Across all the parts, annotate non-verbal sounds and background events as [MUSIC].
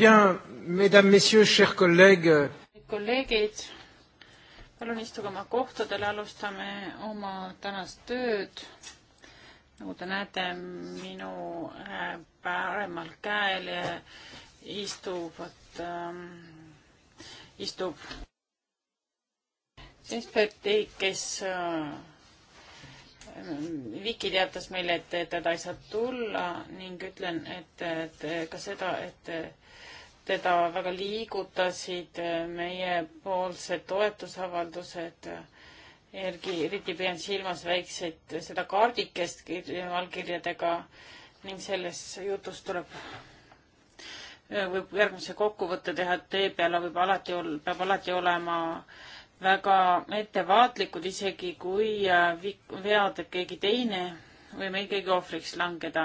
Bien, mesdames, messieurs, chers collègues. kolleegid, palun istuge oma kohtadele, alustame oma tänast tööd. nagu te näete, minu äh, paremal käel istuvad ähm,, istub eksperti, kes äh, Viki teatas meile, et teda ei saa tulla ning ütlen, et, et ka seda, et teda väga liigutasid meiepoolsed toetusavaldused. Erki, eriti pean silmas väikseid, seda kaardikest allkirjadega ning selles jutus tuleb võib järgmise kokkuvõtte teha, et tee peal võib alati, peab alati olema äh, väga ettevaatlikud, isegi kui äh, vead teeb keegi teine, võime ikkagi ohvriks langeda.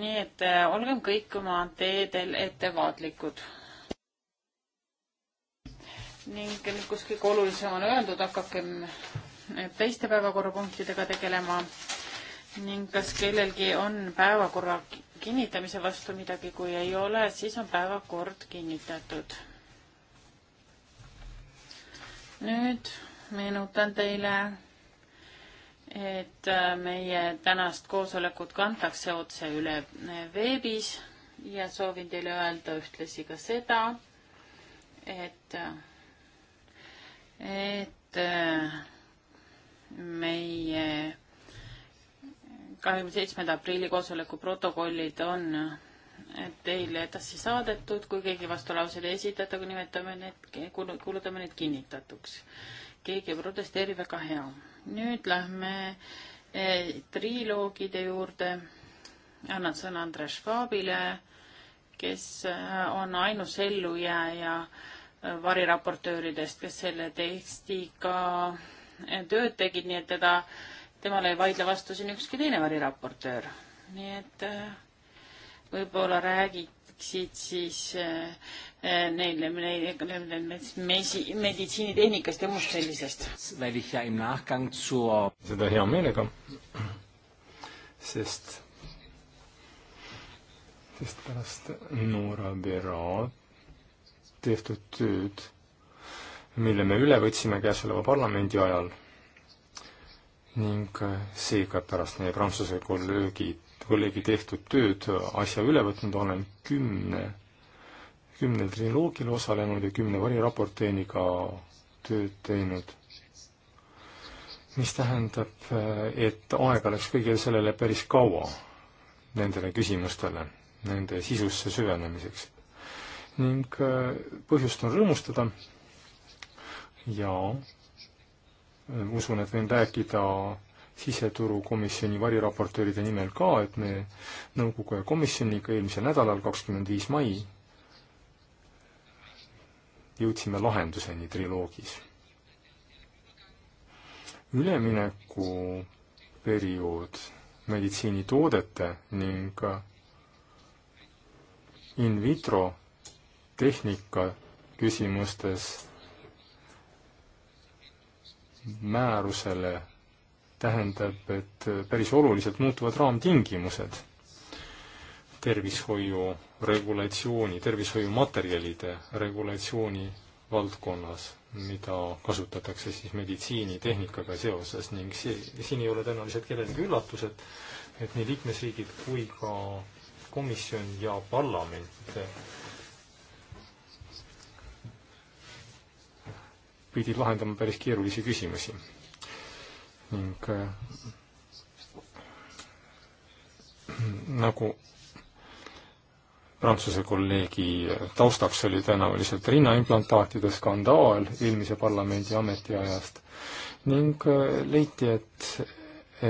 nii et äh, olgem kõik oma teedel ettevaatlikud. ning nüüd, kus kõige olulisem on öeldud, hakakem teiste päevakorrapunktidega tegelema ning kas kellelgi on päevakorra kinnitamise vastu midagi, kui ei ole, siis on päevakord kinnitatud nüüd meenutan teile, et äh, meie tänast koosolekut kantakse otse üle äh, veebis ja soovin teile öelda ühtlasi ka seda, et, äh, et meie kahekümne seitsmenda aprilli koosoleku protokollid on teile edasi saadetud, kui keegi vastulauseid ei esitata, kui nimetame need, kuulutame need kinnitatuks. keegi ei protesteeri, väga hea. nüüd lähme eh, triloogide juurde. annan sõna Andres Schwabile, kes eh, on ainus ellujääja eh, variraportööridest, kes selle tekstiga tööd tegid, nii et teda, temale ei vaidle vastu siin ükski teine variraportöör. nii et äh, võib-olla räägiksid siis eh, eh, neile, neile, neile meditsiinitehnikast ja muust sellisest. seda hea meelega, sest, sest pärast Noora Bero tehtud tööd, mille me üle võtsime käesoleva parlamendi ajal ning eh, seega pärast meie prantsuse kolleegid kolleegi tehtud tööd asja üle võtnud, olen kümne, kümnel triloogil osalenud ja kümne variraporteeniga tööd teinud. mis tähendab, et aega läks kõigele sellele päris kaua, nendele küsimustele, nende sisusse süvenemiseks. ning äh, põhjust on rõõmustada ja äh, usun, et võin rääkida siseturukomisjoni variraportööride nimel ka, et me nõukogu ja komisjoniga eelmisel nädalal, kakskümmend viis mai, jõudsime lahenduseni triloogis. üleminekuperiood meditsiinitoodete ning in vitro tehnika küsimustes määrusele tähendab, et päris oluliselt muutuvad raamtingimused tervishoiu regulatsiooni, tervishoiumaterjalide regulatsiooni valdkonnas, mida kasutatakse siis meditsiinitehnikaga seoses ning see, siin ei ole tõenäoliselt kellelegi üllatus, et et nii liikmesriigid kui ka komisjon ja parlament pidid lahendama päris keerulisi küsimusi ning äh, nagu Prantsuse kolleegi taustaks oli tõenäoliselt rinnaimplantaatide skandaal eelmise parlamendi ametiajast ning äh, leiti, et,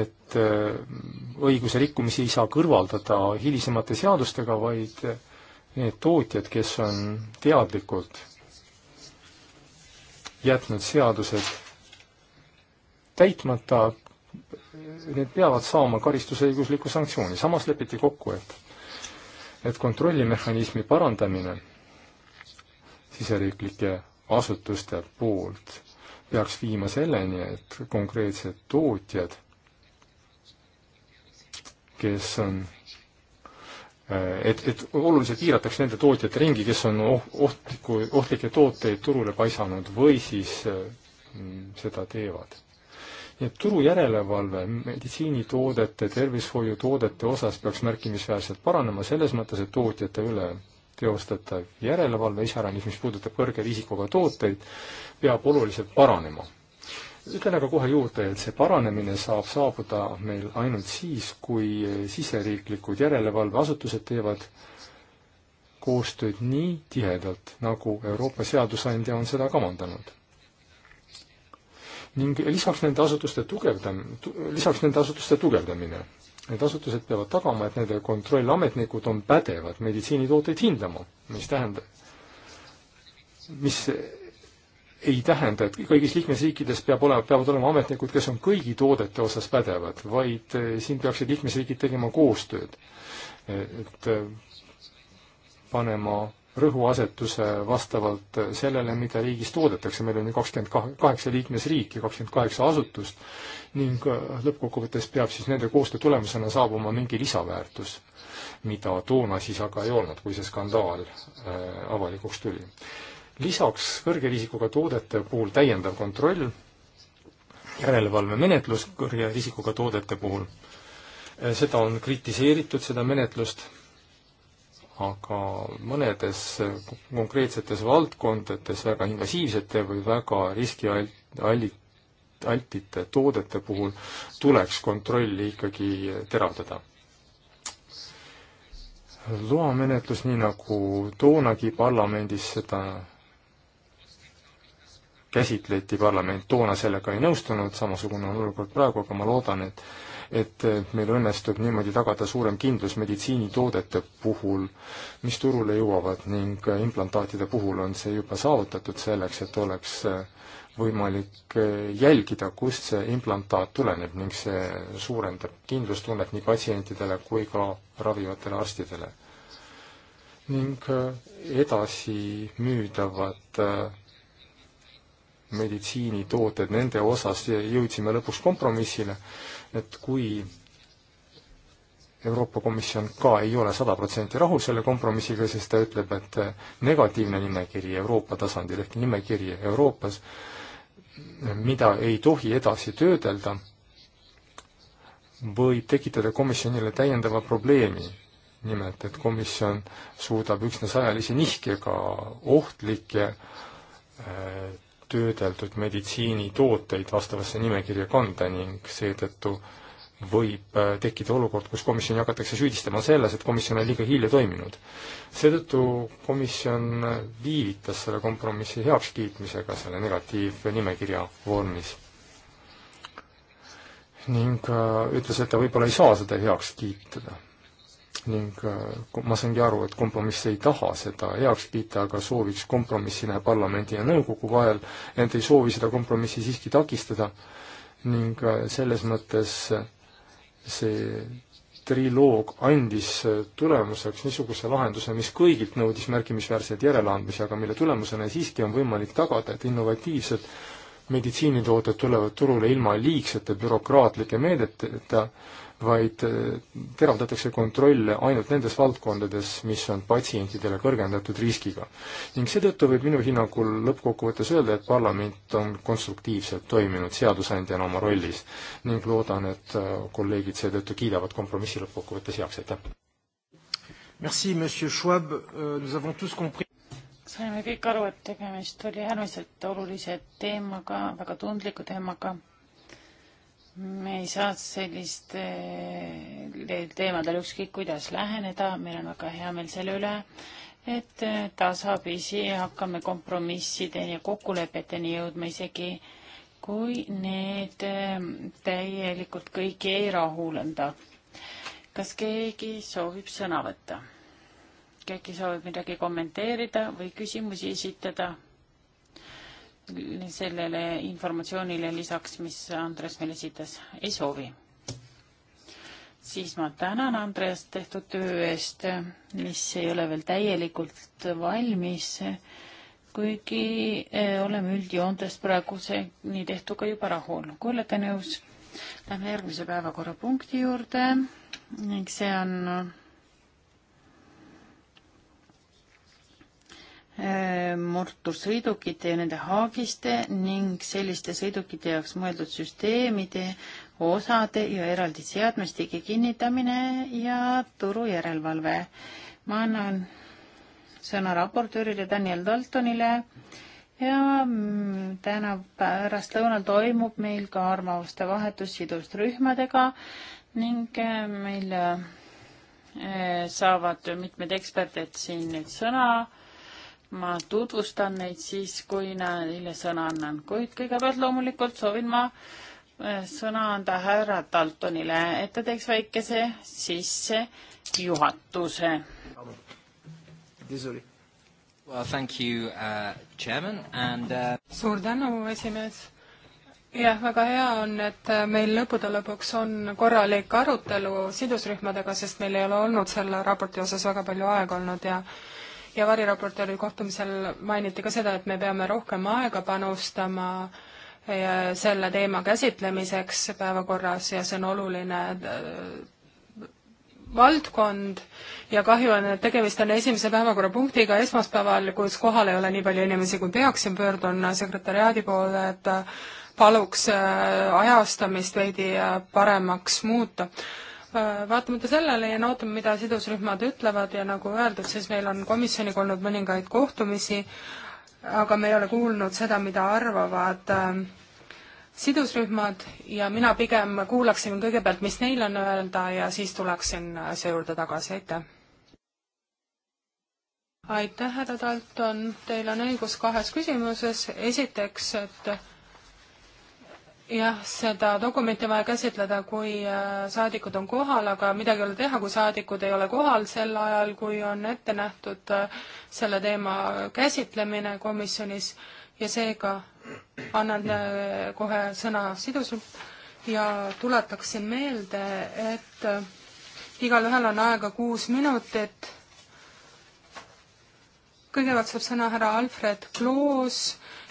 et äh, õiguse rikkumisi ei saa kõrvaldada hilisemate seadustega, vaid need tootjad, kes on teadlikult jätnud seadused täitmata, need peavad saama karistusõigusliku sanktsiooni. samas lepiti kokku, et, et kontrollimehhanismi parandamine siseriiklike asutuste poolt peaks viima selleni, et konkreetsed tootjad, kes on, et, et oluliselt piiratakse nende tootjate ringi, kes on oh-, ohtliku, ohtlikke tooteid turule paisanud või siis mm, seda teevad nii et turu järelevalve meditsiinitoodete, tervishoiutoodete osas peaks märkimisväärselt paranema selles mõttes, et tootjate üle teostatav järelevalve, iseäranis mis puudutab kõrge riisikuga tooteid, peab oluliselt paranema. ütlen aga kohe juurde, et see paranemine saab saabuda meil ainult siis, kui siseriiklikud järelevalveasutused teevad koostööd nii tihedalt, nagu Euroopa seadusandja on seda kavandanud ning lisaks nende asutuste tugevdam-, lisaks nende asutuste tugevdamine. Need asutused peavad tagama, et nende kontrollametnikud on pädevad meditsiinitooteid hindama, mis tähendab, mis ei tähenda, et kõigis liikmesriikides peab olema, peavad olema ametnikud, kes on kõigi toodete osas pädevad, vaid eh, siin peaksid liikmesriigid tegema koostööd. et eh, panema rõhuasetuse vastavalt sellele, mida riigis toodetakse, meil on ju kakskümmend kaheksa liikmesriiki, kakskümmend kaheksa asutust ning äh, lõppkokkuvõttes peab siis nende koostöö tulemusena saabuma mingi lisaväärtus, mida toona siis aga ei olnud, kui see skandaal äh, avalikuks tuli. lisaks kõrge riisikuga toodete puhul täiendav kontroll, järelevalvemenetlus kõrge riisikuga toodete puhul, äh, seda on kritiseeritud, seda menetlust aga mõnedes konkreetsetes valdkondades väga invasiivsete või väga riskiallit-, altite toodete puhul tuleks kontrolli ikkagi teravdada. loamenetlus, nii nagu toonagi parlamendis seda käsitleti, parlament toona sellega ei nõustunud, samasugune on olukord praegu, aga ma loodan, et et meil õnnestub niimoodi tagada suurem kindlus meditsiinitoodete puhul, mis turule jõuavad ning äh, implantaatide puhul on see juba saavutatud selleks, et oleks äh, võimalik äh, jälgida, kust see implantaat tuleneb ning see suurendab kindlustunnet nii patsientidele kui ka ravivatele arstidele. ning edasi müüdavad meditsiinitooted, nende osas jõudsime lõpuks kompromissile et kui Euroopa Komisjon ka ei ole sada protsenti rahul selle kompromissiga, siis ta ütleb, et negatiivne nimekiri Euroopa tasandil ehk nimekiri Euroopas, mida ei tohi edasi töödelda, võib tekitada komisjonile täiendava probleemi. nimelt, et komisjon suudab üksnes ajalisi nihkega ohtlikke äh, töödeldud meditsiinitooteid vastavasse nimekirja kanda ning seetõttu võib äh, tekkida olukord, kus komisjoni hakatakse süüdistama selles, et komisjon on liiga hilja toiminud. seetõttu komisjon äh, viivitas selle kompromissi heakskiitmisega selle negatiivnimekirja vormis. ning äh, ütles, et ta võib-olla ei saa seda heaks kiita ning äh, ma saangi aru, et kompromiss ei taha seda heaks kiita, aga sooviks kompromissi näha parlamendi ja nõukogu vahel, ent ei soovi seda kompromissi siiski takistada ning äh, selles mõttes äh, see triloog andis tulemuseks niisuguse lahenduse, mis kõigilt nõudis märkimisväärseid järeleandmisi, aga mille tulemusena siiski on võimalik tagada, et innovatiivsed meditsiinitooted tulevad turule ilma liigsete bürokraatlike meedeteta, vaid teravdatakse äh, kontrolle ainult nendes valdkondades, mis on patsientidele kõrgendatud riskiga. ning seetõttu võib minu hinnangul lõppkokkuvõttes öelda, et parlament on konstruktiivselt toiminud seadusandjana oma rollis ning loodan, et äh, kolleegid seetõttu kiidavad kompromissi lõppkokkuvõttes heaks, aitäh! Merci, monsieur Schwab, euh, nous avons tous compris saime kõik aru, et tegemist oli äärmiselt olulise teemaga, väga tundliku teemaga me ei saa sellistele eh, teemadele ükskõik kuidas läheneda, meil on väga hea meel selle üle, et eh, tasapisi hakkame kompromissideni ja kokkulepeteni jõudma isegi, kui need eh, täielikult kõiki ei rahulenda. kas keegi soovib sõna võtta? keegi soovib midagi kommenteerida või küsimusi esitada? sellele informatsioonile lisaks, mis Andres meile esitas, ei soovi. siis ma tänan Andres tehtud töö eest, mis ei ole veel täielikult valmis, kuigi eh, oleme üldjoontes praeguse nii tehtuga juba rahul. kui olete nõus, lähme järgmise päevakorrapunkti juurde ning see on eh, mootorsõidukite ja nende haagiste ning selliste sõidukite jaoks mõeldud süsteemide, osade ja eraldi seadmestike kinnitamine ja turujärelevalve. ma annan sõna raportöörile Daniel Daltonile ja mm, täna pärastlõunal toimub meil ka arvamuste vahetus sidusrühmadega ning äh, meil äh, saavad mitmed eksperdid siin nüüd sõna ma tutvustan neid siis, kui neile sõna annan, kuid kõigepealt loomulikult soovin ma eh, sõna anda härra Daltonile, et ta teeks väikese sissejuhatuse. Well, thank you, uh, chairman, and, uh... suur tänu, esimees. jah, väga hea on, et äh, meil lõppude lõpuks on korralik arutelu sidusrühmadega, sest meil ei ole olnud selle raporti osas väga palju aega olnud ja ja variraportööri kohtumisel mainiti ka seda, et me peame rohkem aega panustama selle teema käsitlemiseks päevakorras ja see on oluline äh, valdkond ja kahju on, et tegemist on esimese päevakorrapunktiga esmaspäeval, kus kohal ei ole nii palju inimesi, kui peaks ja pöördun sekretäriaadi poole, et äh, paluks äh, ajastamist veidi paremaks muuta Äh, vaatamata sellele jään ootama, mida sidusrühmad ütlevad ja nagu öeldud, siis meil on komisjoniga olnud mõningaid kohtumisi, aga me ei ole kuulnud seda, mida arvavad äh, sidusrühmad ja mina pigem kuulaksin kõigepealt, mis neil on öelda ja siis tuleksin asja juurde tagasi, aitäh. aitäh, härra Dalton, teil on õigus kahes küsimuses, esiteks, et jah, seda dokumenti on vaja käsitleda, kui äh, saadikud on kohal, aga midagi ei ole teha, kui saadikud ei ole kohal sel ajal, kui on ette nähtud äh, selle teema käsitlemine komisjonis ja seega annan äh, kohe sõna sidusalt ja tuletaksin meelde, et igalühel on aega kuus minutit. kõigepealt saab sõna härra Alfred Kloos,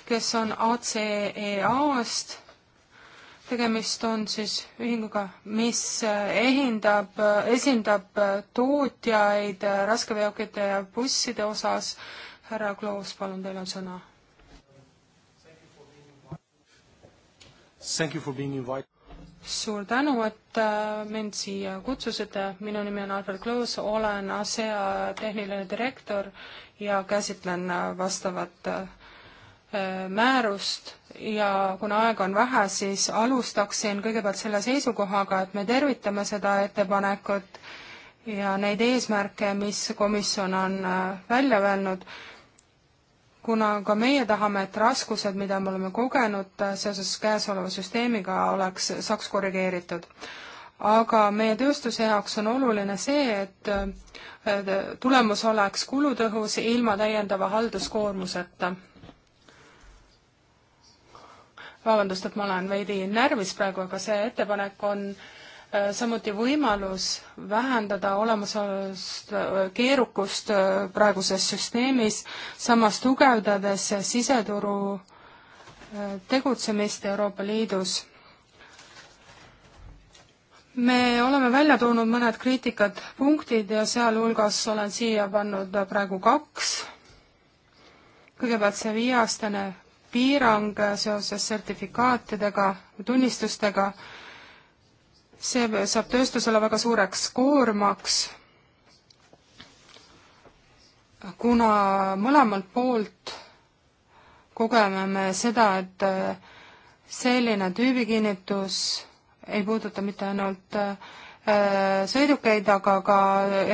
kes on ACEA-st tegemist on siis ühinguga, mis eh, ehindab, eh, esindab eh, tootjaid raskeveokite ja busside osas. härra Kloos, palun, teil on sõna. suur tänu, et mind siia kutsusite, minu nimi on Albert Kloos, olen ASEA tehniline direktor ja käsitlen vastavat Äh, määrust ja kuna aega on vähe, siis alustaksin kõigepealt selle seisukohaga, et me tervitame seda ettepanekut ja neid eesmärke, mis komisjon on äh, välja öelnud, kuna ka meie tahame, et raskused, mida me oleme kogenud äh, seoses käesoleva süsteemiga, oleks, saaks korrigeeritud aga meie tööstuse jaoks on oluline see, et tulemus oleks kulutõhus ilma täiendava halduskoormuseta vabandust, et ma olen veidi närvis praegu, aga see ettepanek on äh, samuti võimalus vähendada olemasolevast äh, keerukust äh, praeguses süsteemis, samas tugevdades siseturu tegutsemist Euroopa Liidus. me oleme välja toonud mõned kriitikad punktid ja sealhulgas olen siia pannud praegu kaks. kõigepealt see viieaastane piirang seoses sertifikaatidega, tunnistustega, see saab tööstusele väga suureks koormaks, kuna mõlemalt poolt kogeme me seda, et selline tüübikinnitus ei puuduta mitte ainult äh, sõidukeid, aga ka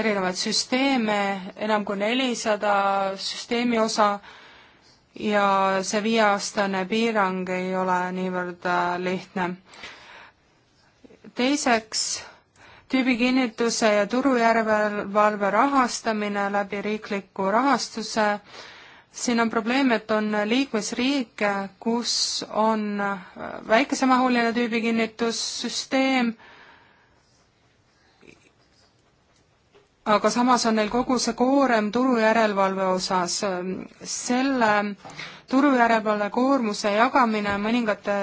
erinevaid süsteeme, enam kui nelisada süsteemi osa, ja see viieaastane piirang ei ole niivõrd äh, lihtne. teiseks, tüübikinnituse ja turujärelevalve rahastamine läbi riikliku rahastuse. siin on probleem, et on liikmesriike, kus on äh, väikesemahuline tüübikinnitussüsteem aga samas on neil kogu see koorem turujärelevalve osas. selle turujärelevalve koormuse jagamine mõningate,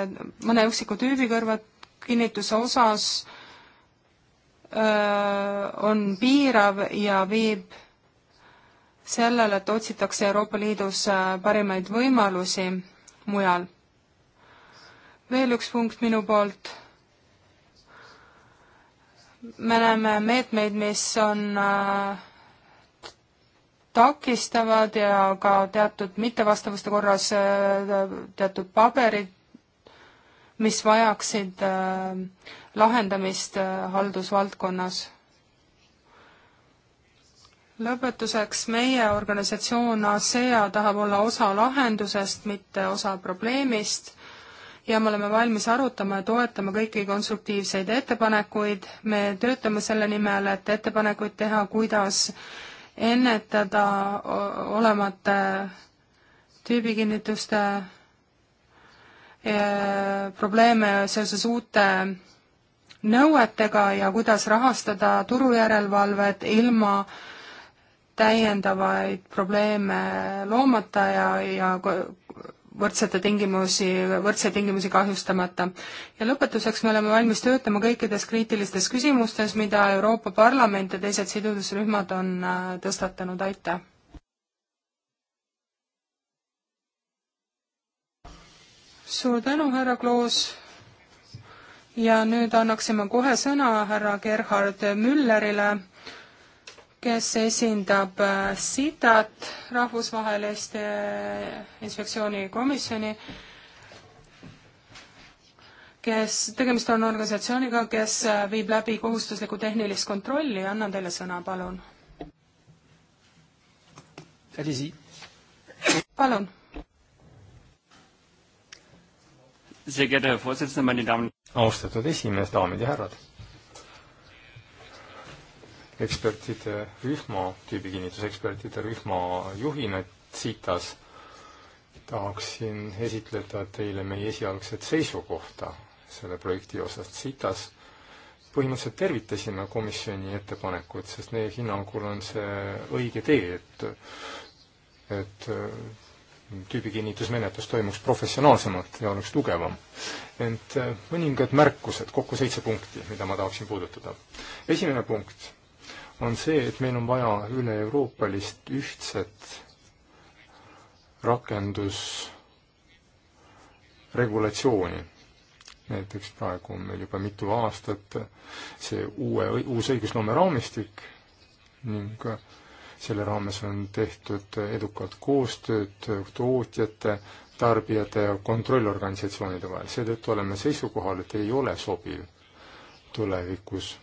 mõne üksiku tüübi kõrvakinnituse osas öö, on piirav ja viib sellele, et otsitakse Euroopa Liidus parimaid võimalusi mujal. veel üks punkt minu poolt me näeme meetmeid, mis on äh, takistavad ja ka teatud mittevastavuste korras äh, teatud paberid, mis vajaksid äh, lahendamist haldusvaldkonnas lõpetuseks, meie organisatsioon ASEA e tahab olla osa lahendusest, mitte osa probleemist ja me oleme valmis arutama ja toetama kõiki konstruktiivseid ettepanekuid. me töötame selle nimel, et ettepanekuid teha, kuidas ennetada olemata tüübikinnituste eh, probleeme seoses uute nõuetega ja kuidas rahastada turujärelevalvet ilma täiendavaid probleeme loomata ja, ja võrdsete tingimusi, võrdseid tingimusi kahjustamata. ja lõpetuseks me oleme valmis töötama kõikides kriitilistes küsimustes, mida Euroopa Parlament ja teised sidusrühmad on äh, tõstatanud, aitäh! suur tänu, härra Kloos! ja nüüd annaksime kohe sõna härra Gerhard Müllerile kes esindab äh, SITAT, Rahvusvahelist äh, Inspektsioonikomisjoni, kes, tegemist on organisatsiooniga, kes äh, viib läbi kohustuslikku tehnilist kontrolli, annan teile sõna, palun. palun. austatud esimees, daamid ja härrad ekspertide rühma, tüübikinnitusekspertide rühma juhina CITAS tahaksin esitleda teile meie esialgset seisukohta selle projekti osas CITAS. põhimõtteliselt tervitasime komisjoni ettepanekut, sest meie hinnangul on see õige tee, et et äh, tüübikinnitusmenetlus toimuks professionaalsemalt ja oleks tugevam. ent äh, mõningad märkused, kokku seitse punkti, mida ma tahaksin puudutada. esimene punkt on see, et meil on vaja üle-euroopalist ühtset rakendusregulatsiooni. näiteks praegu on meil juba mitu aastat see uue, uus õigusloome raamistik ning selle raames on tehtud edukalt koostööd tootjate, tarbijate ja kontrollorganisatsioonide vahel, seetõttu oleme seisukohal, et ei ole sobiv tulevikus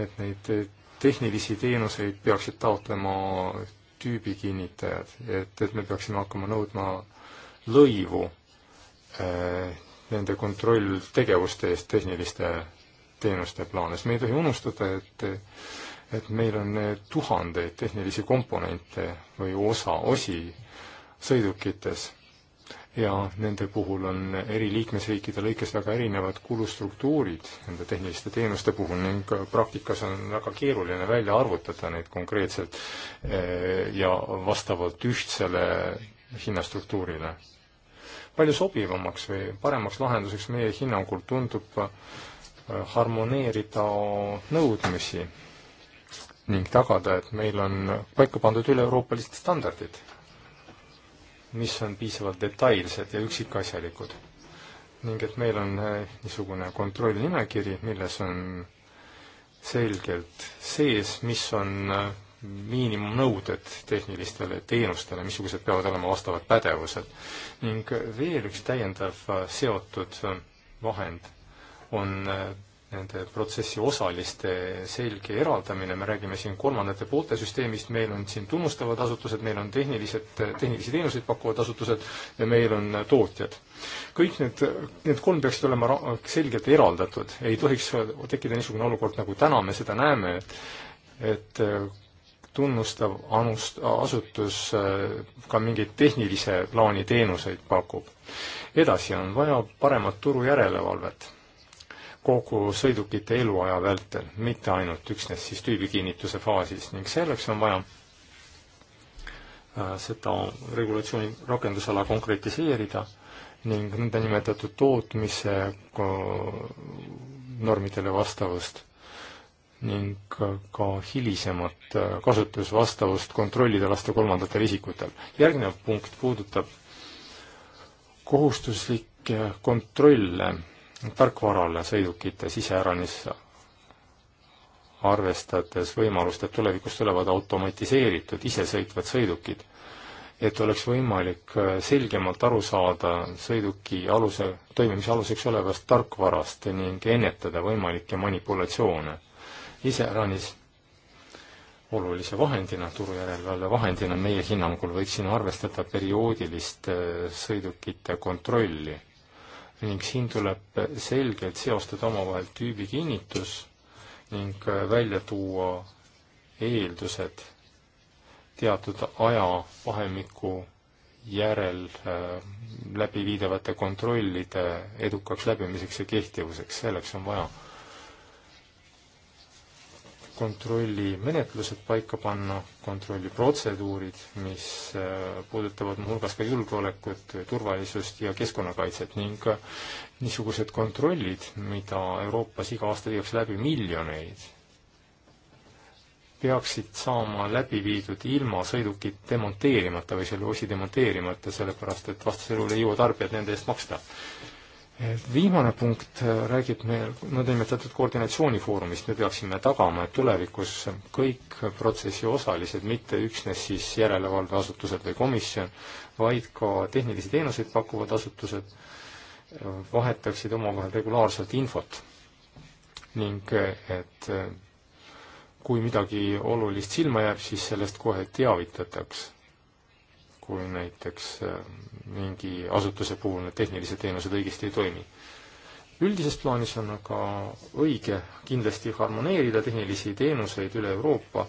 et neid tehnilisi teenuseid peaksid taotlema tüübikinnitajad, et, et me peaksime hakkama nõudma lõivu äh, nende kontrolltegevuste eest tehniliste teenuste plaanis. me ei tohi unustada, et et meil on tuhandeid tehnilisi komponente või osa, osi sõidukites ja nende puhul on eri liikmesriikide lõikes väga erinevad kulustruktuurid nende tehniliste teenuste puhul ning praktikas on väga keeruline välja arvutada neid konkreetselt eh, ja vastavalt ühtsele hinnastruktuurile. palju sobivamaks või paremaks lahenduseks meie hinnangul tundub eh, harmoneerida nõudmisi ning tagada, et meil on paika pandud üle-euroopalised standardid mis on piisavalt detailsed ja üksikasjalikud. ning et meil on äh, niisugune kontrollnimekiri, milles on selgelt sees, mis on äh, miinimumnõuded tehnilistele teenustele, missugused peavad olema vastavad pädevused. ning veel üks täiendav äh, seotud vahend on nende protsessi osaliste selge eraldamine, me räägime siin kolmandate poolte süsteemist, meil on siin tunnustavad asutused, meil on tehnilised, tehnilisi teenuseid pakkuvad asutused ja meil on tootjad. kõik need, need kolm peaksid olema selgelt eraldatud, ei tohiks tekkida niisugune olukord, nagu täna me seda näeme, et tunnustav anust-, asutus äh, ka mingeid tehnilise plaani teenuseid pakub. edasi on vaja paremat turu järelevalvet kogu sõidukite eluaja vältel, mitte ainult üksnes siis tüübikinnituse faasis ning selleks on vaja äh, seda regulatsiooni rakendusala konkretiseerida ning nõndanimetatud tootmise äh, normidele vastavust ning äh, ka hilisemat kasutusvastavust kontrollida lasta kolmandatel isikutel. järgnev punkt puudutab kohustuslikke kontrolle tarkvarale sõidukite siseäranis, arvestades võimalust, et tulevikus tulevad automatiseeritud isesõitvad sõidukid, et oleks võimalik äh, selgemalt aru saada sõiduki aluse, toimimise aluseks olevast tarkvarast ning ennetada võimalikke manipulatsioone. iseäranis olulise vahendina, turujärelevalve vahendina meie hinnangul võiksime arvestada perioodilist äh, sõidukite kontrolli ning siin tuleb selgelt seostada omavahel tüübi kinnitus ning äh, välja tuua eeldused teatud ajavahemiku järel äh, läbiviidavate kontrollide edukaks läbimiseks ja kehtivuseks, selleks on vaja kontrollimenetlused paika panna, kontrolliprotseduurid, mis äh, puudutavad muuhulgas ka julgeolekut, turvalisust ja keskkonnakaitset ning äh, niisugused kontrollid, mida Euroopas iga aasta viiakse läbi miljoneid, peaksid saama läbi viidud ilma sõidukit demonteerimata või selle osi demonteerimata, sellepärast et vastasel juhul ei jõua tarbijad nende eest maksta viimane punkt äh, räägib meil nõndanimetatud koordinatsioonifoorumist, me peaksime tagama, et tulevikus kõik protsessi osalised, mitte üksnes siis järelevalveasutused või komisjon, vaid ka tehnilisi teenuseid pakkuvad asutused, äh, vahetaksid omavahel regulaarselt infot ning äh, et kui midagi olulist silma jääb, siis sellest kohe teavitataks. kui näiteks mingi asutuse puhul need tehnilised teenused õigesti ei toimi. üldises plaanis on aga õige kindlasti harmoneerida tehnilisi teenuseid üle Euroopa,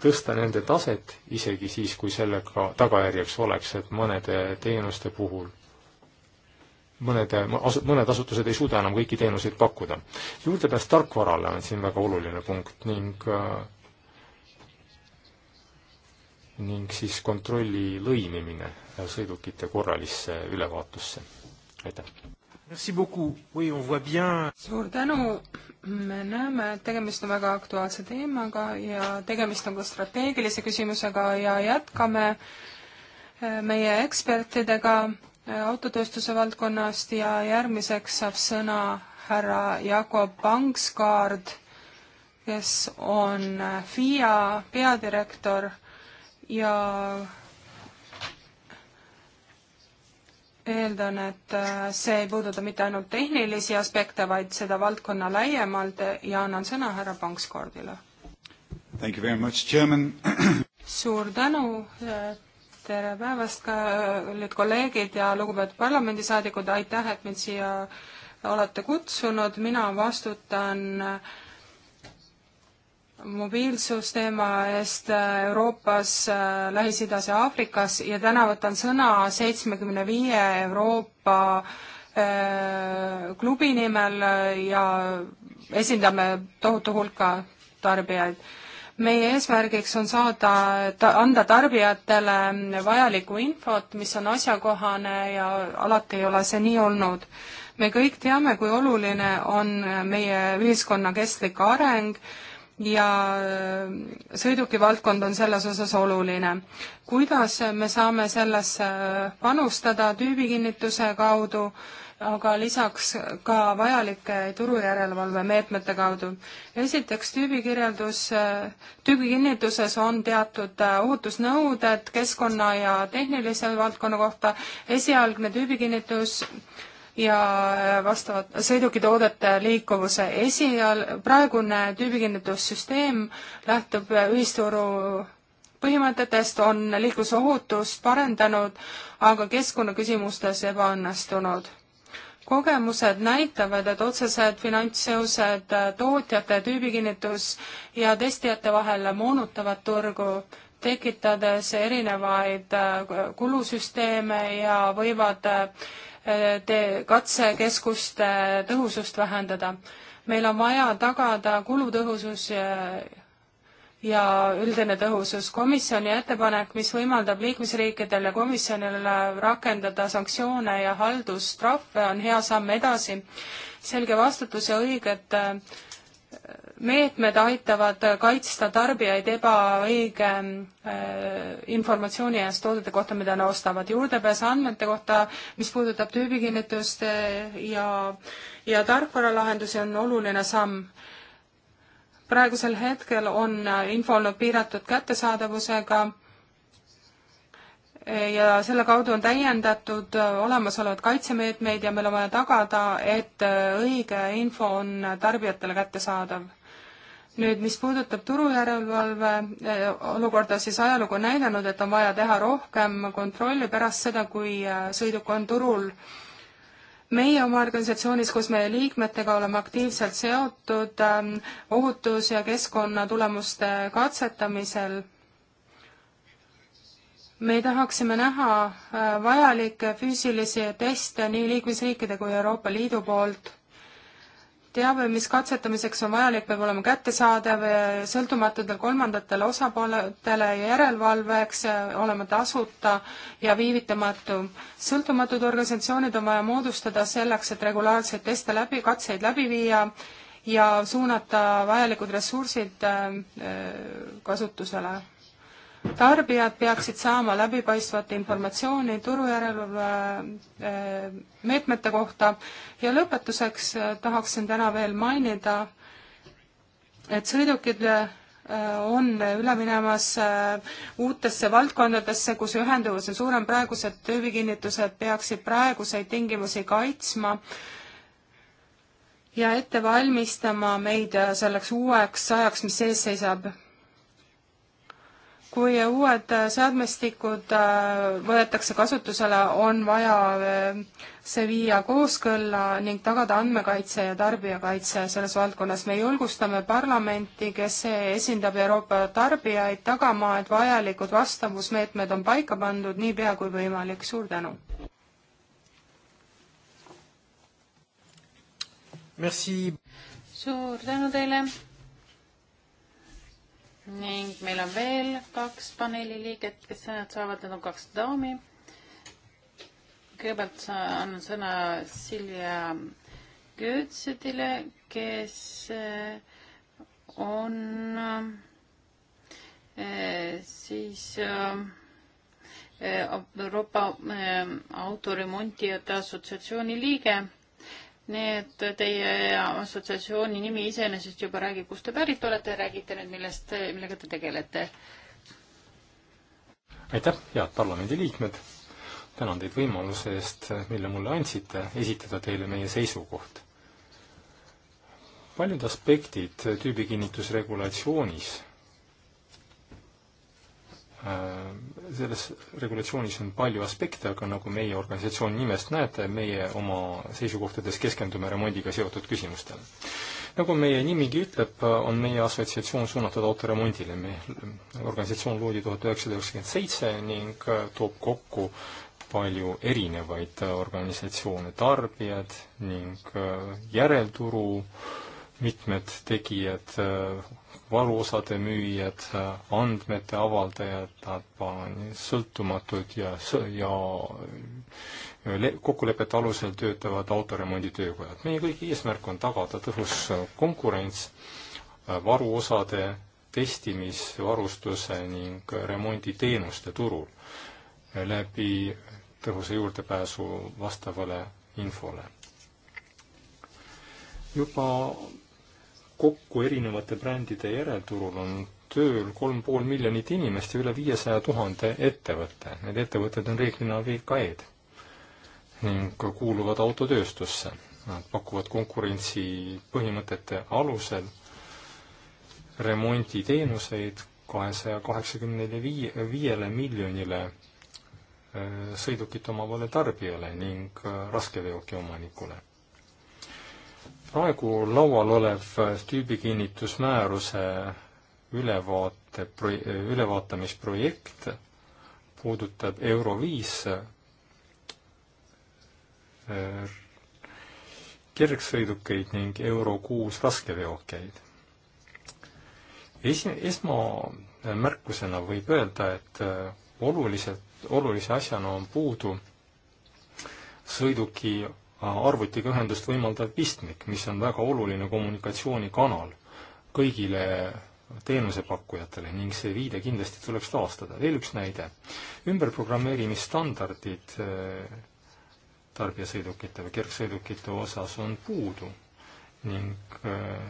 tõsta nende taset isegi siis, kui sellega tagajärjeks oleks, et mõnede teenuste puhul mõnede, mõned asutused ei suuda enam kõiki teenuseid pakkuda. juurdepääs tarkvarale on siin väga oluline punkt ning äh, ning siis kontrolli lõimimine sõidukite korralisse ülevaatusse. aitäh! suur tänu, me näeme, et tegemist on väga aktuaalse teemaga ja tegemist on ka strateegilise küsimusega ja jätkame äh, meie ekspertidega äh, autotööstuse valdkonnast ja järgmiseks saab sõna härra Jakob Bankskaard, kes on äh, FIA peadirektor ja eeldan, et äh, see ei puuduta mitte ainult tehnilisi aspekte, vaid seda valdkonna laiemalt ja annan sõna härra Pankskordile. [CLEARS THROAT] suur tänu, äh, tere päevast, kallid äh, kolleegid ja lugupeetud parlamendisaadikud, aitäh, et mind siia olete kutsunud, mina vastutan äh, mobiilsusteema eest äh, Euroopas, äh, Lähis-Idas ja Aafrikas ja täna võtan sõna seitsmekümne viie Euroopa äh, klubi nimel ja esindame tohutu hulka tarbijaid. meie eesmärgiks on saada, anda tarbijatele vajalikku infot, mis on asjakohane ja alati ei ole see nii olnud me kõik teame, kui oluline on meie ühiskonna kestlik areng ja äh, sõidukivaldkond on selles osas oluline. kuidas me saame sellesse äh, panustada tüübikinnituse kaudu, aga lisaks ka vajalike turujärelevalve meetmete kaudu. esiteks tüübikirjeldus, äh, tüübikinnituses on teatud ohutusnõuded keskkonna ja tehnilise valdkonna kohta, esialgne tüübikinnitus ja äh, vastavad sõidukitoodete liikuvuse esial-, praegune tüübikinnitussüsteem lähtub äh, ühisturu põhimõtetest, on liiklusohutust parendanud, aga keskkonnaküsimustes ebaõnnestunud. kogemused näitavad, et otsesed finantsseosed äh, tootjate tüübikinnitus ja testijate vahel moonutavad turgu, tekitades erinevaid kulusüsteeme ja võivad tee katsekeskuste tõhusust vähendada. meil on vaja tagada kulutõhusus ja üldine tõhusus. komisjoni ettepanek, mis võimaldab liikmesriikidel ja komisjonil rakendada sanktsioone ja haldustrahve, on hea samm edasi. selge vastutus ja õiged äh, meetmed aitavad kaitsta tarbijaid ebaõige äh, informatsiooni eest toodete kohta, mida nad ostavad. juurdepääs andmete kohta, mis puudutab tüübikinnitust äh, ja, ja tarkvaralahendusi, on oluline samm. praegusel hetkel on info olnud piiratud kättesaadavusega ja selle kaudu on täiendatud olemasolevad kaitsemeetmeid ja meil on vaja tagada, et õige info on tarbijatele kättesaadav. nüüd, mis puudutab turujärelevalve eh, olukorda, siis ajalugu on näidanud, et on vaja teha rohkem kontrolli pärast seda, kui eh, sõiduk on turul. meie oma organisatsioonis, kus meie liikmetega oleme aktiivselt seotud eh, ohutus- ja keskkonnatulemuste katsetamisel me tahaksime näha äh, vajalikke füüsilisi teste nii liikmesriikide kui Euroopa Liidu poolt. teave, mis katsetamiseks on vajalik, peab olema kättesaadav äh, sõltumatutel kolmandatele osapooltele ja järelevalveks äh, olema tasuta ja viivitamatu. sõltumatud organisatsioonid on vaja moodustada selleks, et regulaarseid teste läbi, katseid läbi viia ja suunata vajalikud ressursid kasutusele tarbijad peaksid saama läbipaistvat informatsiooni turujärelevalve eh, meetmete kohta ja lõpetuseks eh, tahaksin täna veel mainida, et sõidukid eh, on üle minemas uutesse valdkondadesse, kus ühenduvus on suurem, praegused tüübikinnitused peaksid praeguseid tingimusi kaitsma ja ette valmistama meid selleks uueks ajaks, mis ees seisab kui uued äh, seadmestikud äh, võetakse kasutusele, on vaja äh, see viia kooskõlla ning tagada andmekaitse ja tarbijakaitse selles valdkonnas. me julgustame parlamenti, kes esindab Euroopa tarbijaid, tagama, et vajalikud vastavusmeetmed on paika pandud niipea kui võimalik. suur tänu! suur tänu teile! ning meil on veel kaks paneeli liiget, kes sõnad saavad, need on kaks daami. kõigepealt annan sõna Silja Götsedile, kes äh, on äh, siis äh, Euroopa Autoremontijate Assotsiatsiooni liige nii et teie assotsiatsiooni nimi iseenesest juba räägib, kust te pärit olete, räägite nüüd, millest, millega te tegelete. aitäh, head parlamendiliikmed! tänan teid võimaluse eest, mille mulle andsite, esitada teile meie seisukoht. paljud aspektid tüübikinnitusregulatsioonis Äh, selles regulatsioonis on palju aspekte, aga nagu meie organisatsiooni nimest näete, meie oma seisukohtades keskendume remondiga seotud küsimustele. nagu meie nimigi ütleb, on meie assotsiatsioon suunatud autoremondile. meie organisatsioon loodi tuhat üheksasada üheksakümmend seitse ning äh, toob kokku palju erinevaid äh, organisatsioone, tarbijad ning järelturu mitmed tegijad, varuosade müüjad, andmete avaldajad, nad on sõltumatud ja, ja kokkulepete alusel töötavad autoremonditöökojad. meie kõigi eesmärk on tagada tõhus konkurents äh, varuosade testimis, varustuse ning remonditeenuste turul äh, läbi tõhusa juurdepääsu vastavale infole. juba kokku erinevate brändide järelturul on tööl kolm pool miljonit inimest ja üle viiesaja tuhande ettevõtte. Need ettevõtted on reeglina VKE-d ning kuuluvad autotööstusse. Nad pakuvad konkurentsi põhimõtete alusel remonditeenuseid kahesaja kaheksakümnele viie, viiele miljonile äh, sõidukit omavale tarbijale ning äh, raskeveoki omanikule praegu laual olev tüübikinnitusmääruse ülevaate, ülevaatamisprojekt puudutab Euro viis kergsõidukeid ning Euro kuus raskeveokeid. esi-, esmamärkusena võib öelda, et oluliselt, olulise asjana on puudu sõiduki arvutiga ühendust võimaldav pistmik, mis on väga oluline kommunikatsioonikanal kõigile teenusepakkujatele ning see viide kindlasti tuleks taastada. veel üks näide. ümberprogrammeerimisstandardid äh, tarbijasõidukite või kergsõidukite osas on puudu ning äh,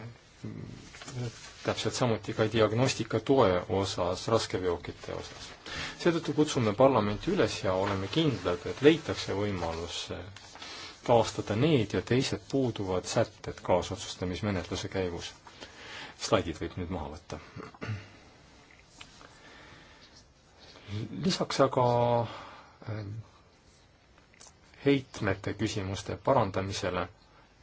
täpselt samuti ka diagnostika toe osas, raskeveokite osas. seetõttu kutsume parlamenti üles ja oleme kindlad, et leitakse võimalus äh, taastada need ja teised puuduvad sätted kaasotsustamismenetluse käigus. slaidid võib nüüd maha võtta. lisaks aga äh, heitmete küsimuste parandamisele,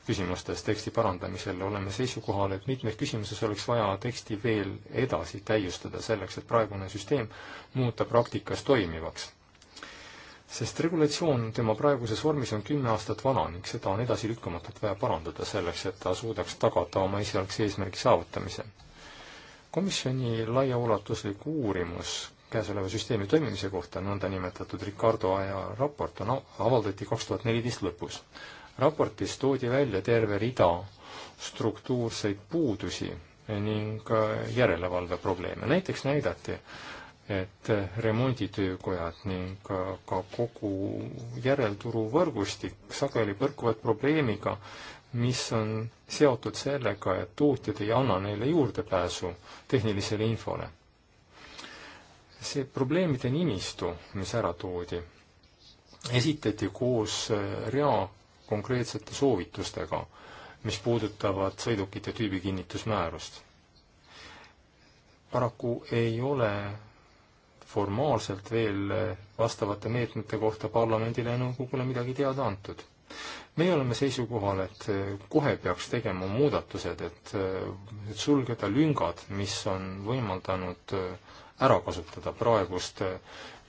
küsimustes teksti parandamisel oleme seisukohal, et mitmes küsimuses oleks vaja teksti veel edasi täiustada selleks, et praegune süsteem muuta praktikas toimivaks sest regulatsioon tema praeguses vormis on kümme aastat vana ning seda on edasilükkamatult vaja parandada selleks, et ta suudaks tagada oma esialgse eesmärgi saavutamise. komisjoni laiaulatuslik uurimus käesoleva süsteemi toimimise kohta, nõndanimetatud Ricardo aja raport, on, avaldati kaks tuhat neliteist lõpus. raportis toodi välja terve rida struktuurseid puudusi ning äh, järelevalve probleeme, näiteks näidati, et remonditöökojad ning ka, ka kogu järelturu võrgustik sageli põrkuvad probleemiga, mis on seotud sellega, et tootjad ei anna neile juurdepääsu tehnilisele infole. see probleemide nimistu, mis ära toodi, esitati koos eh, rea konkreetsete soovitustega, mis puudutavad sõidukite tüübikinnitusmäärust paraku ei ole formaalselt veel vastavate meetmete kohta parlamendile ja nõukogule midagi teada antud. meie oleme seisukohal, et eh, kohe peaks tegema muudatused, et, eh, et sulgeda lüngad, mis on võimaldanud eh, ära kasutada praegust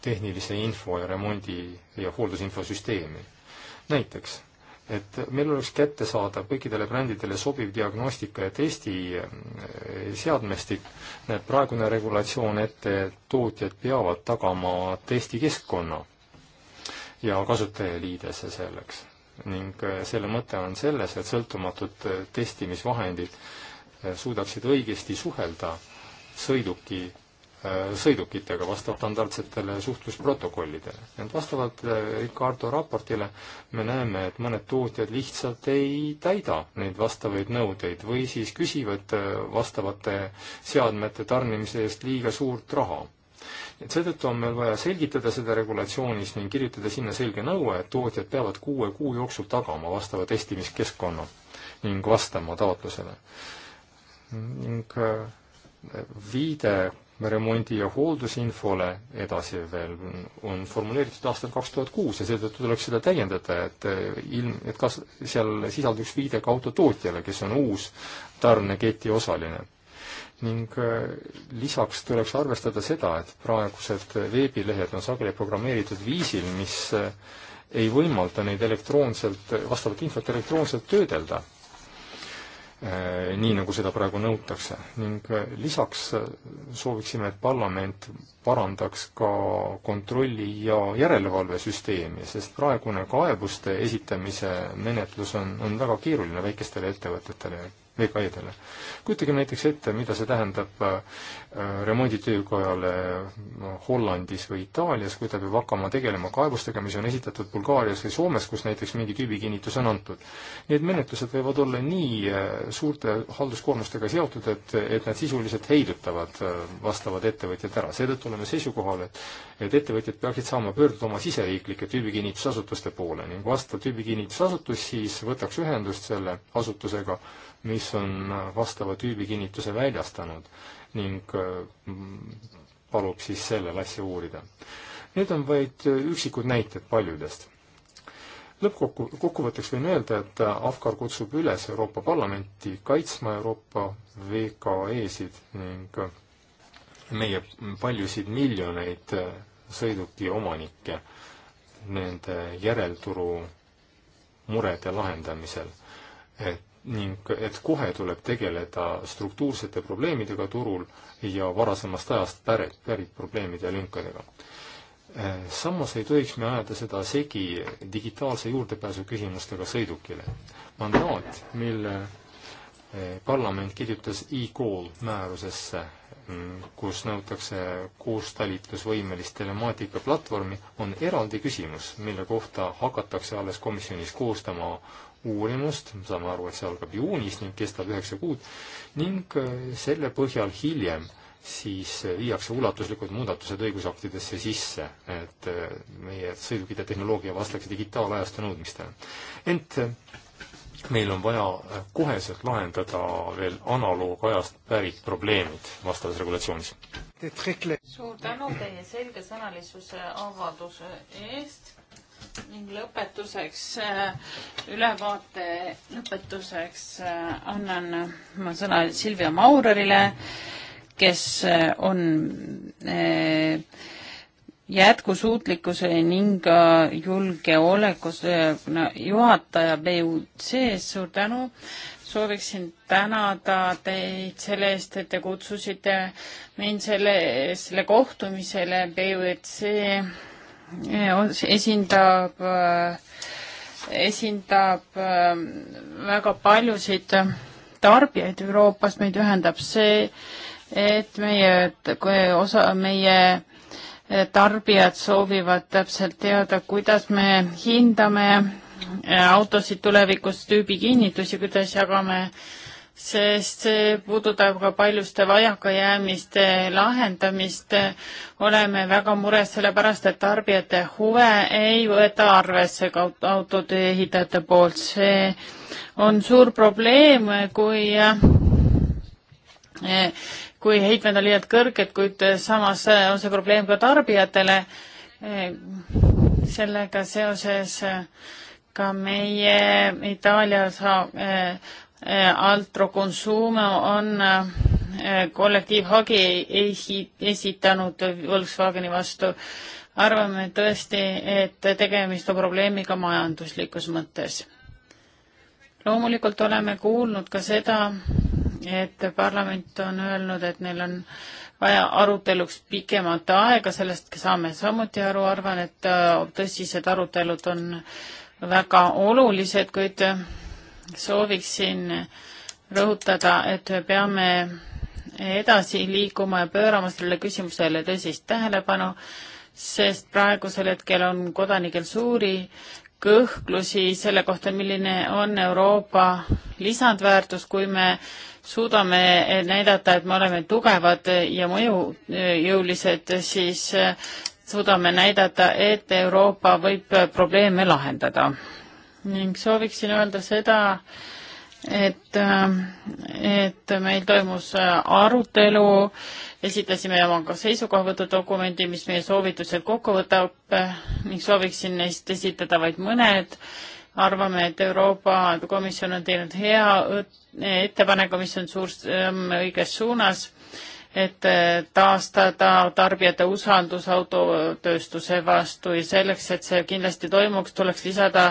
tehnilise info ja remondi ja hooldusinfosüsteemi. näiteks et meil oleks kättesaadav kõikidele brändidele sobiv diagnostika ja testi eh, seadmestik. näeb praegune regulatsioon ette, et tootjad peavad tagama testikeskkonna ja kasutajaliidese selleks. ning eh, selle mõte on selles, et sõltumatud eh, testimisvahendid suudaksid õigesti suhelda sõiduki Äh, sõidukitega vastavalt standardsetele suhtlusprotokollidele. ent vastavalt äh, Ricardo raportile me näeme, et mõned tootjad lihtsalt ei täida neid vastavaid nõudeid või siis küsivad äh, vastavate seadmete tarnimise eest liiga suurt raha. et seetõttu on meil vaja selgitada seda regulatsioonis ning kirjutada sinna selge nõue, et tootjad peavad kuue kuu jooksul tagama vastava testimiskeskkonna ning vastama taotlusele. ning viide remondi- ja hooldusinfole edasi veel on formuleeritud aastal kaks tuhat kuus ja seetõttu tuleks seda täiendada, et eh, ilm, et kas seal sisalduks viide ka autotootjale, kes on uus tarneketi osaline. ning eh, lisaks tuleks arvestada seda, et praegused veebilehed on sageli programmeeritud viisil, mis eh, ei võimalda neid elektroonselt, vastavat infot elektroonselt töödelda Äh, nii, nagu seda praegu nõutakse. ning äh, lisaks äh, sooviksime, et parlament parandaks ka kontrolli- ja järelevalvesüsteemi, sest praegune kaebuste esitamise menetlus on, on väga keeruline väikestele ettevõtetele veekaidele. kujutage näiteks ette, mida see tähendab äh, äh, remonditöökojale Hollandis või Itaalias, kui ta peab hakkama tegelema kaebustega, mis on esitatud Bulgaarias või Soomes, kus näiteks mingi tüübikinnitus on antud. Need menetlused võivad olla nii äh, suurte halduskoormustega seotud, et, et nad sisuliselt heidutavad vastavad ettevõtjad ära. seetõttu oleme seisukohal, et, et ettevõtjad peaksid saama pöörduda oma siseriiklike tüübikinnitusasutuste poole ning vastav tüübikinnitusasutus siis võtaks ühendust selle asutusega mis on äh, vastava tüübikinnituse väljastanud ning äh, palub siis sellel asja uurida. Need on vaid äh, üksikud näited paljudest. lõppkokku, kokkuvõtteks võin öelda, et AFCAR kutsub üles Euroopa Parlamenti kaitsma Euroopa VKE-sid ning meie paljusid miljoneid sõiduki omanikke nende järelturu murede lahendamisel, et ning et kohe tuleb tegeleda struktuursete probleemidega turul ja varasemast ajast pärit, pärit probleemide ja lünkadega. samas ei tohiks me ajada seda segi digitaalse juurdepääsu küsimustega sõidukile. mandaat, mille eh, parlament kirjutas e-call määrusesse, mm, kus nõutakse koostalitusvõimelist telemaatikaplatvormi, on eraldi küsimus, mille kohta hakatakse alles komisjonis koostama uurimust, saame aru, et see algab juunis ning kestab üheksa kuud, ning äh, selle põhjal hiljem siis äh, viiakse ulatuslikud muudatused õigusaktidesse sisse, et äh, meie sõidukite tehnoloogia vastaks digitaalajastu nõudmistele. ent meil on vaja koheselt lahendada veel analoogajast pärit probleemid vastavas regulatsioonis. suur tänu teie selgesõnalisuse avalduse eest ning lõpetuseks, äh, ülevaate lõpetuseks äh, annan ma sõna Silvia Maurerile, kes äh, on jätkusuutlikkuse ning julgeolekuse juhataja BUC-s, suur tänu. sooviksin tänada teid selle eest, et te kutsusite mind selle, selle kohtumisele BUC esindab, esindab ähm, väga paljusid tarbijaid Euroopas, meid ühendab see, et meie, osa meie tarbijad soovivad täpselt teada, kuidas me hindame autosid tulevikus, tüübikinnitusi, kuidas jagame äh, sest see puudutab ka paljuste vajakajäämiste lahendamist. oleme väga mures sellepärast, et tarbijate huve ei võeta arvesse ka autode ehitajate poolt. see on suur probleem, kui kui heitmed on liialt kõrged, kuid samas on see probleem ka tarbijatele. sellega seoses ka meie Itaalias Eh, Altro Consumo on eh, kollektiivhagi esitanud Volkswageni vastu. arvame tõesti, et tegemist on probleemiga majanduslikus mõttes. loomulikult oleme kuulnud ka seda, et parlament on öelnud, et neil on vaja aruteluks pikemat aega, sellest saame samuti aru, arvan, et äh, tõsised arutelud on väga olulised, kuid sooviksin rõhutada, et peame edasi liikuma ja pöörama sellele küsimusele tõsist tähelepanu, sest praegusel hetkel on kodanikel suuri kõhklusi selle kohta, milline on Euroopa lisandväärtus, kui me suudame näidata, et me oleme tugevad ja mõjujõulised, siis suudame näidata, et Euroopa võib probleeme lahendada ning sooviksin öelda seda, et, et meil toimus arutelu, esitasime oma ka seisukohavõtu dokumendi, mis meie soovitused kokku võtab ning sooviksin neist esitada vaid mõned. arvame, et Euroopa Komisjon on teinud hea ettepaneku, mis on suur samm õiges suunas et eh, taastada tarbijate usaldus autotööstuse vastu ja selleks, et see kindlasti toimuks, tuleks lisada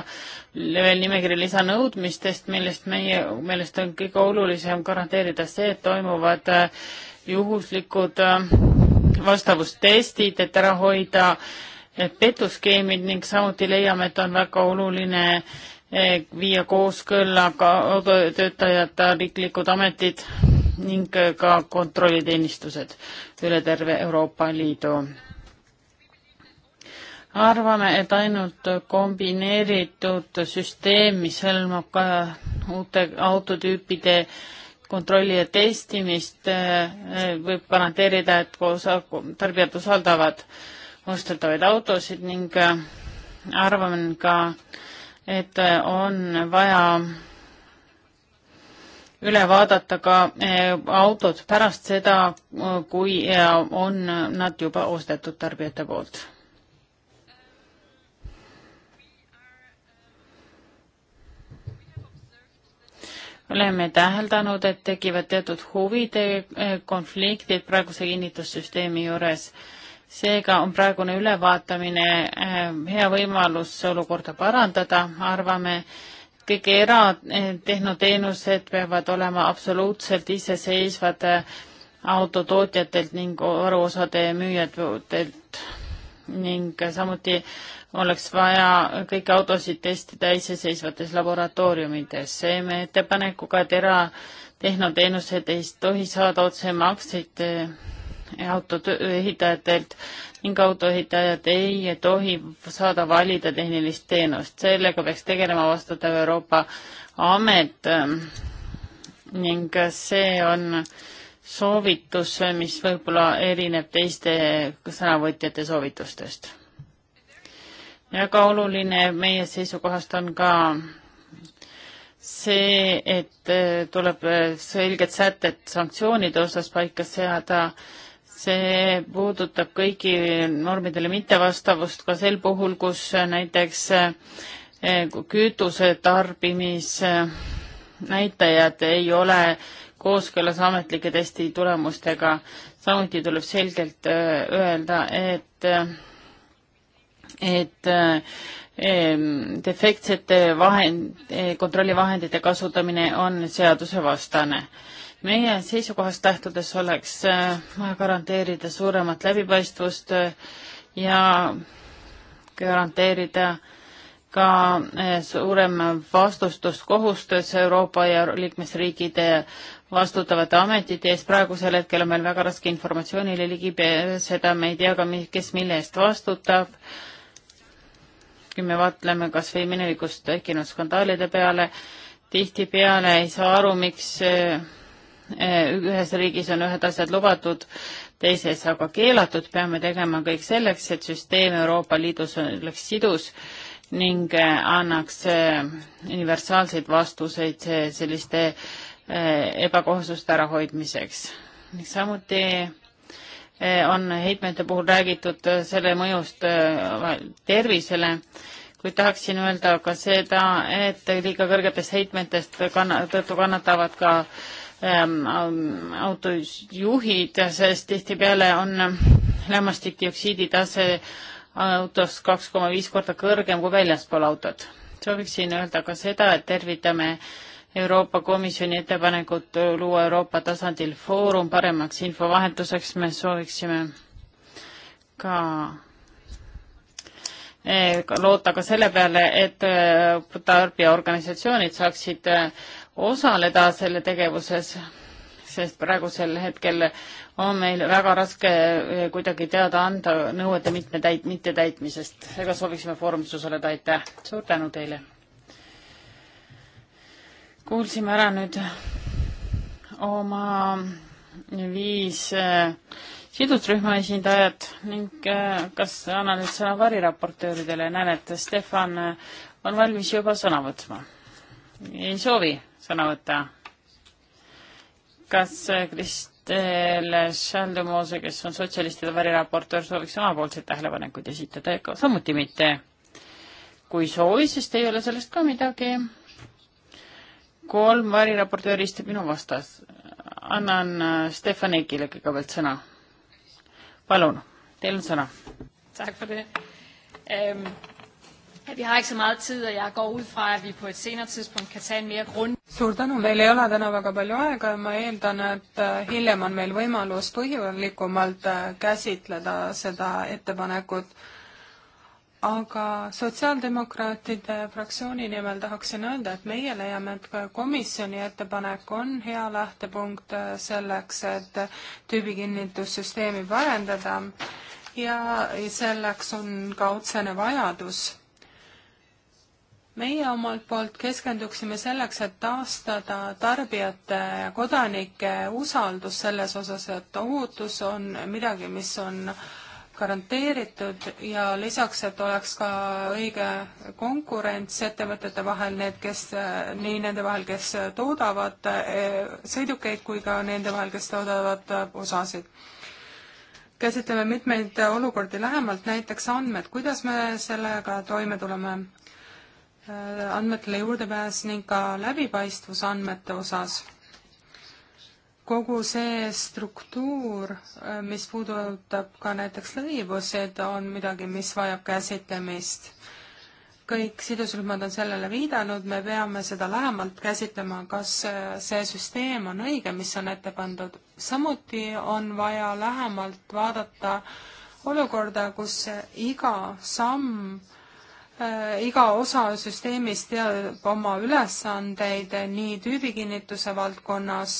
veel nimekiri lisanõudmistest, millest meie meelest on kõige olulisem garanteerida see, et toimuvad eh, juhuslikud eh, vastavustestid, et ära hoida petuskeemid ning samuti leiame, et on väga oluline viia kooskõlla ka töötajate riiklikud ametid ning ka kontrolliteenistused üle terve Euroopa Liidu. arvame, et ainult kombineeritud süsteem, mis hõlmab ka uute autotüüpide kontrolli ja testimist, võib garanteerida, et koos tarbijad usaldavad ostetavaid autosid ning arvan ka, et on vaja üle vaadata ka eh, autod pärast seda, eh, kui eh, on nad juba ostetud tarbijate poolt. oleme täheldanud, et tekivad teatud huvide konfliktid praeguse kinnitussüsteemi juures. seega on praegune ülevaatamine hea võimalus olukorda parandada, arvame kõik eratehnoteenused peavad olema absoluutselt iseseisvad äh, autotootjatelt ning varuosade müüjatelt ning samuti oleks vaja kõiki autosid testida iseseisvates laboratooriumides. seeme ettepanekuga, et eratehnoteenused ei tohi saada otsemakseid äh, autoehitajatelt ning autoehitajad ei tohi saada valida tehnilist teenust. sellega peaks tegelema vastutav Euroopa amet ning see on soovitus, mis võib-olla erineb teiste sõnavõtjate soovitustest. väga oluline meie seisukohast on ka see, et tuleb selged sätted sanktsioonide osas paika seada see puudutab kõigi normidele mittevastavust ka sel puhul, kus näiteks eh, kütuse tarbimisnäitajad eh, ei ole kooskõlas ametlike testi tulemustega. samuti tuleb selgelt eh, öelda, et, et defektsete vahend, kontrollivahendite kasutamine on seadusevastane meie seisukohast lähtudes oleks vaja äh, garanteerida suuremat läbipaistvust äh, ja garanteerida ka äh, suurem vastustuskohustus Euroopa ja liikmesriikide vastutavate ametite ees. praegusel hetkel on meil väga raske informatsioonile ligi seda, me ei tea ka, kes mille eest vastutab. kui me vaatleme kas või minevikust tekkinud skandaalide peale, tihtipeale ei saa aru, miks ühes riigis on ühed asjad lubatud, teises aga keelatud, peame tegema kõik selleks, et süsteem Euroopa Liidus oleks sidus ning äh, annaks äh, universaalseid vastuseid äh, selliste ebakohasuste ärahoidmiseks. samuti on heitmete puhul räägitud selle mõjust tervisele, kuid tahaksin öelda ka seda, et liiga kõrgetest heitmetest kanna-, tõttu kannatavad ka äh, Ähm, autojuhid, sest tihtipeale on ähm, lämmastikdioksiidi tase autos kaks koma viis korda kõrgem kui väljaspool autot. sooviksin öelda ka seda, et tervitame Euroopa Komisjoni ettepanekut luua Euroopa tasandil foorum paremaks infovahetuseks, me sooviksime ka eh, loota ka selle peale, et eh, tarbijaorganisatsioonid saaksid äh, osaleda selle tegevuses, sest praegusel hetkel on meil väga raske eh, kuidagi teada anda nõuete mitmetäit-, mittetäitmisest. seega sooviksime Foorumis osaleda, aitäh! suur tänu teile! kuulsime ära nüüd oma viis äh, sidusrühma esindajat ning äh, kas annan nüüd sõna variraportööridele, näen, et Stefan äh, on valmis juba sõna võtma. ei soovi? sõna võtta. kas äh, Kristel Schaldemose, kes on sotsialistide variraportöör, sooviks omapoolseid tähelepanekuid esitada? samuti mitte. kui soovis, siis ei ole sellest ka midagi. kolm variraportööri istub minu vastas. annan äh, Stefan Eikile kõigepealt sõna. palun, teil on sõna. aitäh. Vi har ikke så meget tid, og jeg går ud fra, at vi på et senere tidspunkt kan tage en mere grund... Suur tänu, meil ei ole täna väga palju aega ja ma eeldan, et äh, hiljem on meil võimalus põhjalikumalt äh, käsitleda seda ettepanekut. aga Sotsiaaldemokraatide fraktsiooni nimel tahaksin öelda, et meie leiame, et komisjoni ettepanek on hea lähtepunkt äh, selleks, et tüübikinnitussüsteemi parendada ja selleks on ka otsene vajadus meie omalt poolt keskenduksime selleks, et taastada tarbijate ja kodanike usaldus selles osas, et ohutus on midagi, mis on garanteeritud ja lisaks, et oleks ka õige konkurents ettevõtete vahel, need, kes, nii nende vahel, kes toodavad eh, sõidukeid, kui ka nende vahel, kes toodavad eh, osasid käsitleme mitmeid olukordi lähemalt, näiteks andmed, kuidas me sellega toime tuleme. Äh, andmetele juurdepääs ning ka läbipaistvus andmete osas. kogu see struktuur, äh, mis puudutab ka näiteks lõivusid, on midagi, mis vajab käsitlemist. kõik sidusrühmad on sellele viidanud, me peame seda lähemalt käsitlema, kas äh, see süsteem on õige, mis on ette pandud. samuti on vaja lähemalt vaadata olukorda, kus iga samm Äh, iga osa süsteemist teab oma ülesandeid nii tüübikinnituse valdkonnas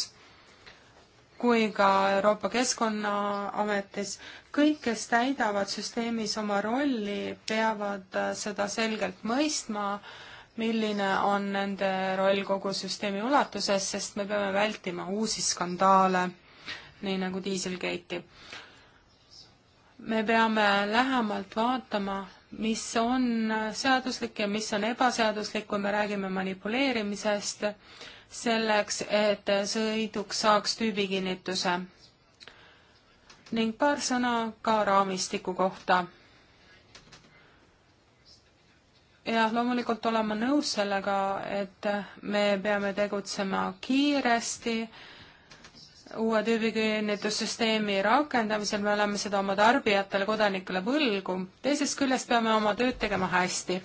kui ka Euroopa Keskkonnaametis. kõik, kes täidavad süsteemis oma rolli, peavad äh, seda selgelt mõistma, milline on nende roll kogu süsteemi ulatuses, sest me peame vältima uusi skandaale, nii nagu diiselgate'i. me peame lähemalt vaatama, mis on seaduslik ja mis on ebaseaduslik, kui me räägime manipuleerimisest, selleks, et sõiduks saaks tüübikinnituse. ning paar sõna ka raamistiku kohta. jah, loomulikult olen ma nõus sellega, et me peame tegutsema kiiresti uue tüübi kinnistussüsteemi rakendamisel me oleme seda oma tarbijatele, kodanikele võlgu. teisest küljest peame oma tööd tegema hästi.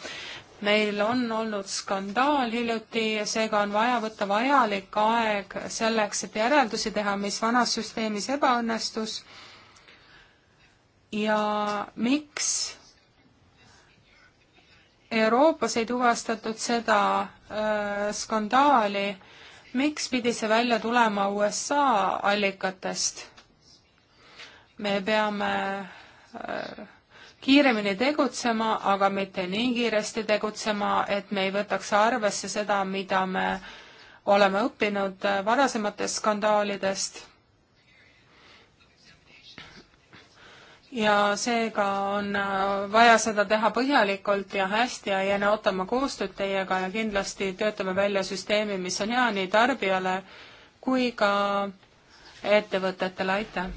meil on olnud skandaal hiljuti ja seega on vaja võtta vajalik aeg selleks, et järeldusi teha, mis vanas süsteemis ebaõnnestus ja miks Euroopas ei tuvastatud seda äh, skandaali äh, miks pidi see välja tulema USA allikatest? me peame äh, kiiremini tegutsema, aga mitte nii kiiresti tegutsema, et me ei võtaks arvesse seda, mida me oleme õppinud äh, varasematest skandaalidest ja seega on äh, vaja seda teha põhjalikult ja hästi ja jään ootama koostööd teiega ja kindlasti töötame välja süsteemi, mis on hea nii tarbijale kui ka ettevõtetele, aitäh!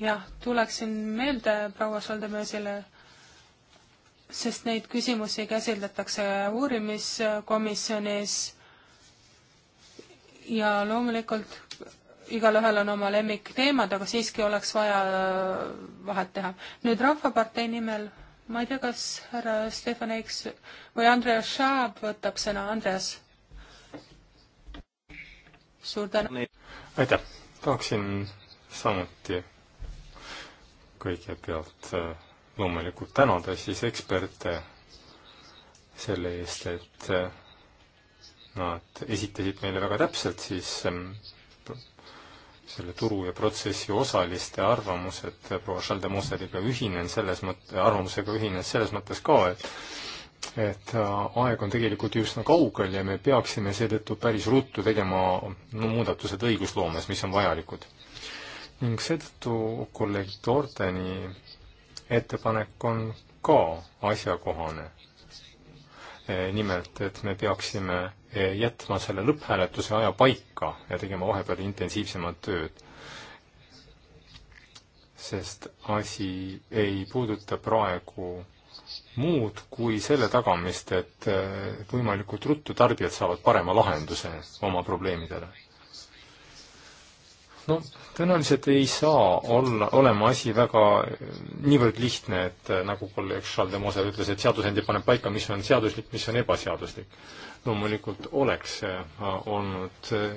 jah, tuleksin meelde proua Soldemöösile, sest neid küsimusi käsitletakse uurimiskomisjonis ja loomulikult igalühel on oma lemmikteemad, aga siiski oleks vaja äh, vahet teha. nüüd Rahvapartei nimel, ma ei tea, kas härra Stefan Eiks või Andreas Schaab võtab sõna, Andreas. suur tänu. aitäh, tahaksin samuti kõigepealt äh, loomulikult tänada siis eksperte selle eest, et äh, nad esitasid meile väga täpselt siis ähm, selle turu ja protsessi osaliste arvamused, proua Schaldemoseriga ühinen selles mõtte, arvamusega ühinen selles mõttes ka, et et äh, aeg on tegelikult ju üsna kaugel ja me peaksime seetõttu päris ruttu tegema no, muudatused õigusloomes, mis on vajalikud. ning seetõttu kolleeg Torteni ettepanek on ka asjakohane. Äh, nimelt, et me peaksime jätma selle lõpphääletuse aja paika ja tegema vahepeal intensiivsemat tööd. sest asi ei puuduta praegu muud kui selle tagamist, et äh, võimalikult ruttu tarbijad saavad parema lahenduse oma probleemidele. no tõenäoliselt ei saa olla, olema asi väga äh, niivõrd lihtne, et äh, nagu kolleeg Charles de Mose ütles, et seadusandja paneb paika, mis on seaduslik, mis on ebaseaduslik loomulikult oleks see äh, olnud äh,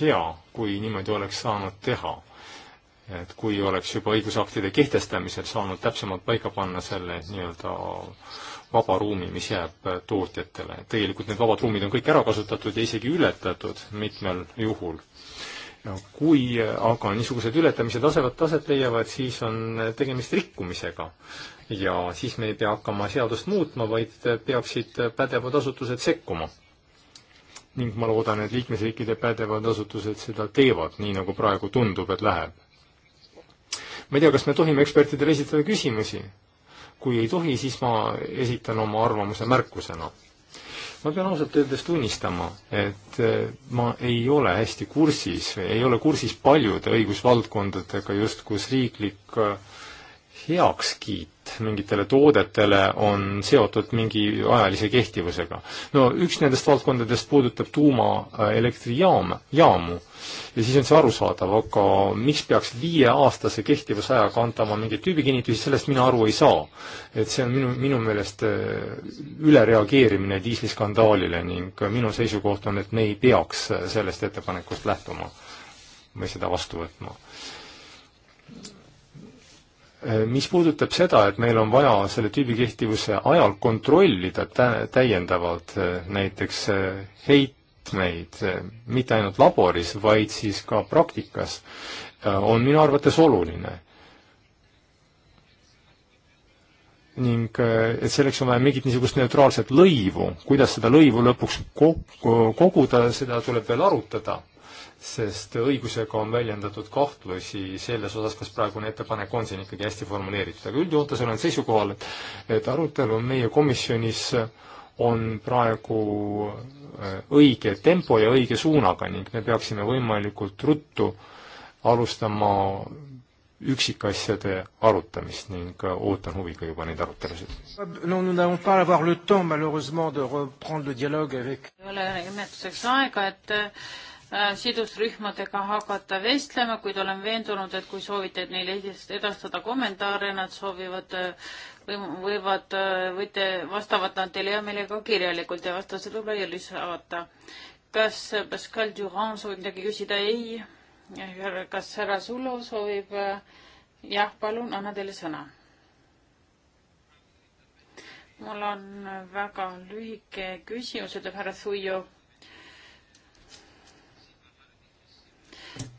hea, kui niimoodi oleks saanud teha. et kui oleks juba õigusaktide kehtestamisel saanud täpsemalt paika panna selle nii-öelda vaba ruumi, mis jääb äh, tootjatele. tegelikult need vabad ruumid on kõik ära kasutatud ja isegi ületatud mitmel juhul kui äh, aga niisugused ületamised asevad, taset leiavad, siis on äh, tegemist rikkumisega. ja siis me ei pea hakkama seadust muutma, vaid äh, peaksid pädevad asutused sekkuma. ning ma loodan, et liikmesriikide pädevad asutused seda teevad, nii nagu praegu tundub, et läheb. ma ei tea, kas me tohime ekspertidele esitada küsimusi? kui ei tohi, siis ma esitan oma arvamuse märkusena ma pean ausalt öeldes tunnistama, et äh, ma ei ole hästi kursis, ei ole kursis paljude õigusvaldkondadega, just kus riiklik äh, heakskiit mingitele toodetele on seotud mingi ajalise kehtivusega. no üks nendest valdkondadest puudutab tuumaelektrijaam, jaamu. ja siis on see arusaadav, aga miks peaks viieaastase kehtivusajaga antama mingeid tüübikinnitusi, sellest mina aru ei saa. et see on minu, minu meelest äh, ülereageerimine diisliskandaalile ning minu seisukoht on, et me ei peaks sellest ettepanekust lähtuma või seda vastu võtma Äh, mis puudutab seda, et meil on vaja selle tüübi kehtivuse ajal kontrollida tä-, täiendavalt äh, näiteks äh, heitmeid, mitte ainult laboris, vaid siis ka praktikas, on minu arvates oluline ning et selleks on vaja mingit niisugust neutraalset lõivu, kuidas seda lõivu lõpuks kokku koguda, seda tuleb veel arutada sest õigusega on väljendatud kahtlusi selles osas, kas praegune ettepanek on siin ikkagi hästi formuleeritud, aga üldjoontes olen seisukohal, et, et arutelu meie komisjonis on praegu äh, õige tempo ja õige suunaga ning me peaksime võimalikult ruttu alustama üksikasjade arutamist ning äh, ootan huviga juba neid arutelusid. no nous n'allons pas avoir le temps malheureusement de reprendre le dialogue avec ei ole õnnetuseks aega, et Äh, sidusrühmadega hakata vestlema, kuid olen veendunud, et kui soovite neile edastada kommentaare, nad soovivad äh, või võivad, äh, võite, vastavad nad teile hea meelega kirjalikult ja vastased võib-olla laiali saata. kas Pascal Durand soovib midagi küsida? ei. kas härra Zullo soovib? jah, palun, anna teile sõna. mul on väga lühike küsimus, ütleb härra Suijo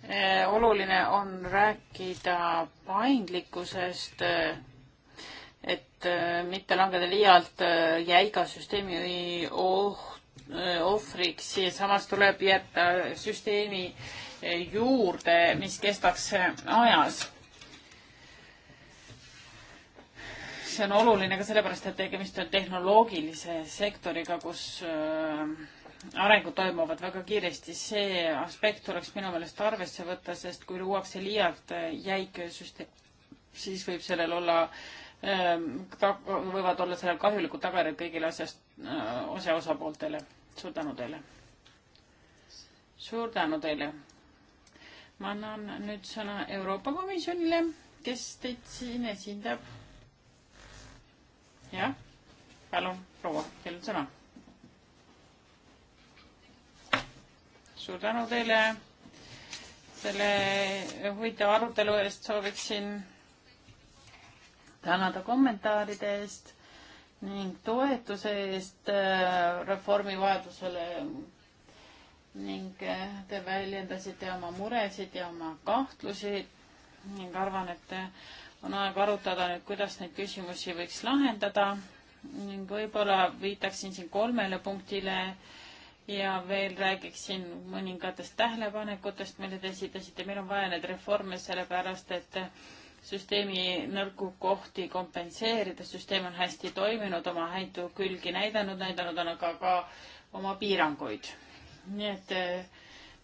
Eh, oluline on rääkida paindlikkusest, eh, et eh, mitte langeda liialt jäiga süsteemi oh-, ohvriks ja samas tuleb jätta süsteemi juurde, mis kestaks ajas. see on oluline ka sellepärast, et tegemist on tehnoloogilise sektoriga, kus äh, arengud toimuvad väga kiiresti, see aspekt tuleks minu meelest arvesse võtta, sest kui luuakse liialt jäik süsteem, siis võib sellel olla ta-, ähm, võivad olla sellel kahjulikud tagajärjed kõigile asjast, äh, osa osapooltele. suur tänu teile! suur tänu teile! ma annan nüüd sõna Euroopa Komisjonile, kes teid siin esindab. jah, palun, proua, teil on sõna suur tänu teile selle huvitava arutelu eest, sooviksin tänada kommentaaride eest ning toetuse eest äh, reformi vajadusele ning äh, te väljendasite oma muresid ja oma kahtlusi ning arvan, et äh, on aeg arutada nüüd, kuidas neid küsimusi võiks lahendada ning võib-olla viitaksin siin kolmele punktile ja veel räägiksin mõningatest tähelepanekutest, mille te esitasite. meil on vaja neid reforme sellepärast, et süsteemi nõrku kohti kompenseerida. süsteem on hästi toiminud, oma häid külgi näidanud, näidanud on aga ka oma piiranguid. nii et äh,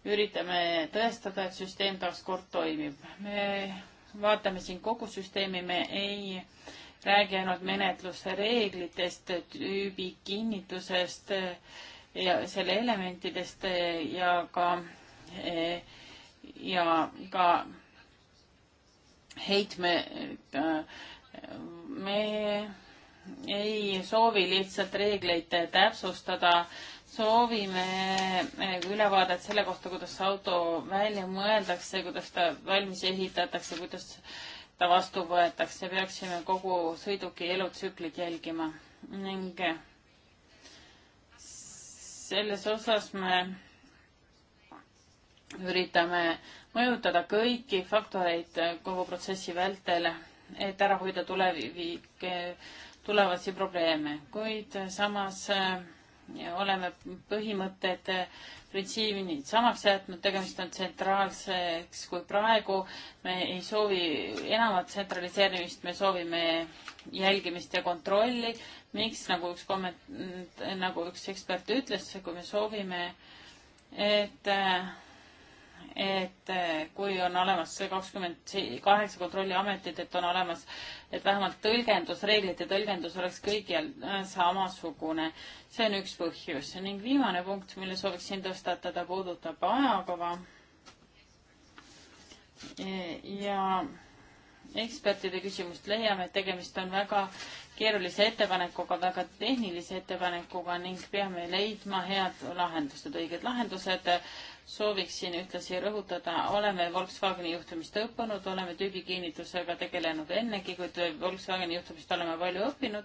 üritame tõestada, et süsteem taaskord toimib. me vaatame siin kogu süsteemi, me ei räägi ainult menetluse reeglitest, tüübi kinnitusest ja selle elementidest eh, ja ka eh, ja ka heitme eh, me ei soovi lihtsalt reegleid täpsustada, soovime ülevaadet selle kohta, kuidas auto välja mõeldakse, kuidas ta valmis ehitatakse, kuidas ta vastu võetakse, peaksime kogu sõiduki elutsüklit jälgima ning selles osas me üritame mõjutada kõiki faktoreid kogu protsessi vältel, et ära hoida tulevik, tulevasi probleeme, kuid samas äh, oleme põhimõtted, äh, printsiibid samaks jätnud, tegemist on tsentraalseks kui praegu. me ei soovi enamat tsentraliseerimist, me soovime jälgimist ja kontrolli miks, nagu üks komment-, nagu üks ekspert ütles, kui me soovime, et, et kui on olemas see kakskümmend kaheksa kontrolliametit, et on olemas, et vähemalt tõlgendus, reeglite tõlgendus oleks kõigil äh, samasugune. see on üks põhjus ning viimane punkt, mille sooviksin tõstatada, puudutab ajakava. ja ekspertide küsimust leiame, et tegemist on väga keerulise ettepanekuga, väga tehnilise ettepanekuga ning peame leidma head lahendused, õiged lahendused. sooviksin ühtlasi rõhutada, oleme Volkswageni juhtumist õppinud, oleme tüübikinnitusega tegelenud ennegi, kuid Volkswageni juhtumist oleme palju õppinud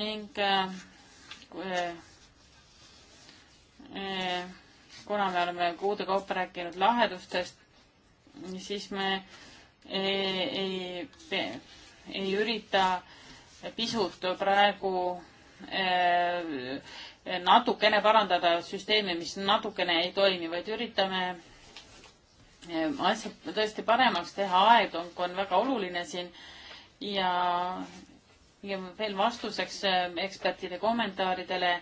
ning äh, äh, äh kuna me oleme kuude kaupa rääkinud lahendustest, siis me ei, ei, ei ürita äh, pisut praegu eh, natukene parandada süsteemi, mis natukene ei toimi, vaid üritame eh, asja tõesti paremaks teha, aeg on, on väga oluline siin ja, ja veel vastuseks eh, ekspertide kommentaaridele.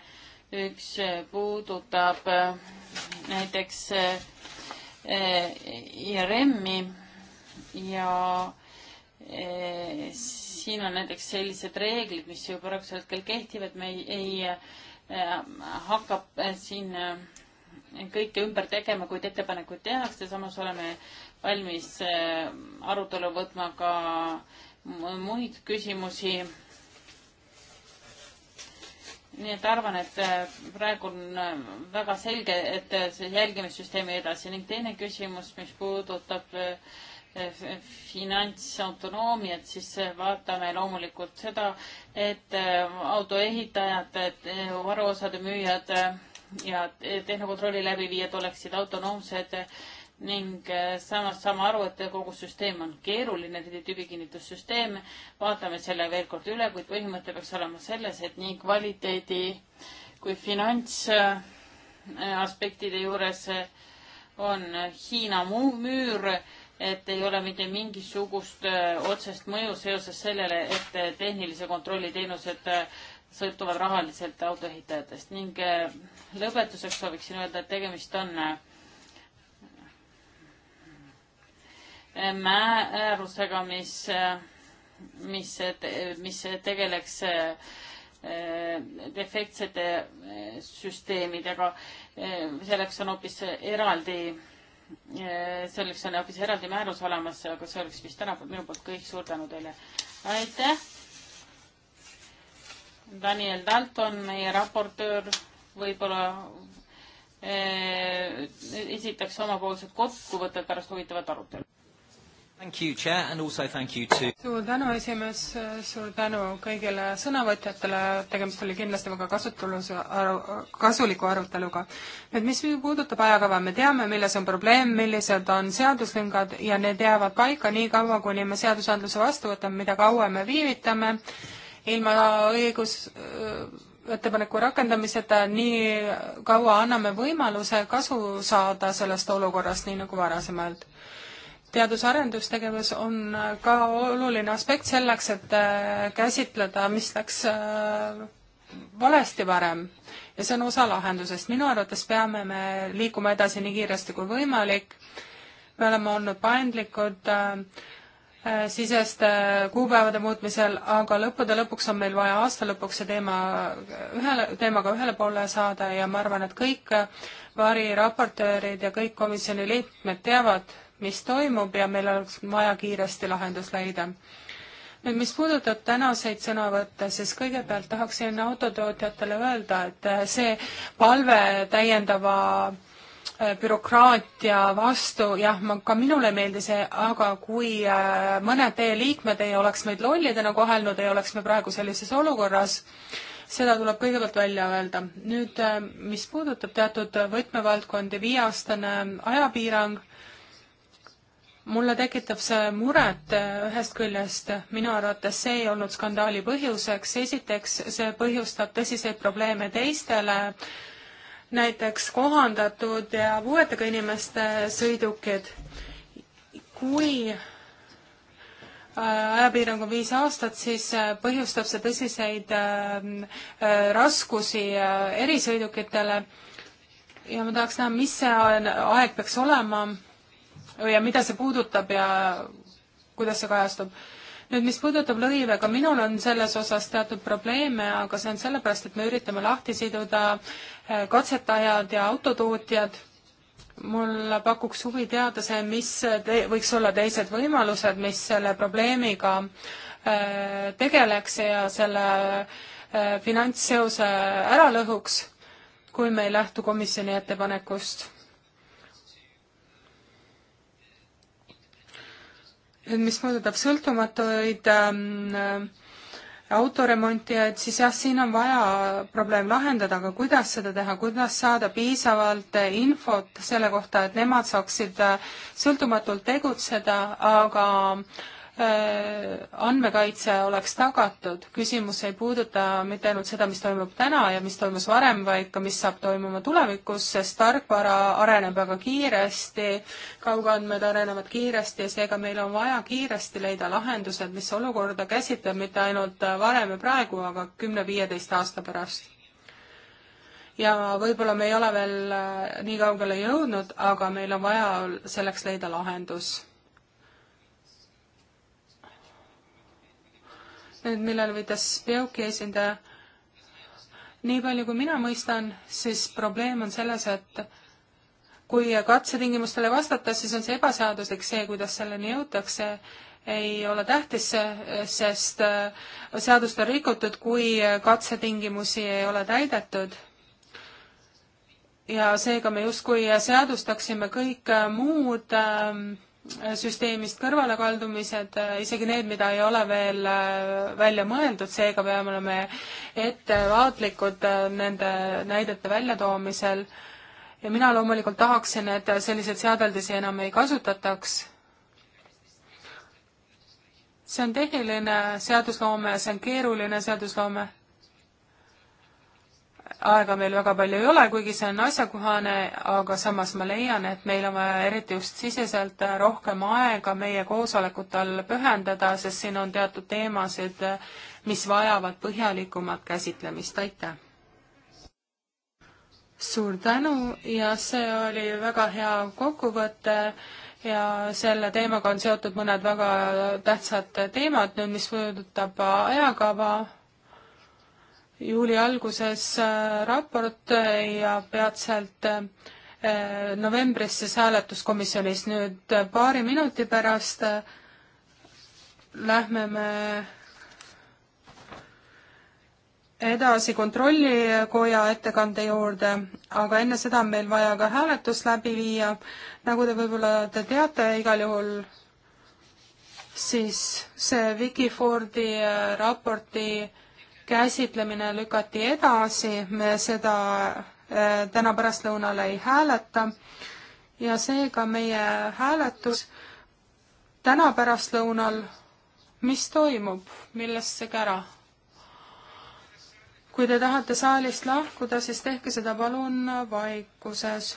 üks puudutab näiteks IRM-i ja, ja siin on näiteks sellised reeglid, mis ju praegusel hetkel kehtivad, me ei, ei äh, hakka äh, siin äh, kõike ümber tegema, kuid ettepanekuid tehakse, samas oleme valmis arutelu võtma ka muid küsimusi. nii et arvan, et praegu on väga selge, et see jälgimissüsteemi edasi ning teine küsimus, mis puudutab äh, finantsautonoomiat, siis vaatame loomulikult seda, et äh, autoehitajad, äh, varuosade müüjad äh, ja tehnokontrolli läbiviijad oleksid autonoomsed ning samas saame aru, et kogu süsteem on keeruline, tüübikinnitussüsteem, vaatame selle veel kord üle, kuid põhimõte peaks olema selles, et nii kvaliteedi kui finantsaspektide juures on Hiina müür et ei ole mitte mingisugust äh, otsest mõju seoses sellele, et äh, tehnilise kontrolli teenused äh, sõltuvad rahaliselt autoehitajatest ning lõpetuseks sooviksin öelda, et tegemist on määrusega, mis, mis, mis tegeleks defektsete süsteemidega. selleks on hoopis eraldi Äh, selleks on hoopis eraldi määrus olemas, aga see oleks vist täna minu poolt kõik, suur tänu teile. aitäh. Daniel Dalton, meie raportöör, võib-olla eh, esitaks omapoolsed kokkuvõtted pärast huvitavat arutelu suur tänu, esimees, suur tänu kõigile sõnavõtjatele, tegemist oli kindlasti väga kasutulus, kasuliku aruteluga. nüüd, mis puudutab ajakava, me teame, milles on probleem, millised on seaduslüngad ja need jäävad paika nii kaua, kuni me seadusandluse vastu võtame, mida kauem me viivitame, ilma õigus ettepaneku rakendamiseta, nii kaua anname võimaluse kasu saada sellest olukorrast, nii nagu varasemalt teadus-arendustegevus on äh, ka oluline aspekt selleks, et äh, käsitleda, mis läks äh, valesti varem ja see on osa lahendusest. minu arvates peame me liikuma edasi nii kiiresti kui võimalik. me oleme olnud paindlikud äh, siseste kuupäevade muutmisel, aga lõppude lõpuks on meil vaja aasta lõpuks see teema ühele, teemaga ühele poole saada ja ma arvan, et kõik variraportöörid ja kõik komisjoni liikmed teavad, mis toimub ja meil oleks vaja kiiresti lahendus leida. nüüd, mis puudutab tänaseid sõnavõtte, siis kõigepealt tahaksin autotootjatele öelda, et äh, see palve täiendava äh, bürokraatia vastu, jah, ma, ka minule ei meeldi see, aga kui äh, mõned teie liikmed ei oleks meid lollidena kohelnud, ei oleks me praegu sellises olukorras, seda tuleb kõigepealt välja öelda. nüüd, mis puudutab teatud võtmevaldkondi, viieaastane ajapiirang, mulle tekitab see muret eh, ühest küljest, minu arvates see ei olnud skandaali põhjuseks, esiteks see põhjustab tõsiseid probleeme teistele, näiteks kohandatud ja puuetega inimeste sõidukid. kui äh, ajapiirang on viis aastat, siis äh, põhjustab see tõsiseid ähm, äh, raskusi erisõidukitele ja ma tahaks näha, mis see aeg peaks olema ja mida see puudutab ja kuidas see kajastub. nüüd, mis puudutab lõive, ka minul on selles osas teatud probleeme, aga see on sellepärast, et me üritame lahti siduda eh, katsetajad ja autotootjad. mul pakuks huvi teada see, mis te, võiks olla teised võimalused, mis selle probleemiga eh, tegeleks ja selle eh, finantsseose ära lõhuks, kui me ei lähtu komisjoni ettepanekust nüüd mis puudutab sõltumatuid ähm, äh, autoremontijaid, siis jah, siin on vaja probleem lahendada, aga kuidas seda teha, kuidas saada piisavalt äh, infot selle kohta, et nemad saaksid äh, sõltumatult tegutseda, aga äh, Äh, andmekaitse oleks tagatud. küsimus ei puuduta mitte ainult seda, mis toimub täna ja mis toimus varem, vaid ka mis saab toimuma tulevikus, sest tarkvara areneb väga kiiresti, kaugandmed arenevad kiiresti ja seega meil on vaja kiiresti leida lahendused, mis olukorda käsitleb mitte ainult varem ja praegu, aga kümne-viieteist aasta pärast ja võib-olla me ei ole veel äh, nii kaugele jõudnud, aga meil on vaja selleks leida lahendus nüüd millele viitas Peuki esindaja, nii palju kui mina mõistan, siis probleem on selles, et kui katsetingimustele vastata, siis on see ebaseaduslik, see, kuidas selleni jõutakse, ei ole tähtis, sest äh, seadust on rikutud, kui katsetingimusi ei ole täidetud. ja seega me justkui seadustaksime kõik äh, muud ähm, süsteemist kõrvalekaldumised, äh, isegi need, mida ei ole veel äh, välja mõeldud, seega peame olema ettevaatlikud äh, nende näidete väljatoomisel. ja mina loomulikult tahaksin, et selliseid seadeldisi enam ei kasutataks. see on tehniline seadusloome, see on keeruline seadusloome aega meil väga palju ei ole, kuigi see on asjakohane, aga samas ma leian, et meil on vaja eriti just siseselt rohkem aega meie koosolekutel pühendada, sest siin on teatud teemasid, mis vajavad põhjalikumat käsitlemist, aitäh! suur tänu ja see oli väga hea kokkuvõte ja selle teemaga on seotud mõned väga tähtsad teemad nüüd, mis puudutab ajakava, juuli alguses äh, raport ja peatselt äh, novembris siis hääletuskomisjonis. nüüd äh, paari minuti pärast lähme me edasi Kontrollikoja ettekande juurde, aga enne seda on meil vaja ka hääletus läbi viia. nagu te võib-olla te teate, igal juhul siis see Vikifordi raporti käsitlemine lükati edasi, me seda äh, täna pärastlõunal ei hääleta ja seega meie hääletus täna pärastlõunal, mis toimub, millest see kära? kui te tahate saalist lahkuda, siis tehke seda palun vaikuses.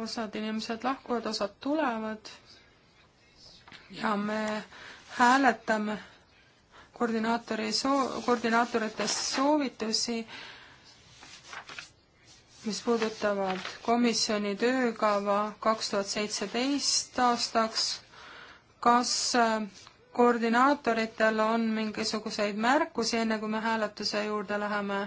osad inimesed lahkuvad, osad tulevad ja me hääletame koordinaatori soo-, koordinaatoritest soovitusi, mis puudutavad komisjoni töökava kaks tuhat seitseteist aastaks, kas äh, koordinaatoritel on mingisuguseid märkusi, enne kui me hääletuse juurde läheme?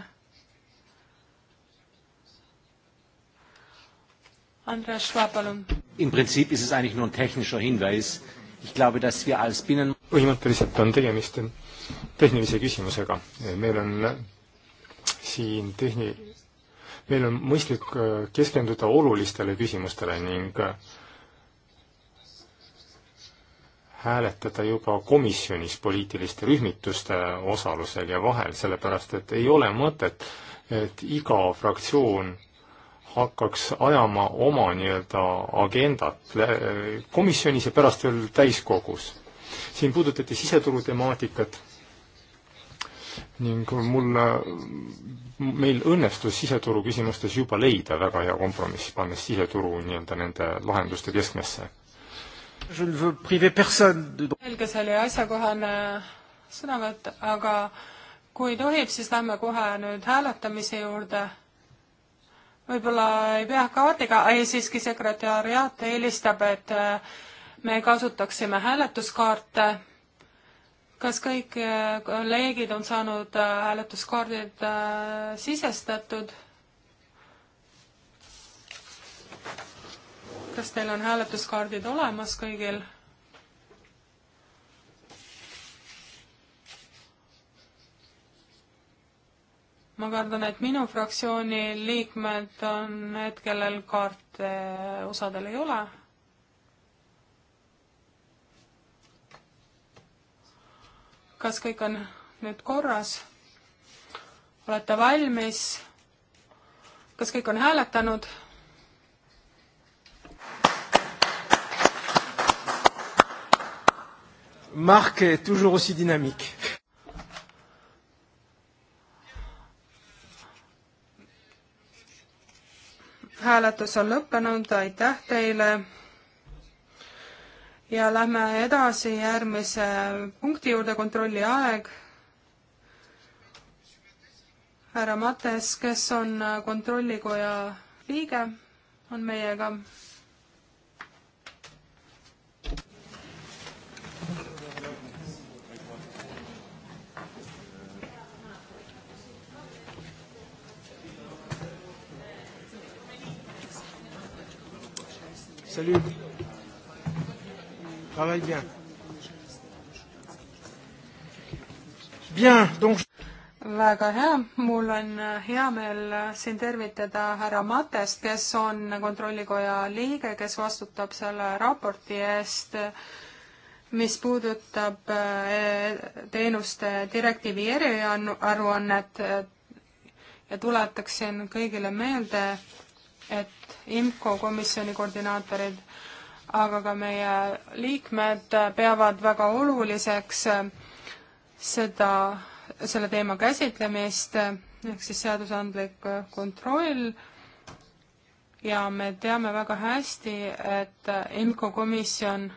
Andreas Schwab, palun. Im Prinzip ist es eigentlich nur ein technischer Hinweis põhimõtteliselt on tegemist tehnilise küsimusega. meil on siin tehni-, meil on mõistlik äh, keskenduda olulistele küsimustele ning äh, hääletada juba komisjonis poliitiliste rühmituste osalusel ja vahel, sellepärast et ei ole mõtet, et iga fraktsioon hakkaks ajama oma nii-öelda agendat komisjonis ja pärast veel täiskogus. siin puudutati siseturu temaatikat ning mul, meil õnnestus siseturu küsimustes juba leida väga hea kompromiss, pannes siseturu nii-öelda nende lahenduste keskmesse. selge, see oli asjakohane sõnavõtt, aga kui tohib, siis lähme kohe nüüd hääletamise juurde võib-olla ei pea kaardiga, ei siiski sekretäriaat eelistab, et äh, me kasutaksime hääletuskaarte. kas kõik äh, kolleegid on saanud äh, hääletuskaardid sisestatud? kas teil on hääletuskaardid olemas kõigil? ma kardan, et minu fraktsiooni liikmed on need, kellel kaarte osadel ei ole. kas kõik on nüüd korras? olete valmis? kas kõik on hääletanud? Marc est toujours aussi dynamique. hääletus on lõppenud, aitäh teile. ja lähme edasi järgmise punkti juurde, kontrolli aeg. härra Mates, kes on kontrollikoja liige, on meiega Salut. Travaille bien. Bien, donc... väga hea, mul on äh, hea meel äh, siin tervitada härra Matest, kes on Kontrollikoja liige, kes vastutab selle raporti eest, mis puudutab äh, teenuste direktiivi eriaruannet ja tuletaksin kõigile meelde, et IMCO komisjoni koordinaatorid, aga ka meie liikmed peavad väga oluliseks äh, seda, selle teema käsitlemist, äh, ehk siis seadusandlik äh, kontroll ja me teame väga hästi, et IMCO komisjon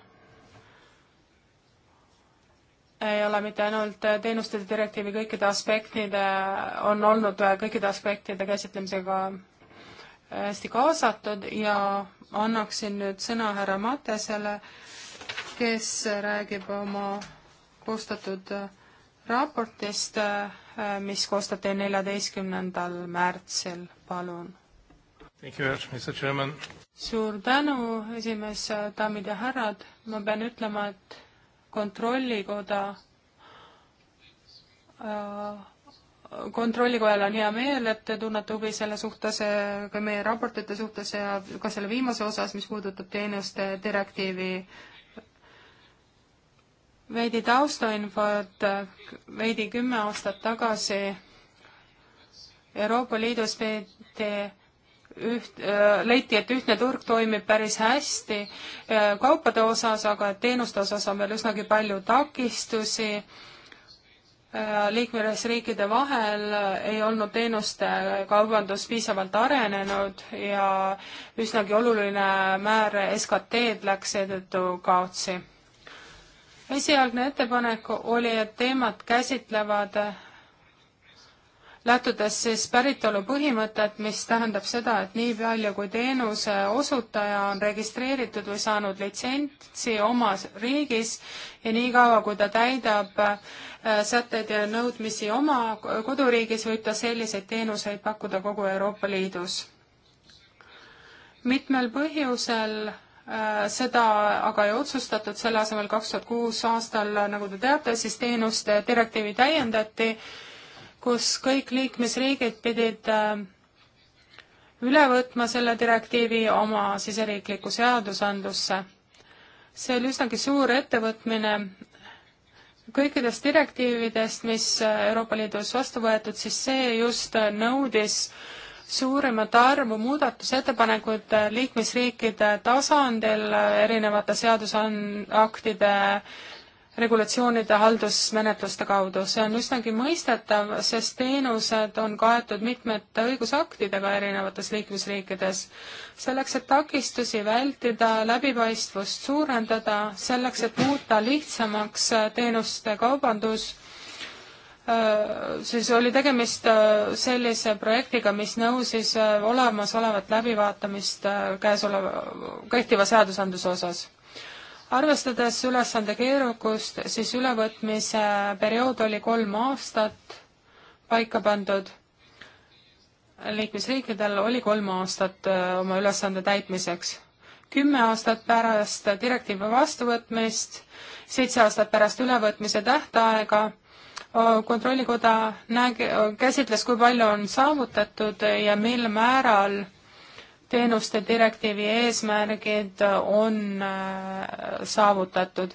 ei ole mitte ainult teenuste direktiivi kõikide aspektide, on olnud kõikide aspektide käsitlemisega hästi kaasatud ja annaksin nüüd sõna härra Matesele, kes räägib oma koostatud äh, raportist, äh, mis koostati neljateistkümnendal märtsil, palun. suur tänu, esimees, daamid ja härrad, ma pean ütlema, et kontrollikoda äh, kontrollikojal on hea meel, et te tunnete huvi selle suhtes, ka meie raportite suhtes ja ka selle viimase osas, mis puudutab teenuste direktiivi veidi taustainfot, veidi kümme aastat tagasi Euroopa Liidus peeti üht, äh, leiti, et ühtne turg toimib päris hästi äh, kaupade osas, aga teenuste osas on veel üsnagi palju takistusi Äh, liikmesriikide vahel ei olnud teenuste kaubandus piisavalt arenenud ja üsnagi oluline määr SKT-d läks seetõttu kaotsi. esialgne ettepanek oli, et teemat käsitlevad lähtudes siis päritolu põhimõtet, mis tähendab seda, et nii palju, kui teenuse osutaja on registreeritud või saanud litsentsi omas riigis ja niikaua, kui ta täidab äh, sätteid ja nõudmisi oma koduriigis, võib ta selliseid teenuseid pakkuda kogu Euroopa Liidus. mitmel põhjusel äh, seda aga ei otsustatud, selle asemel kaks tuhat kuus aastal, nagu te teate, siis teenuste direktiivi täiendati kus kõik liikmesriigid pidid äh, üle võtma selle direktiivi oma siseriiklikku seadusandlusse. see oli üsnagi suur ettevõtmine, kõikidest direktiividest, mis Euroopa Liidus vastu võetud, siis see just nõudis suuremat arvu muudatusettepanekud liikmesriikide tasandil erinevate seadusaktide regulatsioonide haldusmenetluste kaudu. see on üsnagi mõistetav, sest teenused on kaetud mitmete õigusaktidega erinevates liikmesriikides. selleks, et takistusi vältida, läbipaistvust suurendada, selleks, et muuta lihtsamaks teenuste kaubandus, äh, siis oli tegemist äh, sellise projektiga, mis nõusis äh, olemasolevat läbivaatamist käesoleva, kehtiva seadusandluse osas arvestades ülesande keerukust, siis ülevõtmise periood oli kolm aastat paika pandud. liikmesriikidel oli kolm aastat äh, oma ülesande täitmiseks. kümme aastat pärast direktiivi vastuvõtmist, seitse aastat pärast ülevõtmise tähtaega kontrollikoda nägi, käsitles, kui palju on saavutatud ja mil määral teenuste direktiivi eesmärgid on äh, saavutatud.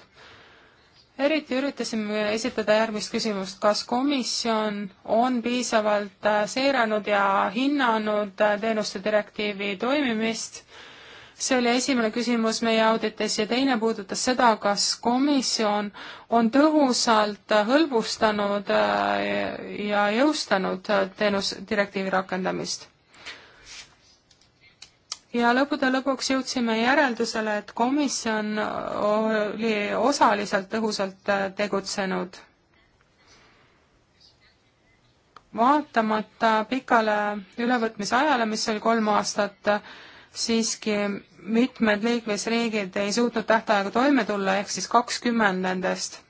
eriti üritasime esitada järgmist küsimust, kas komisjon on piisavalt äh, seiranud ja hinnanud äh, teenuste direktiivi toimimist, see oli esimene küsimus meie auditis ja teine puudutas seda, kas komisjon on tõhusalt hõlbustanud ja jõustanud teenusdirektiivi rakendamist ja lõppude lõpuks jõudsime järeldusele, et komisjon oli osaliselt tõhusalt äh, tegutsenud. vaatamata pikale ülevõtmisajale, mis oli kolm aastat, äh, siiski mitmed liikmesriigid ei suutnud tähtaega toime tulla, ehk siis kakskümmend nendest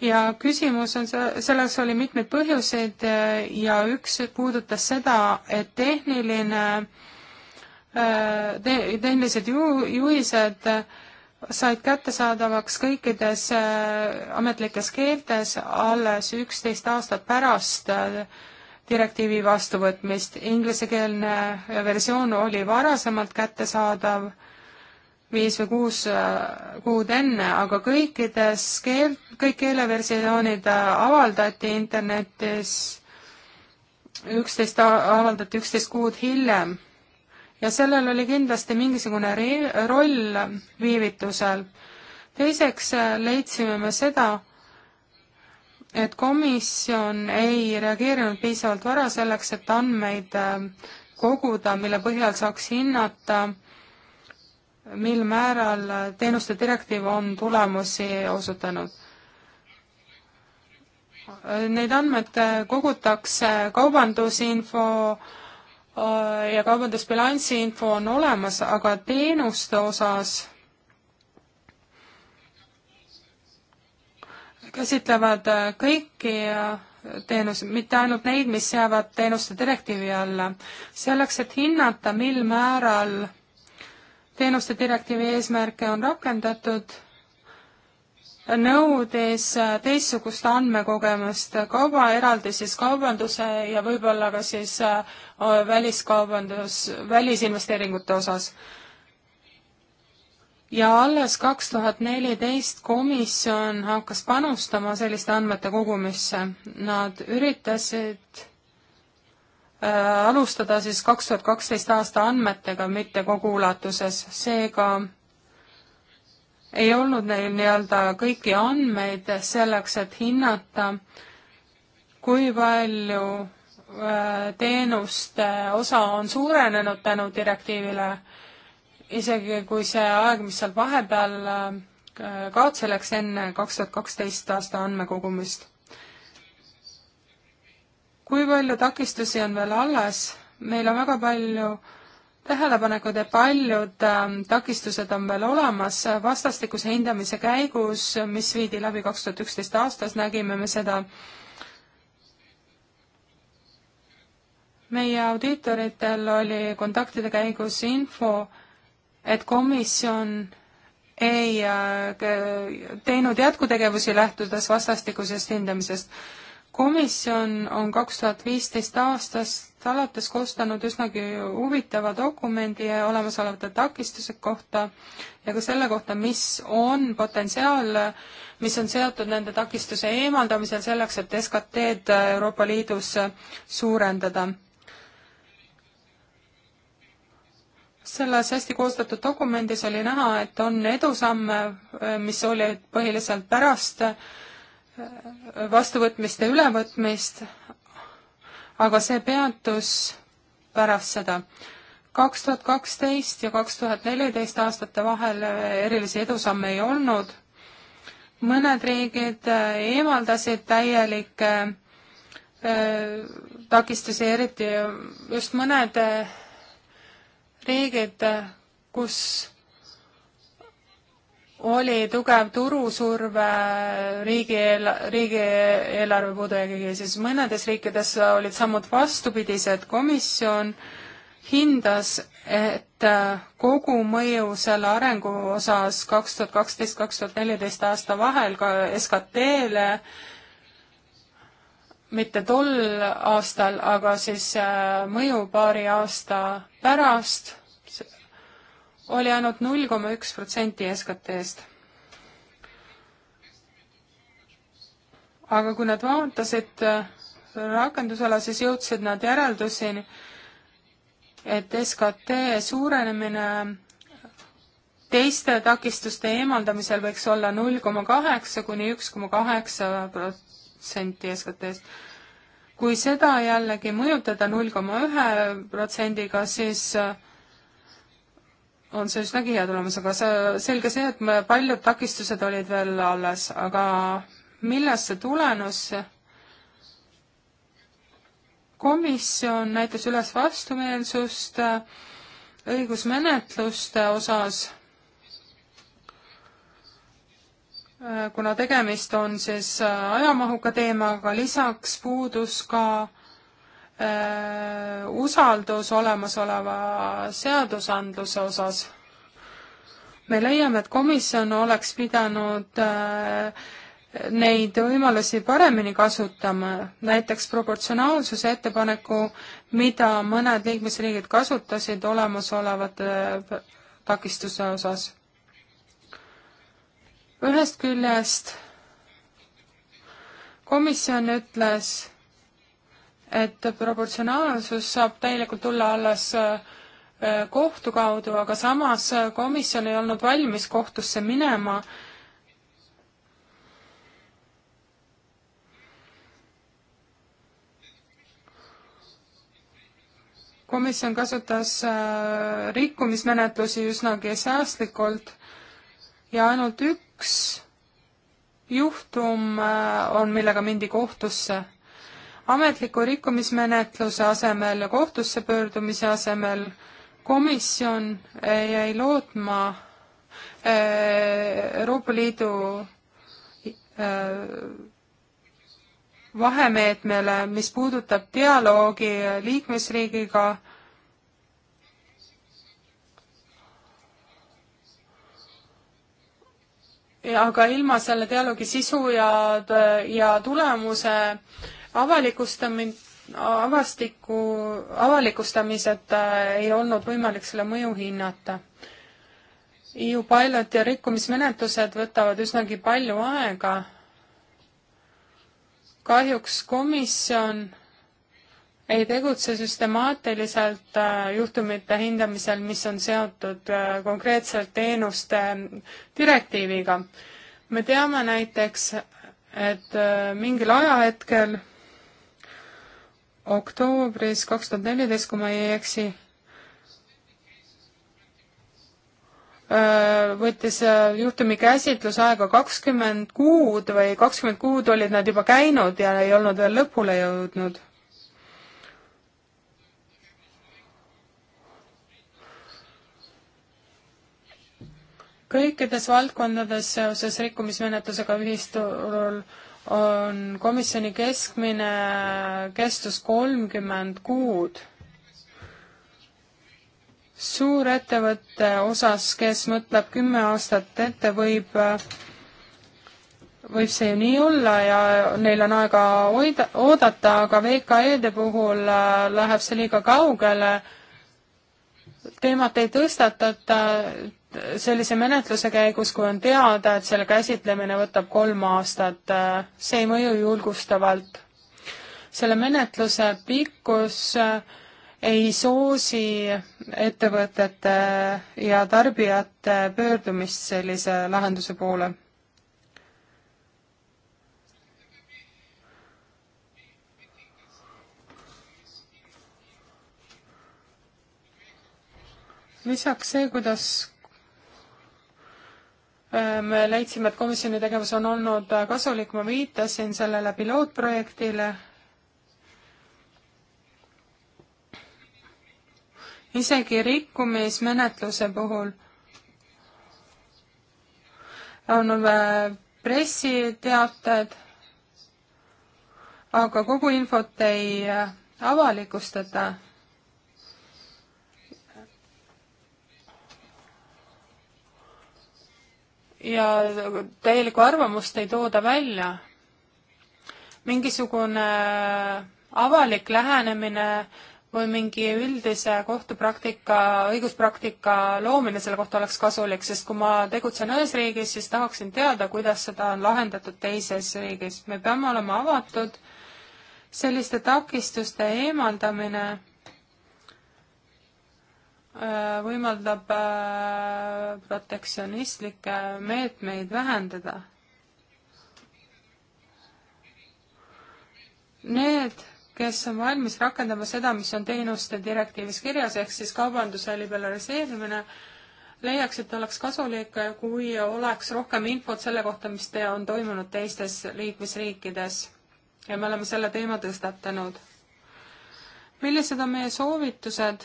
ja küsimus on, selles oli mitmeid põhjuseid äh, ja üks puudutas seda, et tehniline, äh, tehnilised ju-, juhised said kättesaadavaks kõikides äh, ametlikes keeltes alles üksteist aastat pärast direktiivi vastuvõtmist. Inglisekeelne versioon oli varasemalt kättesaadav viis või kuus äh, kuud enne, aga kõikides keel, kõik keeleversioonid äh, avaldati internetis üksteist, avaldati üksteist kuud hiljem. ja sellel oli kindlasti mingisugune roll viivitusel. teiseks äh, leidsime me seda, et komisjon ei reageerinud piisavalt vara selleks, et andmeid koguda, mille põhjal saaks hinnata äh, mil määral teenuste direktiiv on tulemusi osutanud. Neid andmeid kogutakse kaubandusinfo äh, ja kaubandusbilansi info on olemas, aga teenuste osas käsitlevad kõiki teenus, mitte ainult neid, mis jäävad teenuste direktiivi alla. selleks, et hinnata, mil määral teenuste direktiivi eesmärke on rakendatud, nõudes teistsugust andmekogemust, kaubaeraldi siis kaubanduse ja võib-olla ka siis äh, väliskaubandus, välisinvesteeringute osas. ja alles kaks tuhat neliteist komisjon hakkas panustama selliste andmete kogumisse. Nad üritasid Äh, alustada siis kaks tuhat kaksteist aasta andmetega, mitte kogu ulatuses, seega ei olnud neil nii-öelda kõiki andmeid selleks, et hinnata, kui palju äh, teenuste osa on suurenenud tänu direktiivile, isegi kui see aeg, mis seal vahepeal äh, kaotsi läks enne kaks tuhat kaksteist aasta andmekogumist kui palju takistusi on veel alles, meil on väga palju tähelepanekud ja paljud äh, takistused on veel olemas, vastastikuse hindamise käigus, mis viidi läbi kaks tuhat üksteist aastas, nägime me seda. meie audiitoritel oli kontaktide käigus info, et komisjon ei äh, teinud jätkutegevusi lähtudes vastastikusest hindamisest komisjon on kaks tuhat viisteist aastast alates koostanud üsnagi huvitava dokumendi olemasolevate takistuse kohta ja ka selle kohta, mis on potentsiaal, mis on seotud nende takistuse eemaldamisel selleks, et SKT-d Euroopa Liidus suurendada. selles hästi koostatud dokumendis oli näha, et on edusamme, mis olid põhiliselt pärast vastuvõtmist ja ülevõtmist, aga see peatus pärast seda. kaks tuhat kaksteist ja kaks tuhat neliteist aastate vahel erilisi edusamme ei olnud, mõned riigid äh, eemaldasid täielikke äh, takistusi, eriti just mõned äh, riigid, kus oli tugev turusurve riigieel-, riigieelarve puudujäägiga, siis mõnedes riikides olid sammud vastupidised, komisjon hindas, et kogumõju selle arengu osas kaks tuhat kaksteist, kaks tuhat neliteist aasta vahel ka SKT-le mitte tol aastal, aga siis äh, mõju paari aasta pärast oli ainult null koma üks protsenti SKT-st. aga kui nad vaatasid äh, rakendusala, siis jõudsid nad järelduseni, et SKT suurenemine teiste takistuste eemaldamisel võiks olla null koma kaheksa kuni üks koma kaheksa protsenti SKT-st. kui seda jällegi mõjutada null koma ühe protsendiga, siis äh, on see üsnagi hea tulemus, aga see, selge see, et paljud takistused olid veel alles, aga millest see tulenes? komisjon näitas üles vastumeelsust äh, õigusmenetluste äh, osas, äh, kuna tegemist on siis ajamahuka teemaga, lisaks puudus ka Äh, usaldus olemasoleva seadusandluse osas. me leiame, et komisjon oleks pidanud äh, neid võimalusi paremini kasutama, näiteks proportsionaalsuse ettepaneku, mida mõned liikmesriigid kasutasid olemasolevate äh, takistuse osas. ühest küljest komisjon ütles, et proportsionaalsus saab täielikult tulla alles äh, kohtu kaudu, aga samas äh, komisjon ei olnud valmis kohtusse minema. komisjon kasutas äh, rikkumismenetlusi üsnagi säästlikult ja ainult üks juhtum on, millega mindi kohtusse ametliku rikkumismenetluse asemel ja kohtusse pöördumise asemel komisjon jäi lootma eh, Euroopa Liidu eh, vahemeetmele, mis puudutab dialoogi liikmesriigiga Ja aga ilma selle dialoogi sisu ja, ja tulemuse avalikustamine avastiku, avalikustamiseta äh, ei olnud võimalik selle mõju hinnata. EU pilot ja rikkumismenetlused võtavad üsnagi palju aega. kahjuks komisjon ei tegutse süstemaatiliselt äh, juhtumite hindamisel, mis on seotud äh, konkreetselt teenuste direktiiviga. me teame näiteks, et mingil ajahetkel oktoobris kaks tuhat neliteist, kui ma ei eksi, äh, võttis äh, juhtumi käsitlus aega kakskümmend kuud või kakskümmend kuud olid nad juba käinud ja ei olnud veel lõpule jõudnud. kõikides valdkondades seoses rikkumismenetlusega ühisturul on komisjoni keskmine kestus kolmkümmend kuud. suurettevõtte osas, kes mõtleb kümme aastat ette, võib, võib see ju nii olla ja neil on aega hoida, oodata, aga VKE-de puhul äh, läheb see liiga kaugele teemat ei tõstatata, sellise menetluse käigus, kui on teada, et selle käsitlemine võtab kolm aastat, äh, see ei mõju julgustavalt. selle menetluse pikkus äh, ei soosi ettevõtete ja tarbijate pöördumist sellise lahenduse poole. lisaks see, kuidas Äh, me leidsime, et komisjoni tegevus on olnud äh, kasulik, ma viitasin sellele pilootprojektile. isegi rikkumismenetluse puhul on äh, pressiteated, aga kogu infot ei avalikustata ja täielikku arvamust ei tooda välja. mingisugune äh, avalik lähenemine või mingi üldise kohtupraktika, õiguspraktika loomine selle kohta oleks kasulik, sest kui ma tegutsen ühes riigis, siis tahaksin teada, kuidas seda on lahendatud teises riigis. me peame olema avatud, selliste takistuste eemaldamine Äh, võimaldab äh, protektsionistlikke meetmeid vähendada. Need, kes on valmis rakendama seda, mis on teenuste direktiivis kirjas, ehk siis kaubanduse liberaliseerimine, leiaks, et oleks kasulik, kui oleks rohkem infot selle kohta, mis te on toimunud teistes liikmesriikides. ja me oleme selle teema tõstatanud. millised on meie soovitused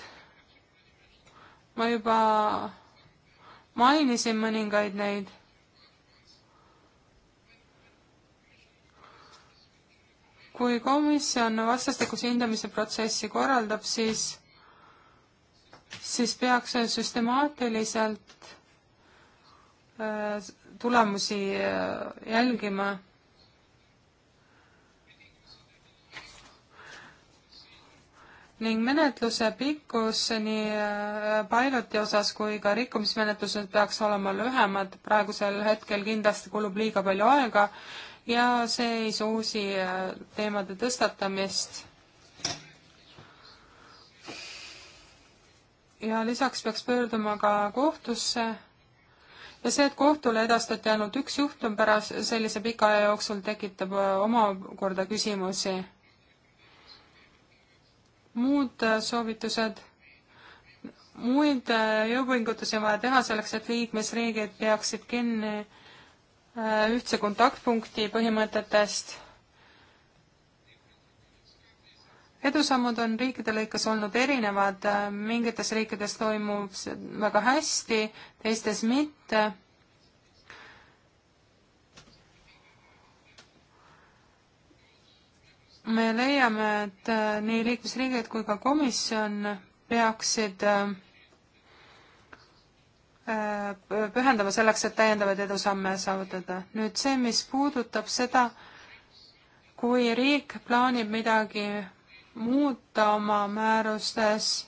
ma juba mainisin mõningaid neid. kui komisjon vastastikuse hindamise protsessi korraldab, siis, siis peaks süstemaatiliselt äh, tulemusi äh, jälgima ning menetluse pikkus nii äh, piloti osas kui ka rikkumismenetlused peaks olema lühemad, praegusel hetkel kindlasti kulub liiga palju aega ja see ei soosi äh, teemade tõstatamist. ja lisaks peaks pöörduma ka kohtusse ja see, et kohtule edastati ainult üks juhtum pärast sellise pika aja jooksul, tekitab omakorda küsimusi muud äh, soovitused? muid äh, jõupingutusi on vaja teha selleks, et liikmesriigid peaksid kinni äh, ühtse kontaktpunkti põhimõtetest. edusammud on riikide lõikes olnud erinevad, mingites riikides toimub see väga hästi, teistes mitte me leiame, et äh, nii liikmesriigid kui ka komisjon peaksid äh, äh, pühendama selleks, et täiendavaid edusamme saavutada. nüüd see, mis puudutab seda, kui riik plaanib midagi muuta oma määrustes,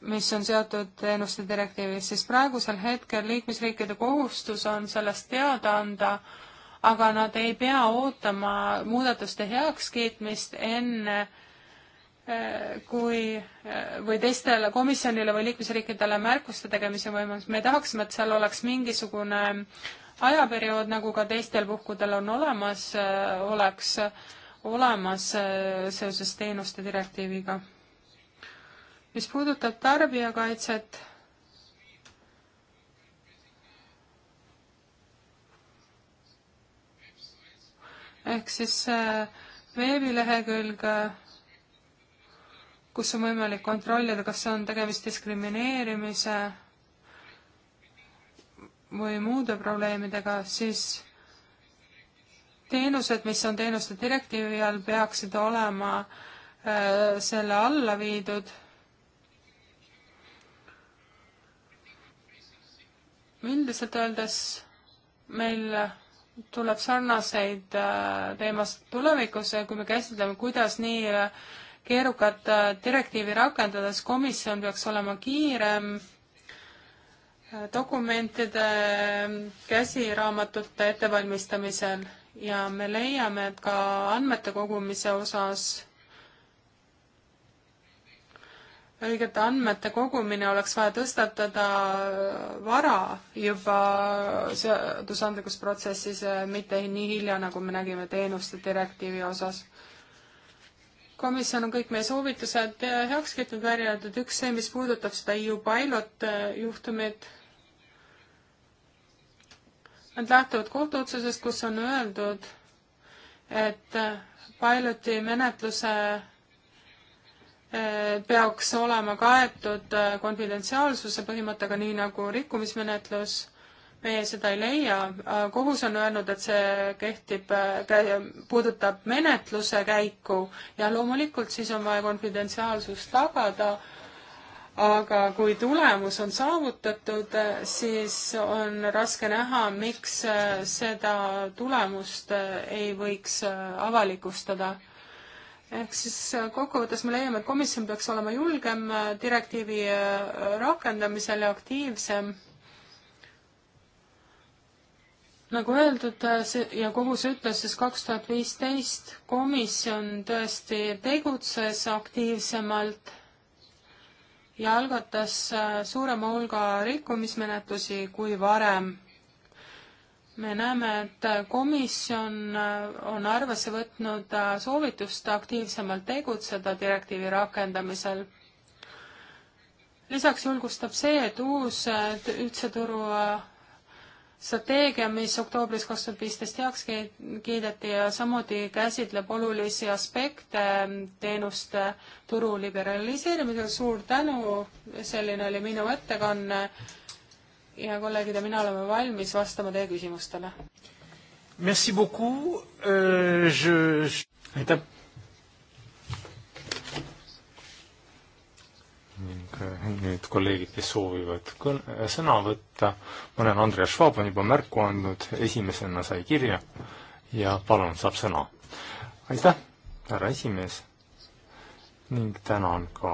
mis on seotud teenuste direktiivis, siis praegusel hetkel liikmesriikide kohustus on sellest teada anda äh, aga nad ei pea ootama muudatuste heakskiitmist enne eh, kui, eh, või teistele komisjonile või liikmesriikidele märkuste tegemise võimalus, me tahaksime, et seal oleks mingisugune ajaperiood, nagu ka teistel puhkudel on olemas, eh, oleks olemas seoses teenuste direktiiviga. mis puudutab tarbijakaitset ehk siis äh, veebilehekülg, kus on võimalik kontrollida, kas on tegemist diskrimineerimise või muude probleemidega, siis teenused, mis on teenuste direktiivi all, peaksid olema äh, selle alla viidud. üldiselt öeldes meil tuleb sarnaseid äh, teemasid tulevikus, kui me käsitleme, kuidas nii äh, keerukat äh, direktiivi rakendades komisjon peaks olema kiirem dokumentide käsiraamatute ettevalmistamisel ja me leiame, et ka andmete kogumise osas õigete andmete kogumine oleks vaja tõstatada vara juba seadusandlikus protsessis, eh, mitte nii hilja, nagu me nägime teenuste direktiivi osas. komisjon on kõik meie soovitused eh, heaks kiitnud, välja öeldud üks see, mis puudutab seda EU pilot eh, juhtumit. Nad lähtuvad kohtuotsusest, kus on öeldud, et piloti menetluse Äh, peaks olema kaetud äh, konfidentsiaalsuse põhimõttega, nii nagu rikkumismenetlus. meie seda ei leia, äh, kohus on öelnud, et see kehtib, puudutab menetluse käiku ja loomulikult siis on vaja konfidentsiaalsust tagada, aga kui tulemus on saavutatud, siis on raske näha, miks seda tulemust ei võiks avalikustada ehk siis äh, kokkuvõttes me leiame, et komisjon peaks olema julgem äh, direktiivi äh, rakendamisel ja aktiivsem. nagu öeldud ja kohus ütles siis kaks tuhat viisteist, komisjon tõesti tegutses aktiivsemalt ja algatas suurema hulga rikkumismenetlusi kui varem me näeme, et komisjon äh, on arvesse võtnud äh, soovitust aktiivsemalt tegutseda direktiivi rakendamisel. lisaks julgustab see, et uus äh, ühtse turu strateegia, mis oktoobris kaks tuhat viisteist heaks kiideti ja samuti käsitleb olulisi aspekte teenuste turu liberaliseerimisel. suur tänu, selline oli minu ettekanne ja kolleegid ja mina oleme valmis vastama teie küsimustele. Merci beaucoup euh,, je. aitäh. ning äh, nüüd kolleegid, kes soovivad kõn-, äh, sõna võtta, ma näen, Andreas Schwab on juba märku andnud, esimesena sai kirja ja palun, saab sõna. aitäh, härra esimees ning tänan ka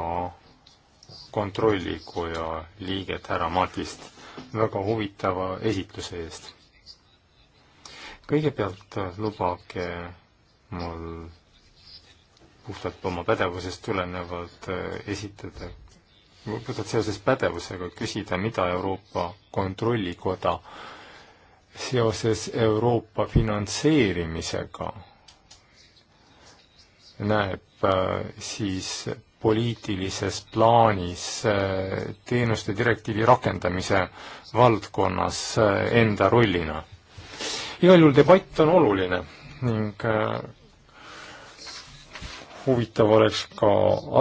kontrollikoja liiget härra Madist väga huvitava esitluse eest. kõigepealt lubage mul puhtalt oma pädevusest tulenevalt äh, esitada, puhtalt seoses pädevusega küsida, mida Euroopa Kontrollikoda seoses Euroopa finantseerimisega näeb äh, siis poliitilises plaanis äh, teenuste direktiivi rakendamise valdkonnas äh, enda rollina. igal juhul debatt on oluline ning äh, huvitav oleks ka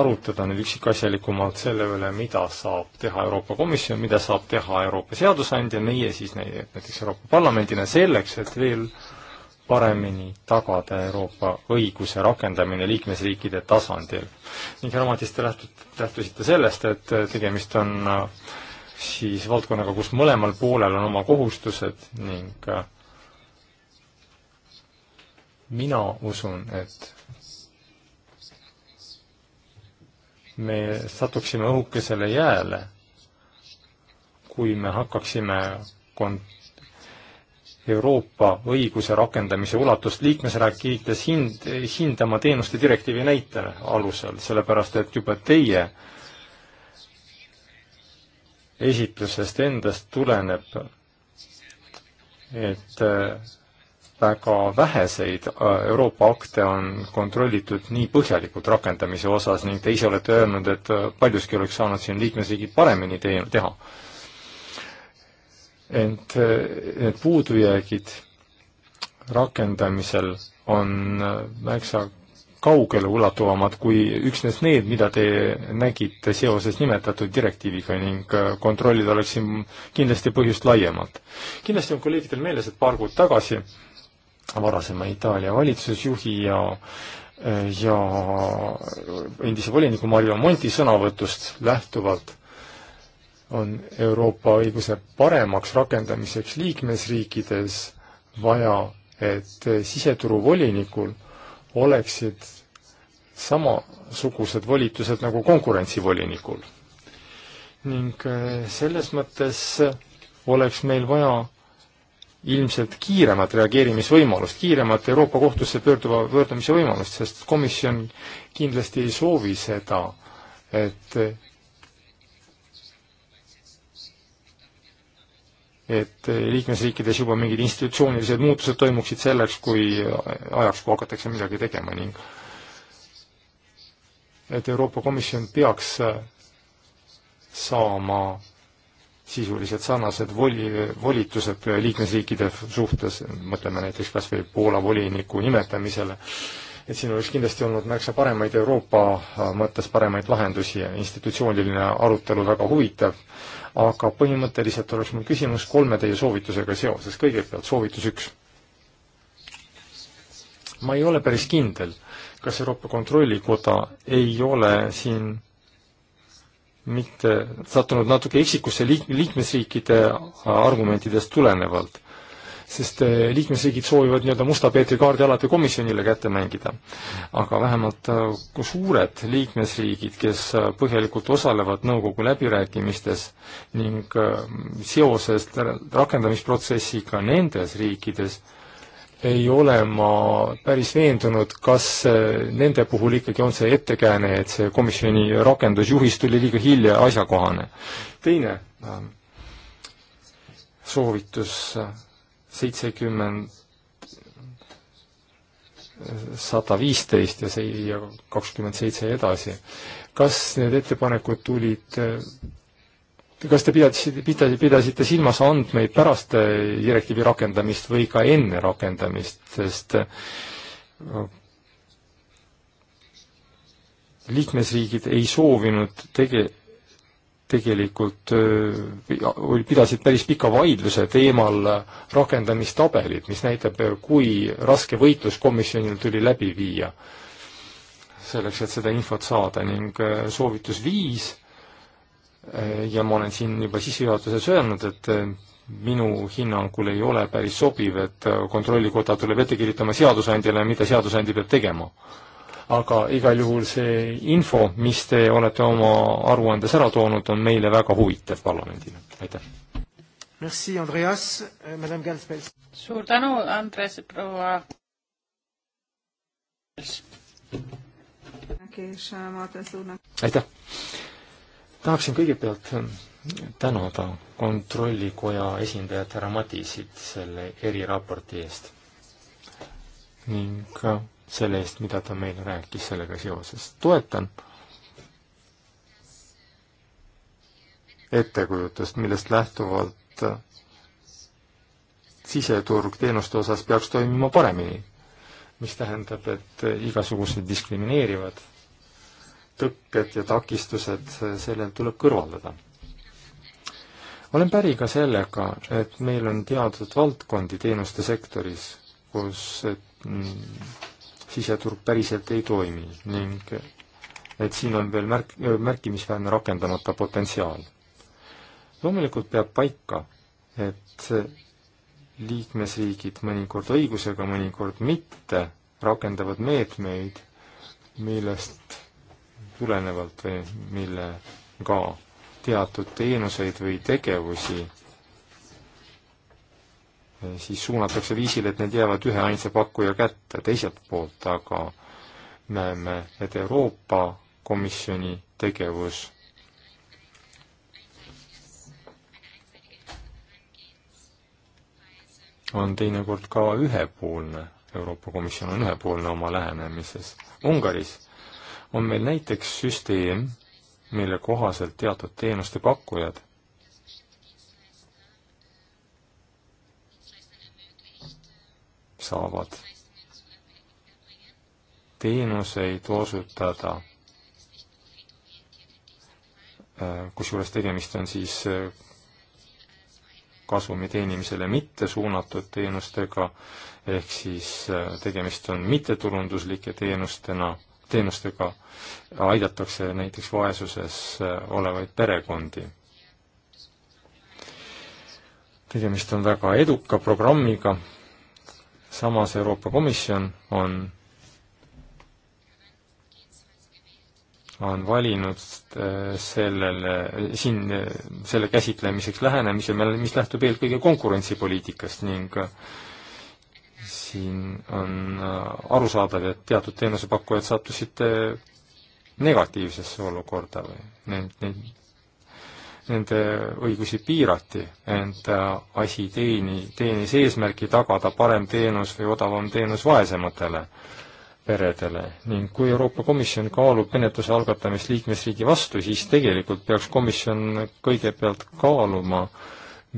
arutada nüüd üksikasjalikumalt selle üle, mida saab teha Euroopa Komisjon, mida saab teha Euroopa seadusandja, meie siis näiteks Euroopa Parlamendina selleks, et veel äh, paremini tagada Euroopa õiguse rakendamine liikmesriikide tasandil. ning raamatis te lähtute, lähtusite sellest, et tegemist on äh, siis valdkonnaga, kus mõlemal poolel on oma kohustused ning äh, mina usun, et me satuksime õhukesele jääle, kui me hakkaksime kont-, Euroopa õiguse rakendamise ulatust liikmesriikides hind, hindama teenuste direktiivi näite alusel, sellepärast et juba teie esitlusest endast tuleneb, et äh, väga väheseid äh, Euroopa akte on kontrollitud nii põhjalikult rakendamise osas ning te ise olete öelnud, et äh, paljuski oleks saanud siin liikmesriigid paremini tee-, teha ent äh, need puudujäägid rakendamisel on äh, märksa kaugele ulatuvamad kui üksnes need, mida te nägite seoses nimetatud direktiiviga ning äh, kontrollida oleks siin kindlasti põhjust laiemalt. kindlasti on kolleegidel meeles, et paar kuud tagasi varasema Itaalia valitsusjuhi ja ja endise voliniku Mario Monti sõnavõtust lähtuvalt on Euroopa õiguse paremaks rakendamiseks liikmesriikides vaja, et siseturuvolinikul oleksid samasugused volitused nagu konkurentsivolinikul. ning äh, selles mõttes oleks meil vaja ilmselt kiiremat reageerimisvõimalust, kiiremat Euroopa kohtusse pöörduva, pöördumise võimalust, sest komisjon kindlasti ei soovi seda, et et eh, liikmesriikides juba mingid institutsioonilised muutused toimuksid selleks, kui ajaks, kui hakatakse midagi tegema ning et Euroopa Komisjon peaks eh, saama sisuliselt sarnased voli, volitused liikmesriikide suhtes, mõtleme näiteks kas või Poola voliniku nimetamisele, et siin oleks kindlasti olnud märksa paremaid Euroopa mõttes paremaid lahendusi ja institutsiooniline arutelu väga huvitav aga põhimõtteliselt oleks mul küsimus kolme teie soovitusega seoses, kõigepealt soovitus üks. ma ei ole päris kindel, kas Euroopa Kontrollikoda ei ole siin mitte sattunud natuke eksikusse liik-, liikmesriikide argumentidest tulenevalt sest eh, liikmesriigid soovivad nii-öelda Musta Peetri kaardi alati komisjonile kätte mängida. aga vähemalt eh, suured liikmesriigid, kes eh, põhjalikult osalevad nõukogu läbirääkimistes ning seoses rakendamisprotsessiga nendes riikides, ei ole ma päris veendunud, kas nende puhul ikkagi on see ettekääne, et see komisjoni rakendusjuhis tuli liiga hilja asjakohane. teine ähm, soovitus seitsekümmend, sada viisteist ja see ja kakskümmend seitse ja edasi. kas need ettepanekud tulid kas te pidasite, pidasite, pidasite silmas andmeid pärast direktiivi rakendamist või ka enne rakendamist, sest äh, liikmesriigid ei soovinud tege-, tegelikult pidasid päris pika vaidluse teemal rakendamistabelid, mis näitab, kui raske võitlus komisjonil tuli läbi viia. selleks, et seda infot saada ning soovitus viis ja ma olen siin juba sissejuhatuses öelnud, et minu hinnangul ei ole päris sobiv, et Kontrollikoda tuleb ette kirjutama seadusandjale, mida seadusandja peab tegema aga igal juhul see info, mis te olete oma aruandes ära toonud, on meile väga huvitav parlamendile, aitäh. Merci, Andreas, euh, madame Galspels. suur tänu, Andres, proua. aitäh. tahaksin kõigepealt ähm, tänada kontrollikoja esindajat härra Madisit selle eriraporti eest ning äh, selle eest, mida ta meile rääkis sellega seoses. toetan ettekujutust, millest lähtuvalt siseturg teenuste osas peaks toimima paremini, mis tähendab, et igasugused diskrimineerivad tõkked ja takistused, sellel tuleb kõrvaldada. olen päri ka sellega, et meil on teatud valdkondi teenuste sektoris, kus et, mm, siseturg päriselt ei toimi ning et siin on veel märk-, märkimisväärne rakendamata potentsiaal. loomulikult peab paika, et liikmesriigid mõnikord õigusega, mõnikord mitte rakendavad meetmeid, millest tulenevalt või millega teatud teenuseid või tegevusi Eh, siis suunatakse viisile, et need jäävad ühe ainsa pakkuja kätte teiselt poolt, aga näeme, et Euroopa Komisjoni tegevus on teinekord ka ühepoolne, Euroopa Komisjon on ühepoolne oma lähenemises. Ungaris on meil näiteks süsteem, mille kohaselt teatud teenuste pakkujad saavad teenuseid osutada, kusjuures tegemist on siis kasumi teenimisele mitte suunatud teenustega, ehk siis tegemist on mittetulunduslike teenustena, teenustega, aidatakse näiteks vaesuses olevaid perekondi. tegemist on väga eduka programmiga samas Euroopa Komisjon on, on valinud äh, sellele, äh, siin äh, selle käsitlemiseks lähenemise, mis lähtub eelkõige konkurentsipoliitikast ning siin on arusaadav, et teatud teenusepakkujad sattusid negatiivsesse olukorda või need, need nende õigusi piirati, ent äh, asi teeni, teenis eesmärki tagada parem teenus või odavam teenus vaesematele peredele ning kui Euroopa Komisjon kaalub menetluse algatamist liikmesriigi vastu, siis tegelikult peaks komisjon kõigepealt kaaluma,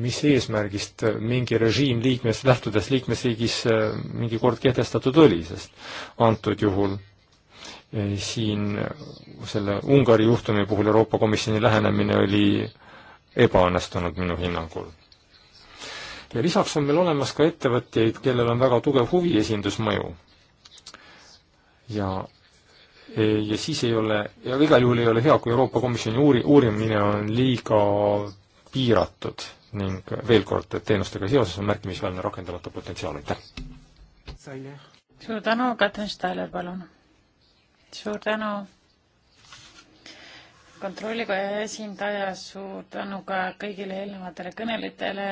mis eesmärgist mingi režiim liikmes, lähtudes liikmesriigis äh, mingi kord kehtestatud oli, sest antud juhul Eh, siin selle Ungari juhtumi puhul Euroopa Komisjoni lähenemine oli ebaõnnestunud minu hinnangul. ja lisaks on meil olemas ka ettevõtjaid, kellel on väga tugev huvi esindusmõju. ja, eh, ja siis ei ole, ja igal juhul ei ole hea, kui Euroopa Komisjoni uuri-, uurimine on liiga piiratud ning veel kord, et teenustega seoses on märkimisväärne rakendamata potentsiaal, aitäh! suur tänu, Katrin Steiler, palun! suur tänu kontrollikoja esindaja, suur tänu ka kõigile eelnevatele kõnelitele.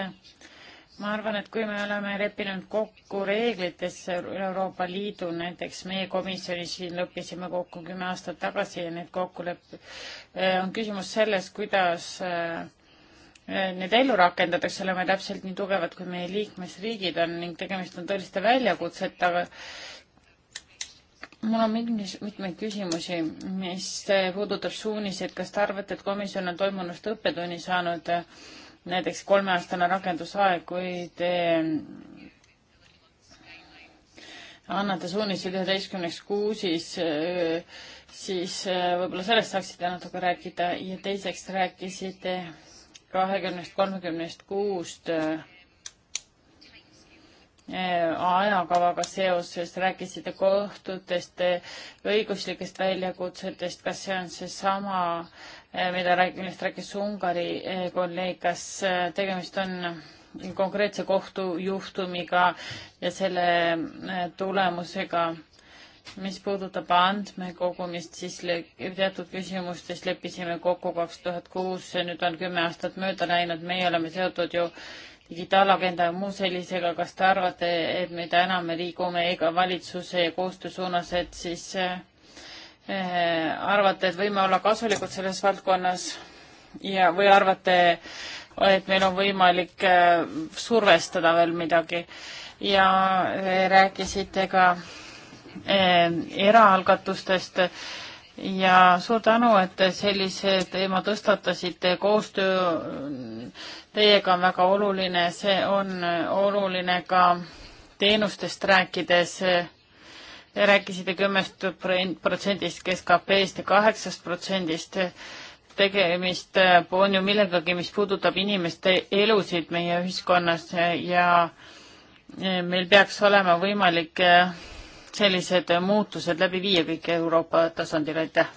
ma arvan, et kui me oleme leppinud kokku reeglites Euroopa Liidu, näiteks meie komisjonis siin leppisime kokku kümme aastat tagasi ja need kokkulepped, eh, on küsimus selles, kuidas eh, need ellu rakendatakse, oleme täpselt nii tugevad, kui meie liikmesriigid on ning tegemist on tõeliste väljakutsetega mul on mitmes, mitmeid küsimusi, mis puudutab suuniseid, kas te arvate, et komisjon on toimunust õppetunni saanud, äh, näiteks kolmeaastane rakendusaeg, kui te äh, annate suuniseid üheteistkümneks kuusis, siis äh, võib-olla sellest saaksite natuke rääkida ja teiseks rääkisite kahekümnest, kolmekümnest kuust Eh, ajakavaga seoses, rääkisite kohtutest, õiguslikest väljakutsetest, kas see on seesama, eh, mida rääk-, millest rääkis Ungari eh, kolleeg, kas tegemist on konkreetse kohtujuhtumiga ja selle tulemusega, mis puudutab andmekogumist, siis teatud küsimustes leppisime kokku kaks tuhat kuus, nüüd on kümme aastat mööda läinud, meie oleme seotud ju digitaalagenda ja muu sellisega, kas te arvate, et mida enam me liigume ega valitsuse ja koostöö suunas, et siis äh, arvate, et võime olla kasulikud selles valdkonnas ja, või arvate, et meil on võimalik äh, survestada veel midagi ja äh, rääkisite ka eraalgatustest äh, ja suur tänu, et te sellise teema tõstatasite, koostöö mm, teiega on väga oluline, see on oluline ka teenustest rääkides. Te rääkisite kümnest protsendist SKP-st ja kaheksast protsendist. tegemist äh, on ju millegagi, mis puudutab inimeste elusid meie ühiskonnas ja äh, meil peaks olema võimalik äh, sellised muutused läbi viia kõik Euroopa tasandil, aitäh!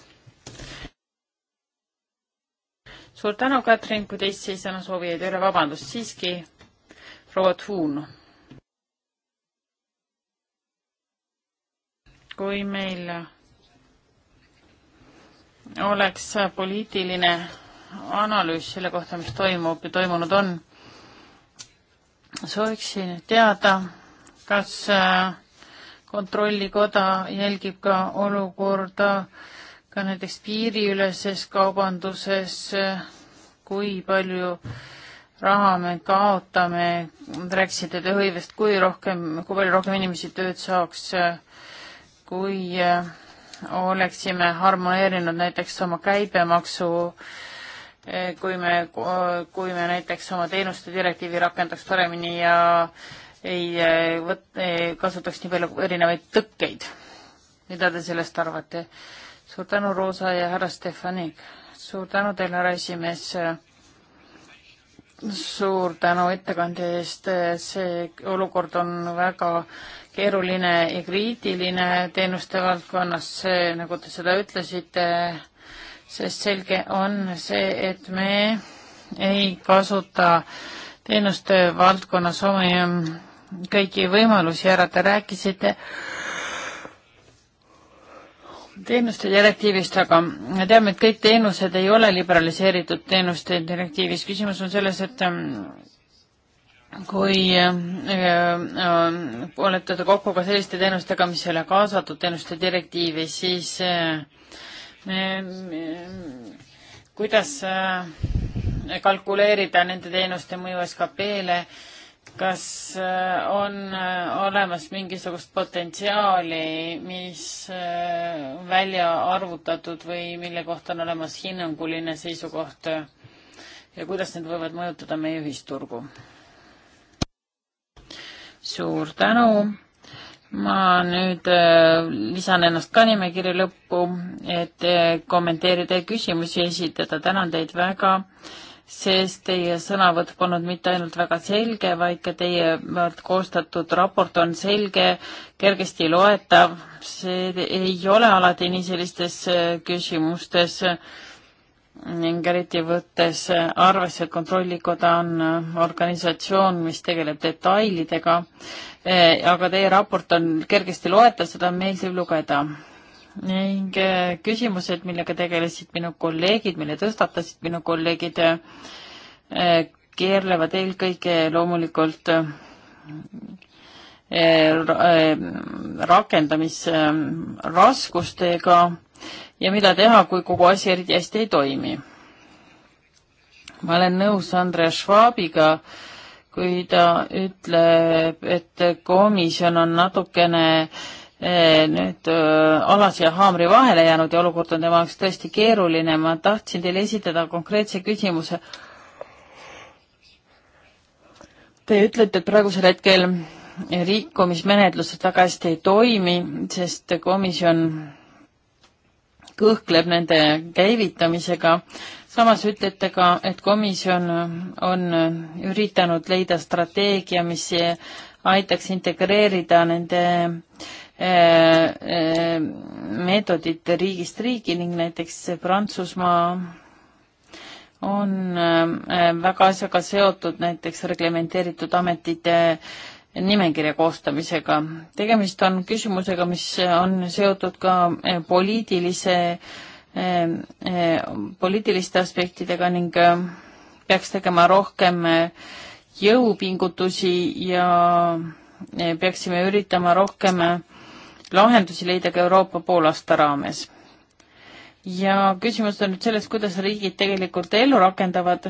suur tänu, Katrin, kui teisi sõnasoovijaid ei ole, vabandust, siiski proua Thun. kui meil oleks poliitiline analüüs selle kohta, mis toimub ja toimunud on, sooviksin teada, kas äh, kontrollikoda jälgib ka olukorda ka näiteks piiriüleses kaubanduses, kui palju raha me kaotame, rääkisite tööhõivest, kui rohkem, kui palju rohkem inimesi tööd saaks, kui oleksime harmoneerinud näiteks oma käibemaksu, kui me, kui me näiteks oma teenuste direktiivi rakendaks paremini ja ei äh, võt-, äh, kasutaks nii palju erinevaid tõkkeid. mida te sellest arvate? suur tänu, Roosa ja härra Stefanik. suur tänu teile, härra esimees. suur tänu ettekande eest. see olukord on väga keeruline ja kriitiline teenuste valdkonnas, see, nagu te seda ütlesite, sest selge on see, et me ei kasuta teenuste valdkonnas omi kõiki võimalusi ära, te rääkisite teenuste direktiivist, aga me teame, et kõik teenused ei ole liberaliseeritud teenuste direktiivis, küsimus on selles, et ähm, kui äh, äh, olete te kokku ka selliste teenustega, mis ei ole kaasatud teenuste direktiivi, siis äh, kuidas äh, kalkuleerida nende teenuste mõju SKP-le äh, kas äh, on äh, olemas mingisugust potentsiaali, mis äh, välja arvutatud või mille kohta on olemas hinnanguline seisukoht ja kuidas need võivad mõjutada meie ühisturgu? suur tänu. ma nüüd lisan ennast ka nimekirja lõppu, et kommenteerida ja küsimusi esitada. tänan teid väga sest teie sõnavõtt polnud mitte ainult väga selge, vaid ka teie poolt koostatud raport on selge, kergesti loetav. see ei ole alati nii sellistes äh, küsimustes ning eriti võttes arvesse, et Kontrollikoda on äh, organisatsioon, mis tegeleb detailidega. Äh, aga teie raport on kergesti loetav, seda on meeldiv lugeda ning äh, küsimused, millega tegelesid minu kolleegid, mille tõstatasid minu kolleegid, äh, keerlevad eelkõige loomulikult äh, rakendamisraskustega ja mida teha, kui kogu asi eriti hästi ei toimi. ma olen nõus Andres Schwabiga, kui ta ütleb, et komisjon on natukene äh, Eh, nüüd eh, alasi ja haamri vahele jäänud ja olukord on tema jaoks tõesti keeruline. ma tahtsin teile esitada konkreetse küsimuse. Te ütlete, et praegusel hetkel rikkumismenetlused väga hästi ei toimi, sest komisjon kõhkleb nende käivitamisega. samas ütlete ka, et komisjon on üritanud leida strateegia, mis aitaks integreerida nende Äh, äh, meetodit riigist riigi ning näiteks Prantsusmaa on äh, väga asjaga seotud näiteks reglementeeritud ametite nimekirja koostamisega. tegemist on küsimusega, mis on seotud ka poliitilise, poliitiliste aspektidega ning peaks tegema rohkem jõupingutusi ja peaksime üritama rohkem lahendusi leida ka Euroopa poolaasta raames. ja küsimus on nüüd selles, kuidas riigid tegelikult ellu rakendavad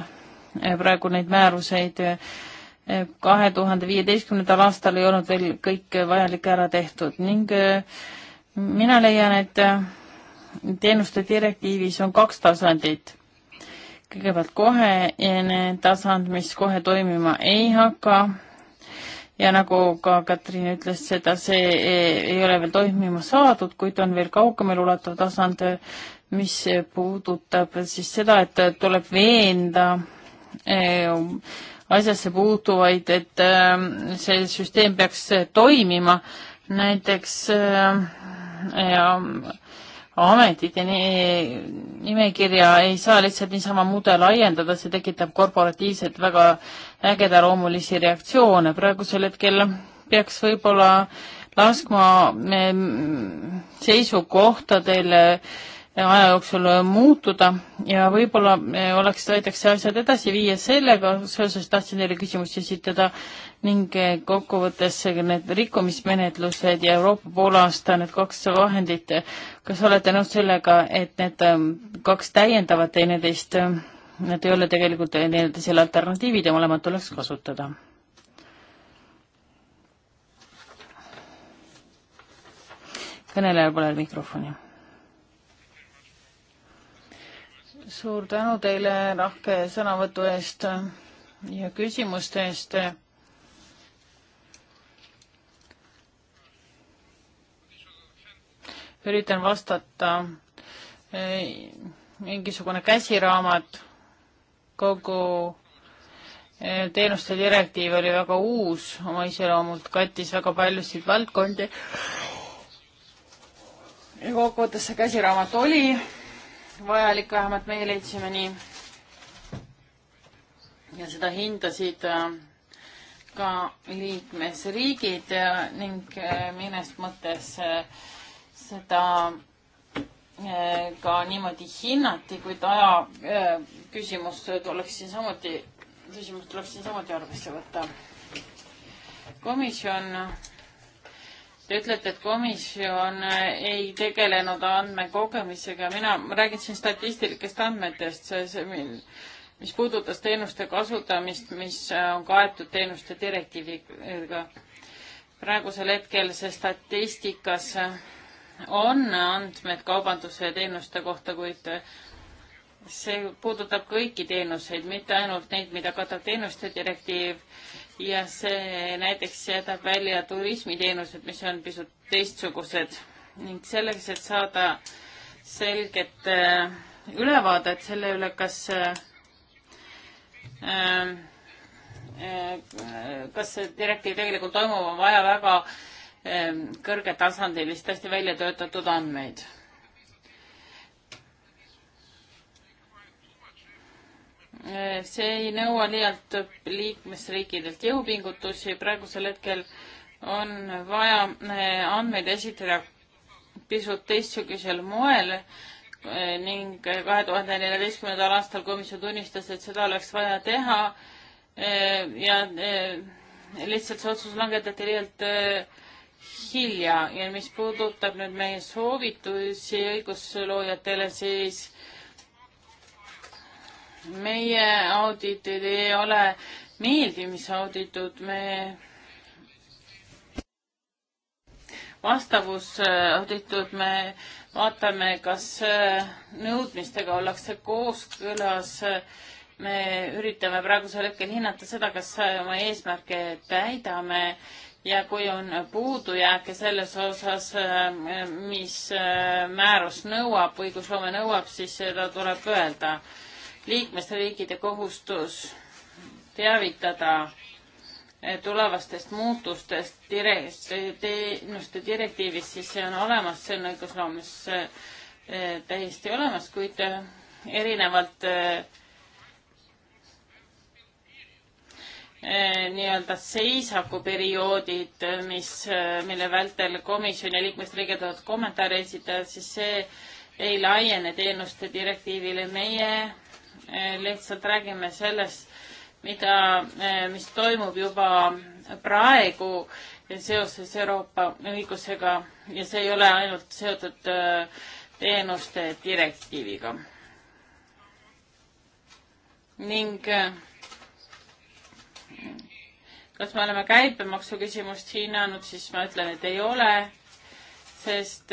eh, praegu neid määruseid. Eh, kahe tuhande viieteistkümnendal aastal ei olnud veel kõik vajalik ära tehtud ning eh, mina leian, et teenuste direktiivis on kaks tasandit. kõigepealt kohe tasand, mis kohe toimima ei hakka ja nagu ka Katrin ütles, seda see ei ole veel toimima saadud, kuid on veel kaugemale ulatuv tasand, mis puudutab siis seda, et tuleb veenda eh, asjasse puutuvaid, et eh, see süsteem peaks toimima, näiteks eh, ja ametite nimekirja ei saa lihtsalt niisama muude laiendada, see tekitab korporatiivselt väga ägedaloomulisi reaktsioone. praegusel hetkel peaks võib-olla laskma seisukohtadel aja jooksul äh, muutuda ja võib-olla äh, oleks, aitaks see asjad edasi viia, sellega seoses tahtsin teile küsimusi esitada ning äh, kokkuvõttes need rikkumismenetlused ja Euroopa poolaasta need kaks vahendit, kas olete nõus sellega, et need ähm, kaks täiendavad teineteist, need ei ole tegelikult teineteisele alternatiivid ja mõlemat tuleks kasutada? kõnelejal pole mikrofoni suur tänu teile lahke sõnavõtu eest ja küsimuste eest. üritan vastata. Eh, mingisugune käsiraamat, kogu eh, teenuste direktiiv oli väga uus oma iseloomult, kattis väga paljusid valdkondi. ja kokkuvõttes see käsiraamat oli vajalik, vähemalt meie leidsime nii. ja seda hindasid äh, ka liikmesriigid äh, ning äh, mõnes mõttes seda ka niimoodi hinnati, kuid aja küsimus tuleks siin samuti, küsimus tuleks siin samuti arvesse võtta. komisjon Te ütlete, et komisjon ei tegelenud andmekogemisega, mina räägin siin statistilikest andmetest, see, mis puudutas teenuste kasutamist, mis on kaetud teenuste direktiiviga. praegusel hetkel see statistikas on andmed kaubanduse ja teenuste kohta, kuid see puudutab kõiki teenuseid, mitte ainult neid, mida katab teenuste direktiiv ja see näiteks jätab välja turismiteenused, mis on pisut teistsugused ning selleks, et saada selget äh, ülevaadet selle üle, kas äh, äh, kas see direktiiv tegelikult toimub, on vaja väga kõrgetasandilist, hästi välja töötatud andmeid Eh, see ei nõua liialt liikmesriikidelt jõupingutusi, praegusel hetkel on vaja eh, andmeid esitada pisut teistsugusel moel eh, ning kahe tuhande neljateistkümnendal aastal komisjon tunnistas, et seda oleks vaja teha ja lihtsalt see otsus langetati liialt hilja ja mis puudutab nüüd meie soovitusi õigusloojatele, siis äh, meie auditid ei ole meeldimisauditid, me vastavusauditud me vaatame, kas äh, nõudmistega ollakse kooskõlas. me üritame praegusel hetkel hinnata seda, kas oma eesmärke täidame ja kui on puudujääke selles osas, äh, mis äh, määrus nõuab, õigusloome nõuab, siis seda tuleb öelda liikmesriikide kohustus teavitada eh, tulevastest muutustest teenuste direktiivis, siis see on olemas, see on õigusloomes eh, täiesti olemas, kuid eh, erinevalt nii-öelda seisakuperioodid, mis, mille vältel komisjoni liikmesriigid võivad kommentaare esitada, siis see ei laiene teenuste direktiivile. meie lihtsalt räägime sellest, mida, eh, mis toimub juba praegu seoses Euroopa õigusega ja see ei ole ainult seotud eh, teenuste direktiiviga. ning eh, kas me oleme käibemaksu küsimust hinnanud, siis ma ütlen, et ei ole, sest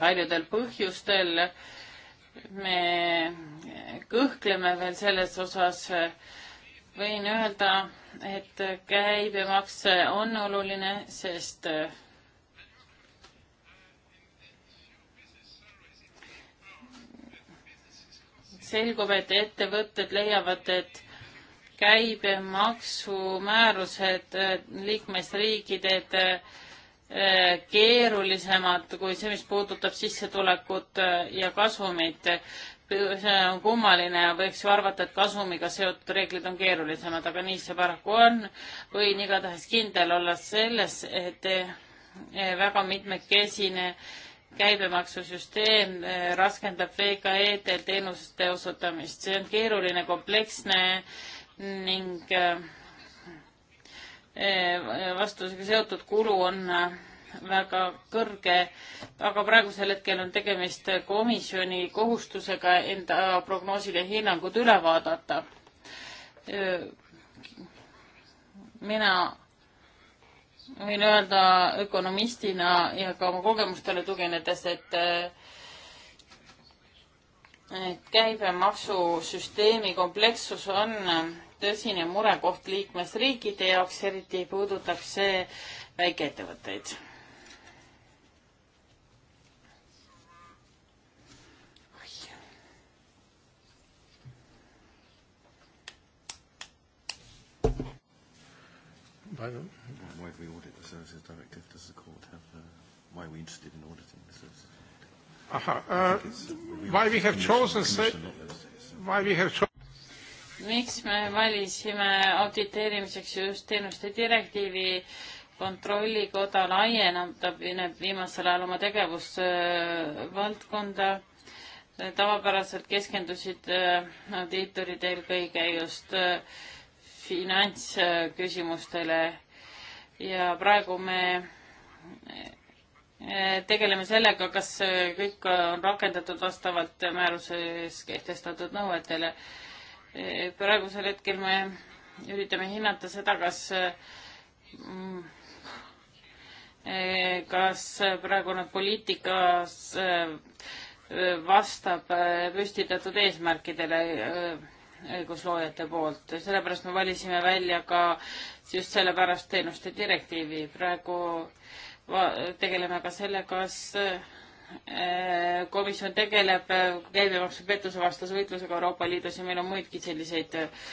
paljudel põhjustel äh, me kõhkleme veel selles osas. võin öelda, et käibemaks on oluline, sest selgub, et ettevõtted leiavad, et käibemaksumäärused liikmesriigid, et Eh, keerulisemad kui see, mis puudutab sissetulekut eh, ja kasumit. see on kummaline, võiks ju arvata, et kasumiga seotud reeglid on keerulisemad, aga nii see paraku on. võin igatahes kindel olla selles, et eh, väga mitmekesine käibemaksusüsteem raskendab VKE-del teenuste osutamist. see on keeruline, kompleksne ning äh, Eh, vastusega seotud kulu on eh, väga kõrge, aga praegusel hetkel on tegemist komisjoni kohustusega enda prognoosid ja hinnangud üle vaadata. Eh, mina võin öelda ökonomistina ja ka oma kogemustele tuginedes, et käibemaksusüsteemi komplekssus on tõsine murekoht liikmesriikide jaoks, eriti puudutab see väikeettevõtteid. By the why we audit the services directive, does the court have uh, why we're interested in auditing the services? Uh-huh. Uh, why we have chosen, say, why we have chosen miks me valisime auditeerimiseks just teenuste direktiivi kontrollikoda laienab viimasel ajal oma tegevusvaldkonda. tavapäraselt keskendusid äh, audiitorid eelkõige just äh, finantsküsimustele ja praegu me äh, tegeleme sellega, kas kõik on rakendatud vastavalt määruses kehtestatud nõuetele Eh, praegusel hetkel me üritame hinnata seda, kas mm, eh, kas praegune poliitikas eh, vastab püstitatud eesmärkidele õigusloojate poolt, sellepärast me valisime välja ka just sellepärast teenuste direktiivi. praegu tegeleme ka sellega, kas komisjon tegeleb äh, käibemaksupettuse vastase võitlusega Euroopa Liidus ja meil on muidki selliseid äh,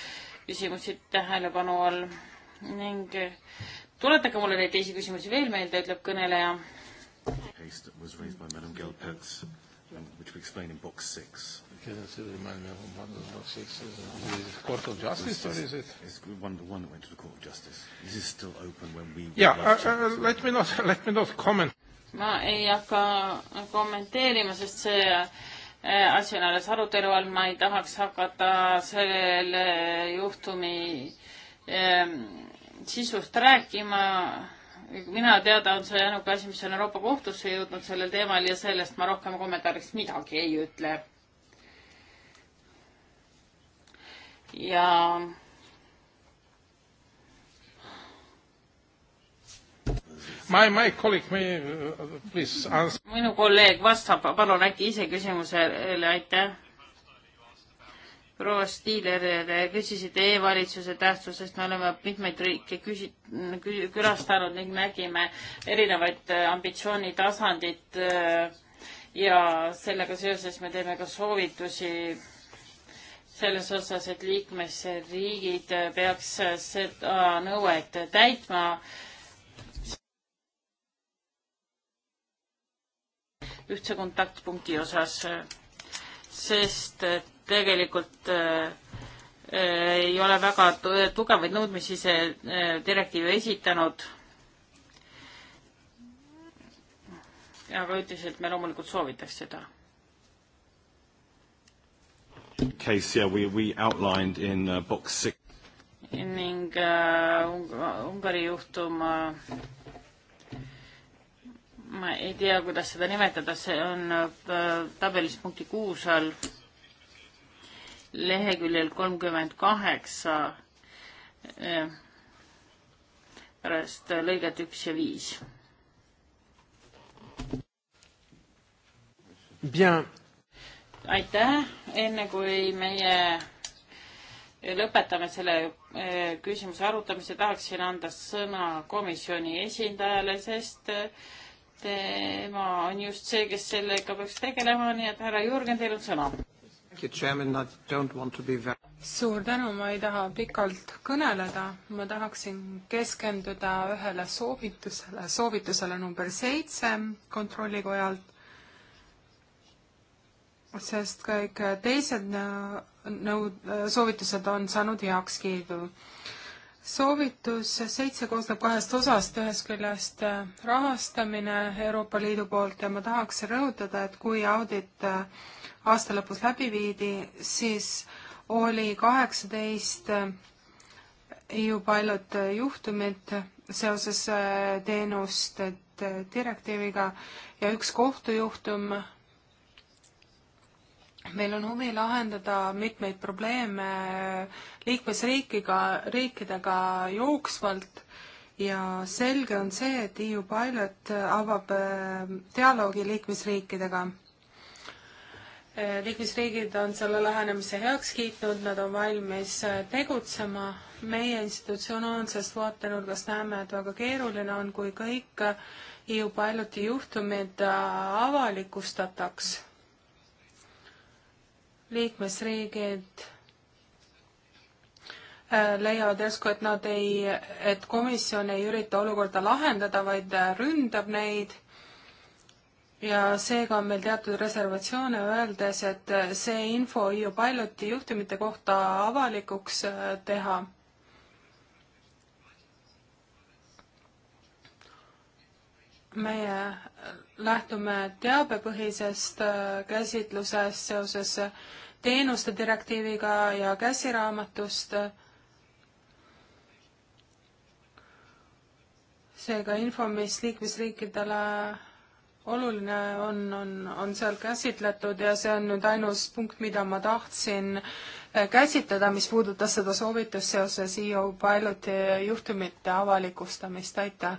küsimusi tähelepanu all ning äh, tuletage mulle neid teisi küsimusi veel meelde, ütleb kõneleja. Um, which we explain in box six. Okay, that's it. Remind me of one of box six. Is it Court of Justice or is it? It's one, the one that went to the Court of Justice. This is still open when we. Yeah, uh, uh, let me not [LAUGHS] let me not comment ma ei hakka kommenteerima, sest see äh, asi on alles arutelu all, ma ei tahaks hakata selle juhtumi ähm, sisust rääkima. mina teada on see ainuke asi, mis on Euroopa Kohtusse jõudnud sellel teemal ja sellest ma rohkem kommentaariks midagi ei ütle. ja My, my colleague, may, uh, please answer. minu kolleeg vastab, palun äkki ise küsimusele, aitäh. proua Stiiler, te küsisite e-valitsuse tähtsusest, me oleme mitmeid riike küsi-, külastanud ning nägime erinevaid äh, ambitsioonitasandit äh, ja sellega seoses me teeme ka soovitusi selles osas, et liikmesriigid äh, peaks seda nõuet täitma ühtse kontaktpunkti osas, sest äh, tegelikult äh, äh, ei ole väga tugevaid nõudmisi see direktiiv esitanud. aga ütles, et me loomulikult soovitaks seda. Case, yeah, we, we outlined in uh, box six. ning uh, Ungari juhtum uh, ma ei tea, kuidas seda nimetada, see on äh, tabelis punkti kuus all leheküljel kolmkümmend kaheksa äh, pärast äh, lõiget üks ja viis. aitäh, enne kui meie lõpetame selle küsimuse arutamise, tahaksin anda sõna komisjoni esindajale, sest äh, tema on just see, kes sellega peaks tegelema, nii et härra Jürgen, teil on sõna. suur tänu, ma ei taha pikalt kõneleda, ma tahaksin keskenduda ühele soovitusele, soovitusele number seitse Kontrollikojalt, sest kõik teised nõud, soovitused on saanud heakskiidu soovitus seitse koosneb kahest osast, ühest küljest äh, rahastamine Euroopa Liidu poolt ja ma tahaks rõhutada, et kui audit äh, aasta lõpus läbi viidi, siis oli kaheksateist äh, ju paljud juhtumid seoses teenuste direktiiviga ja üks kohtujuhtum meil on huvi lahendada mitmeid probleeme liikmesriikiga, riikidega jooksvalt ja selge on see, et EU Pilot avab äh, dialoogi liikmesriikidega. Äh, liikmesriigid on selle lähenemise heaks kiitnud, nad on valmis äh, tegutsema. meie institutsionaalsest vaatenurgast näeme, et väga keeruline on, kui kõik EU Piloti juhtumid avalikustataks liikmesriigid äh, leiavad järsku, et nad ei, et komisjon ei ürita olukorda lahendada, vaid ründab neid. ja seega on meil teatud reservatsioone, öeldes, et see info ju paljuti juhtumite kohta avalikuks äh, teha. meie lähtume teabepõhisest äh, käsitlusest seoses äh, teenuste direktiiviga ja käsiraamatust. seega info, mis liikmesriikidele oluline on, on, on seal käsitletud ja see on nüüd ainus punkt, mida ma tahtsin äh, käsitleda, mis puudutas seda soovitust seoses EU Piloti juhtumite avalikustamist, aitäh!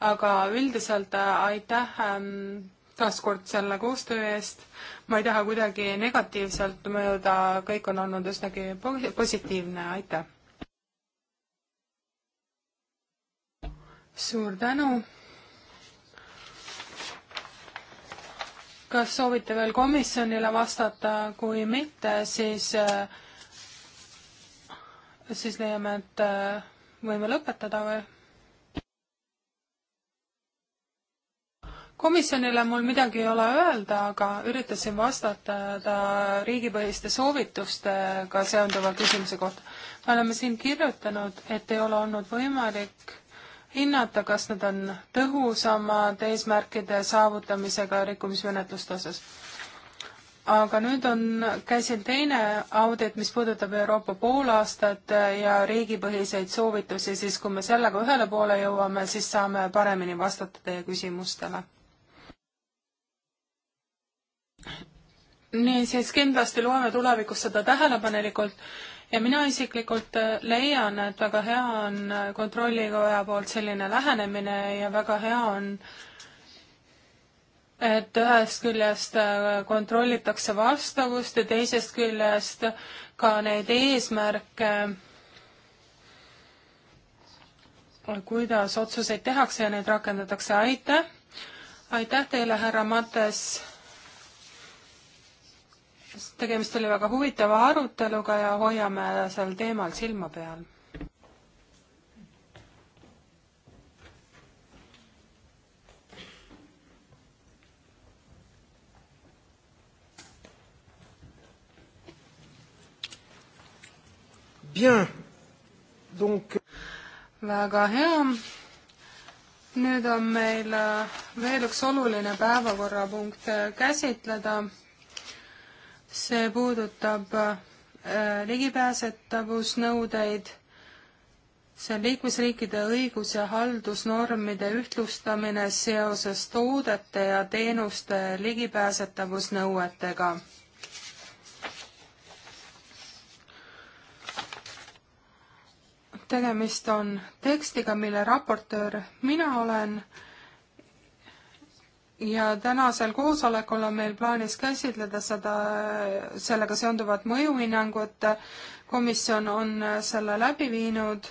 aga üldiselt äh, aitäh ähm, taaskord selle koostöö eest. ma ei taha kuidagi negatiivselt mõjuda, kõik on olnud üsnagi positiivne, aitäh. suur tänu. kas soovite veel komisjonile vastata, kui mitte, siis, äh, siis leiame, et äh, võime lõpetada või? komisjonile mul midagi ei ole öelda, aga üritasin vastata riigipõhiste soovitustega seonduva küsimuse kohta. me oleme siin kirjutanud, et ei ole olnud võimalik hinnata, kas nad on tõhusamad eesmärkide saavutamisega rikkumismenetluste osas. aga nüüd on käsil teine audit, mis puudutab Euroopa poolaastat ja riigipõhiseid soovitusi, siis kui me sellega ühele poole jõuame, siis saame paremini vastata teie küsimustele niisiis kindlasti loeme tulevikus seda tähelepanelikult ja mina isiklikult äh, leian, et väga hea on äh, Kontrollikoja poolt selline lähenemine ja väga hea on, et ühest küljest äh, kontrollitakse vastavust ja teisest küljest ka neid eesmärke, kuidas otsuseid tehakse ja neid rakendatakse, aitäh! aitäh teile, härra Mattes! sest tegemist oli väga huvitava aruteluga ja hoiame sel teemal silma peal Bien. Donc... väga hea. nüüd on meil äh, veel üks oluline päevakorrapunkt äh, käsitleda see puudutab äh, ligipääsetavusnõudeid, see on liikmesriikide õigus- ja haldusnormide ühtlustamine seoses toodete ja teenuste ligipääsetavusnõuetega. tegemist on tekstiga, mille raportöör mina olen ja tänasel koosolekul on meil plaanis käsitleda seda, sellega seonduvat mõjuhinnangut. komisjon on selle läbi viinud.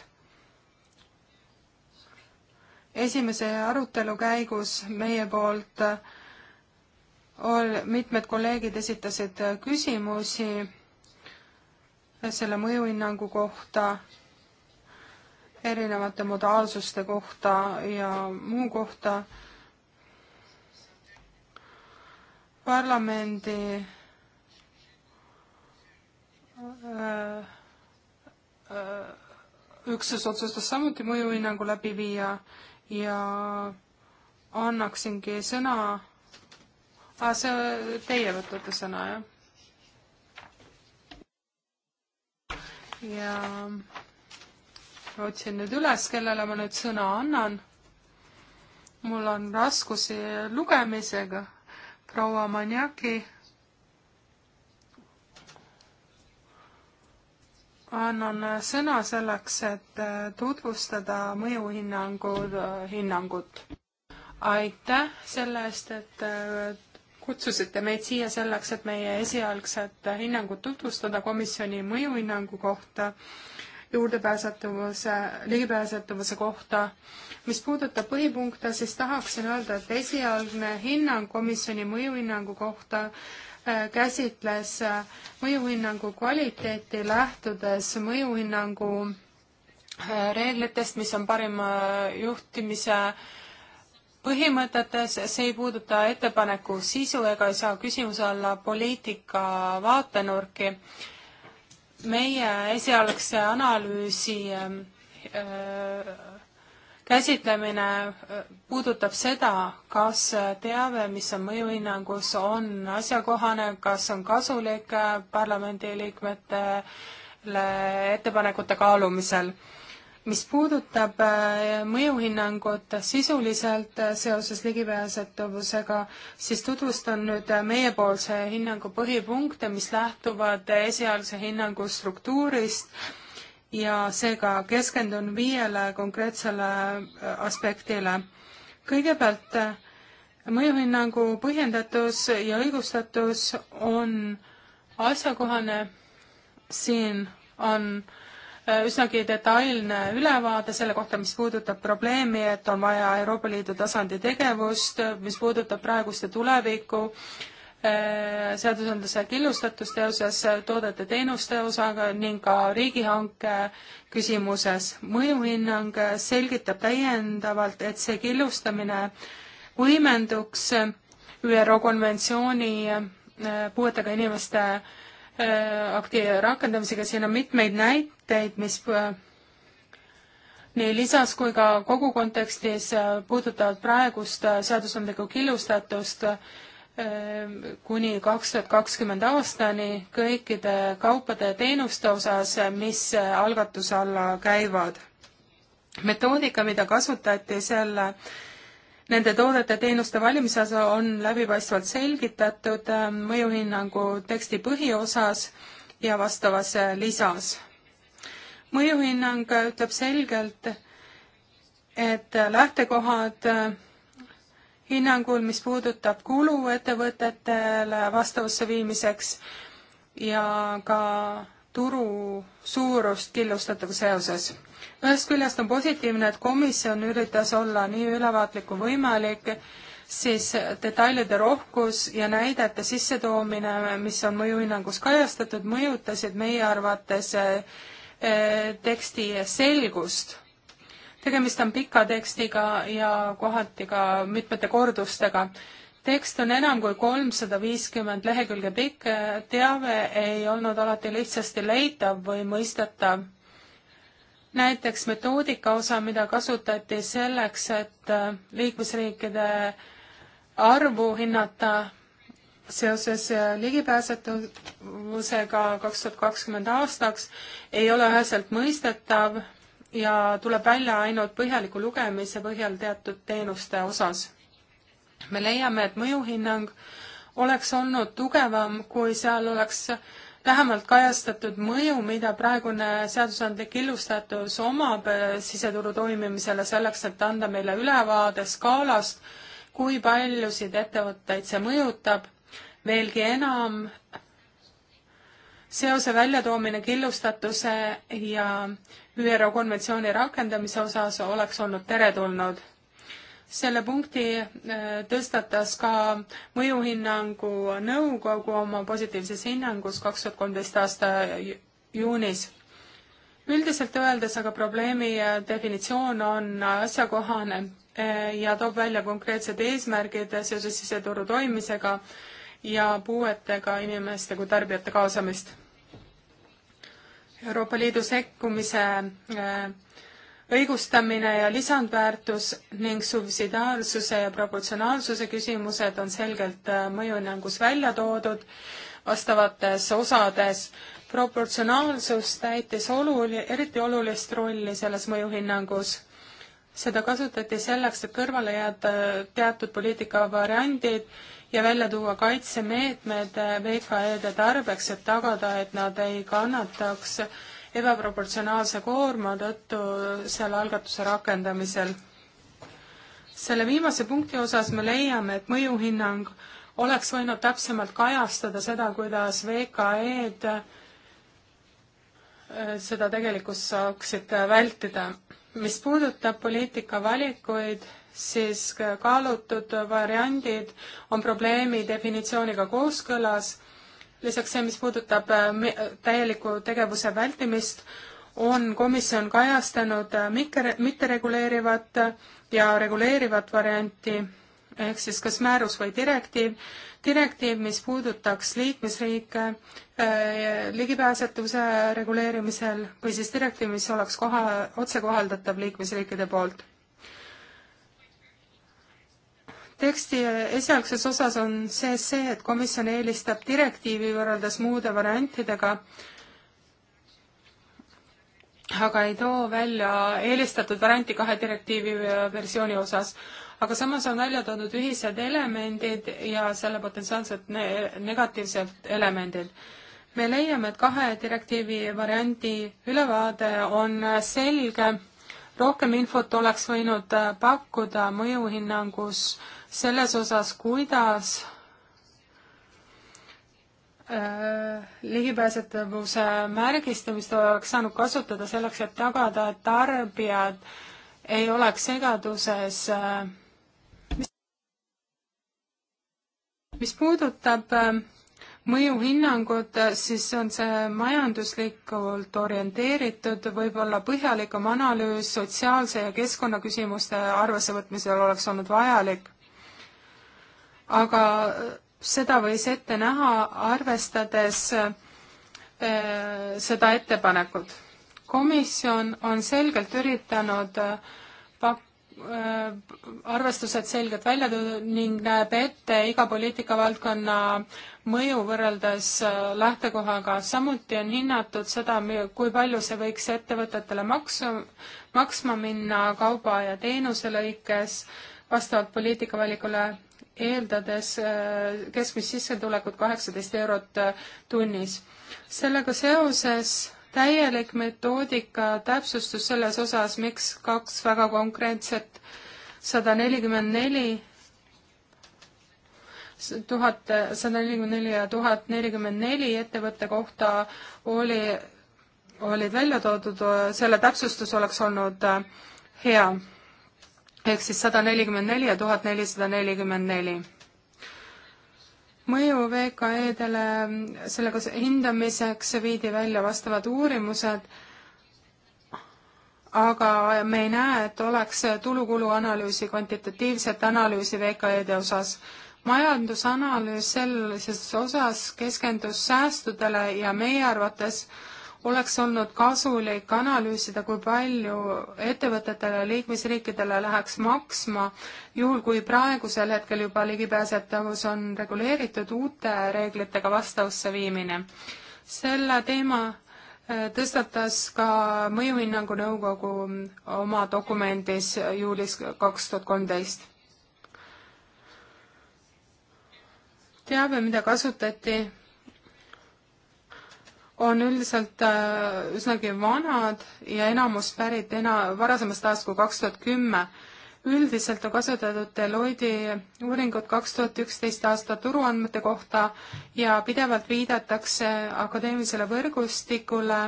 esimese arutelu käigus meie poolt ol-, mitmed kolleegid esitasid küsimusi selle mõjuhinnangu kohta, erinevate modaalsuste kohta ja muu kohta parlamendi äh, äh, üksus otsustas samuti mõjuhinnangu läbi viia ja annaksingi sõna ah,, see, teie võtate sõna, jah? ja otsin nüüd üles, kellele ma nüüd sõna annan. mul on raskusi lugemisega proua Maniaki annan sõna selleks, et äh, tutvustada mõjuhinnangu, äh, hinnangut. aitäh selle eest, et äh, kutsusite meid siia selleks, et meie esialgset hinnangut tutvustada komisjoni mõjuhinnangu kohta juurdepääsetavuse, ligipääsetavuse kohta. mis puudutab põhipunkte, siis tahaksin öelda, et esialgne hinnang komisjoni mõjuhinnangu kohta äh, käsitles äh, mõjuhinnangu kvaliteeti, lähtudes mõjuhinnangu äh, reeglitest, mis on parima juhtimise põhimõtetes, see ei puuduta ettepaneku sisu ega ei saa küsimuse alla poliitika vaatenurki meie esialgse analüüsi ähm, äh, käsitlemine äh, puudutab seda, kas teave, mis on mõjuhinnangus, on asjakohane, kas on kasulik äh, parlamendiliikmetele ettepanekute kaalumisel mis puudutab äh, mõjuhinnangut sisuliselt äh, seoses ligipääsetavusega, siis tutvustan nüüd äh, meiepoolse hinnangu põhipunkte, mis lähtuvad esialgse hinnangu struktuurist ja seega keskendun viiele konkreetsele aspektile. kõigepealt mõjuhinnangu põhjendatus ja õigustatus on asjakohane, siin on äh, Äh, üsnagi detailne ülevaade selle kohta, mis puudutab probleemi, et on vaja Euroopa Liidu tasandi tegevust, mis puudutab praegust ja tulevikku, äh, seadusandluse killustatust seoses toodete-teenuste osaga ning ka riigihanke küsimuses. mõjuhinnang selgitab täiendavalt, et see killustamine võimenduks ÜRO konventsiooni äh, puuetega inimeste Äh, akti rakendamisega, siin on mitmeid näiteid, mis äh, nii lisas kui ka kogu kontekstis äh, puudutavad praegust seadusandlikku killustatust kuni kaks tuhat kakskümmend aastani kõikide kaupade ja teenuste osas, mis algatuse alla käivad. metoodika, mida kasutati selle äh, Nende toodete-teenuste valimise osa on läbipaistvalt selgitatud äh, mõjuhinnangu teksti põhiosas ja vastavas äh, lisas. mõjuhinnang ütleb selgelt, et äh, lähtekohad hinnangul, mis puudutab kulu ettevõtetele vastavusse viimiseks ja ka turu suurust killustatava seoses ühest küljest on positiivne, et komisjon üritas olla nii ülevaatlik kui võimalik, siis detailide rohkus ja näidete sissetoomine, mis on mõjuhinnangus kajastatud, mõjutasid meie arvates eh, eh, teksti selgust tegemist on pika tekstiga ja kohati ka mitmete kordustega. tekst on enam kui kolmsada viiskümmend lehekülge pikk, teave ei olnud alati lihtsasti leitav või mõistetav näiteks metoodika osa, mida kasutati selleks, et äh, liikmesriikide arvu hinnata seoses äh, ligipääsetavusega kaks tuhat kakskümmend aastaks, ei ole üheselt mõistetav ja tuleb välja ainult põhjaliku lugemise põhjal teatud teenuste osas. me leiame, et mõjuhinnang oleks olnud tugevam, kui seal oleks vähemalt kajastatud mõju, mida praegune seadusandlik illustatus omab eh, siseturu toimimisele, selleks et anda meile ülevaade skaalast, kui paljusid ettevõtteid see mõjutab, veelgi enam seose väljatoomine killustatuse ja ÜRO konventsiooni rakendamise osas oleks olnud teretulnud selle punkti äh, tõstatas ka mõjuhinnangu nõukogu oma positiivses hinnangus kaks tuhat kolmteist aasta juunis. üldiselt öeldes aga probleemi äh, definitsioon on asjakohane äh, ja toob välja konkreetsed eesmärgid seoses siseturu toimimisega ja puuetega inimeste kui tarbijate kaasamist. Euroopa Liidu sekkumise äh, õigustamine ja lisandväärtus ning subsidiaarsuse ja proportsionaalsuse küsimused on selgelt äh, mõjuhinnangus välja toodud vastavates osades. proportsionaalsus täitis oluli-, eriti olulist rolli selles mõjuhinnangus. seda kasutati selleks, et kõrvale jääda äh, teatud poliitikavariandid ja välja tuua kaitsemeetmed äh, VKE-de tarbeks, et tagada, et nad ei kannataks äh, ebaproportsionaalse koorma tõttu selle algatuse rakendamisel. selle viimase punkti osas me leiame, et mõjuhinnang oleks võinud täpsemalt kajastada seda, kuidas VKE-d äh, seda tegelikkust saaksid vältida. mis puudutab poliitika valikuid, siis kaalutud variandid on probleemi definitsiooniga kooskõlas lisaks see, mis puudutab äh, täieliku tegevuse vältimist, on komisjon kajastanud äh, mitte, mittereguleerivat ja reguleerivat varianti, ehk siis kas määrus või direktiiv, direktiiv, mis puudutaks liikmesriike eh, ligipääsetavuse reguleerimisel või siis direktiiv, mis oleks koha, otsekohaldatav liikmesriikide poolt. teksti esialgses osas on see see, et komisjon eelistab direktiivi võrreldes muude variantidega, aga ei too välja eelistatud varianti kahe direktiivi versiooni osas. aga samas on välja toodud ühised elemendid ja selle potentsiaalsed ne negatiivsed elemendid. me leiame, et kahe direktiivi variandi ülevaade on selge, rohkem infot oleks võinud pakkuda mõjuhinnangus äh, selles osas, kuidas äh, ligipääsetavuse märgistamist oleks saanud kasutada selleks, et tagada, et tarbijad ei oleks segaduses. Äh, mis puudutab äh, mõjuhinnangut, siis on see majanduslikult orienteeritud, võib-olla põhjalikum analüüs sotsiaalse ja keskkonnaküsimuste arvesse võtmisel oleks olnud vajalik aga äh, seda võis ette näha, arvestades äh, seda ettepanekut. komisjon on selgelt üritanud äh, pak-, arvestused selgelt välja tuua ning näeb ette iga poliitikavaldkonna mõju võrreldes lähtekohaga. samuti on hinnatud seda, kui palju see võiks ettevõtetele maksu, maksma minna kauba ja teenuse lõikes vastavalt poliitikavalikule eeldades äh, keskmist sissetulekut kaheksateist eurot äh, tunnis. sellega seoses täielik metoodika täpsustus selles osas, miks kaks väga konkreetset sada nelikümmend neli tuhat, sada nelikümmend neli ja tuhat nelikümmend neli ettevõtte kohta oli, olid välja toodud, äh, selle täpsustus oleks olnud hea ehk siis sada nelikümmend neli ja tuhat nelisada nelikümmend neli mõju VKE-dele, sellega hindamiseks viidi välja vastavad uurimused, aga me ei näe, et oleks tulukulu analüüsi, kvantitatiivset analüüsi VKE-de osas. majandusanalüüs sellises osas keskendus säästudele ja meie arvates äh, oleks olnud kasulik analüüsida, kui palju ettevõtetele ja liikmesriikidele läheks maksma, juhul kui praegusel hetkel juba ligipääsetavus on reguleeritud uute reeglitega vastavusse viimine. selle teema äh, tõstatas ka Mõjuhinnangu Nõukogu oma dokumendis juulis kaks tuhat kolmteist. teave, mida kasutati on üldiselt äh, üsnagi vanad ja enamus pärit ena-, varasemast ajast kui kaks tuhat kümme. üldiselt on kasutatud Deloitte uuringut kaks tuhat üksteist aasta turuandmete kohta ja pidevalt viidatakse akadeemilisele võrgustikule,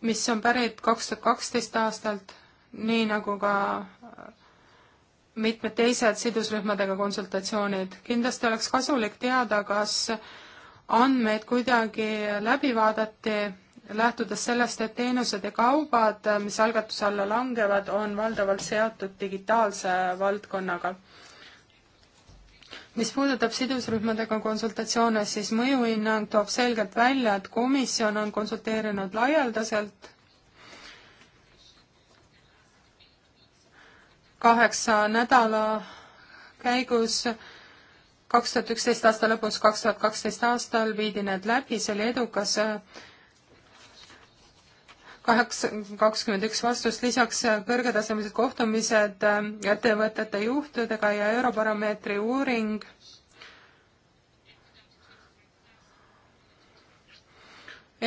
mis on pärit kaks tuhat kaksteist aastalt, nii nagu ka mitmed teised sidusrühmadega konsultatsioonid. kindlasti oleks kasulik teada, kas andmeid kuidagi läbi vaadati, lähtudes sellest, et teenused ja kaubad, mis algatuse alla langevad, on valdavalt seotud digitaalse valdkonnaga. mis puudutab sidusrühmadega konsultatsioone, siis mõjuhinnang toob selgelt välja, et komisjon on konsulteerinud laialdaselt kaheksa nädala käigus kaks tuhat üksteist aasta lõpus, kaks tuhat kaksteist aastal viidi need läbi, see oli edukas kaheksa, kakskümmend üks vastust, lisaks kõrgetasemelised kohtumised ähm, ettevõtete juhtidega ja Eurobaromeetri uuring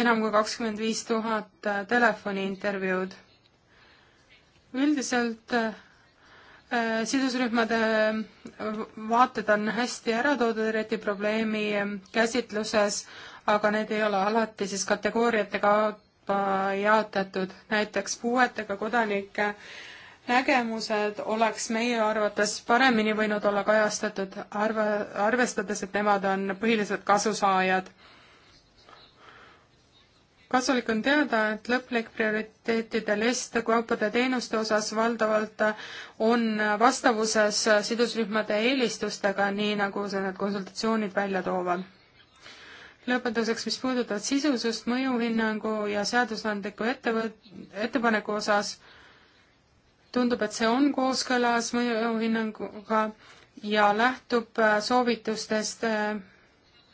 enam kui kakskümmend viis tuhat äh, telefoniintervjuud. üldiselt äh, Äh, sidusrühmade äh, vaated on hästi ära toodud eriti probleemi ähm, käsitluses, aga need ei ole alati siis kategooriate kaupa jaotatud. näiteks puuetega kodanike nägemused oleks meie arvates paremini võinud olla kajastatud, arva, arvestades, et nemad on põhilised kasusaajad kasulik on teada, et lõplik prioriteetide list kaupade ja teenuste osas valdavalt on vastavuses sidusrühmade eelistustega, nii nagu need konsultatsioonid välja toovad. lõpetuseks, mis puudutab sisusust, mõjuhinnangu ja seadusandliku ettevõt-, ettepaneku osas, tundub, et see on kooskõlas mõjuhinnanguga ja lähtub soovitustest,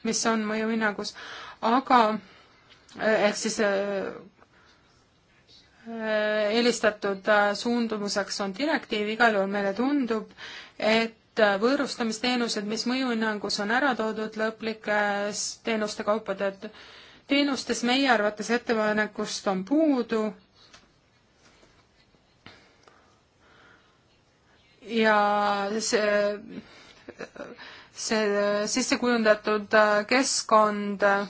mis on mõjuhinnangus, aga ehk siis äh, eelistatud äh, suundumuseks on direktiiv, igal juhul meile tundub, et äh, võõrustamisteenused, mis mõjuhinnangus on ära toodud lõplikes teenuste kaupade teenustes meie arvates ettepanekust on puudu ja see, see sisse kujundatud keskkond äh,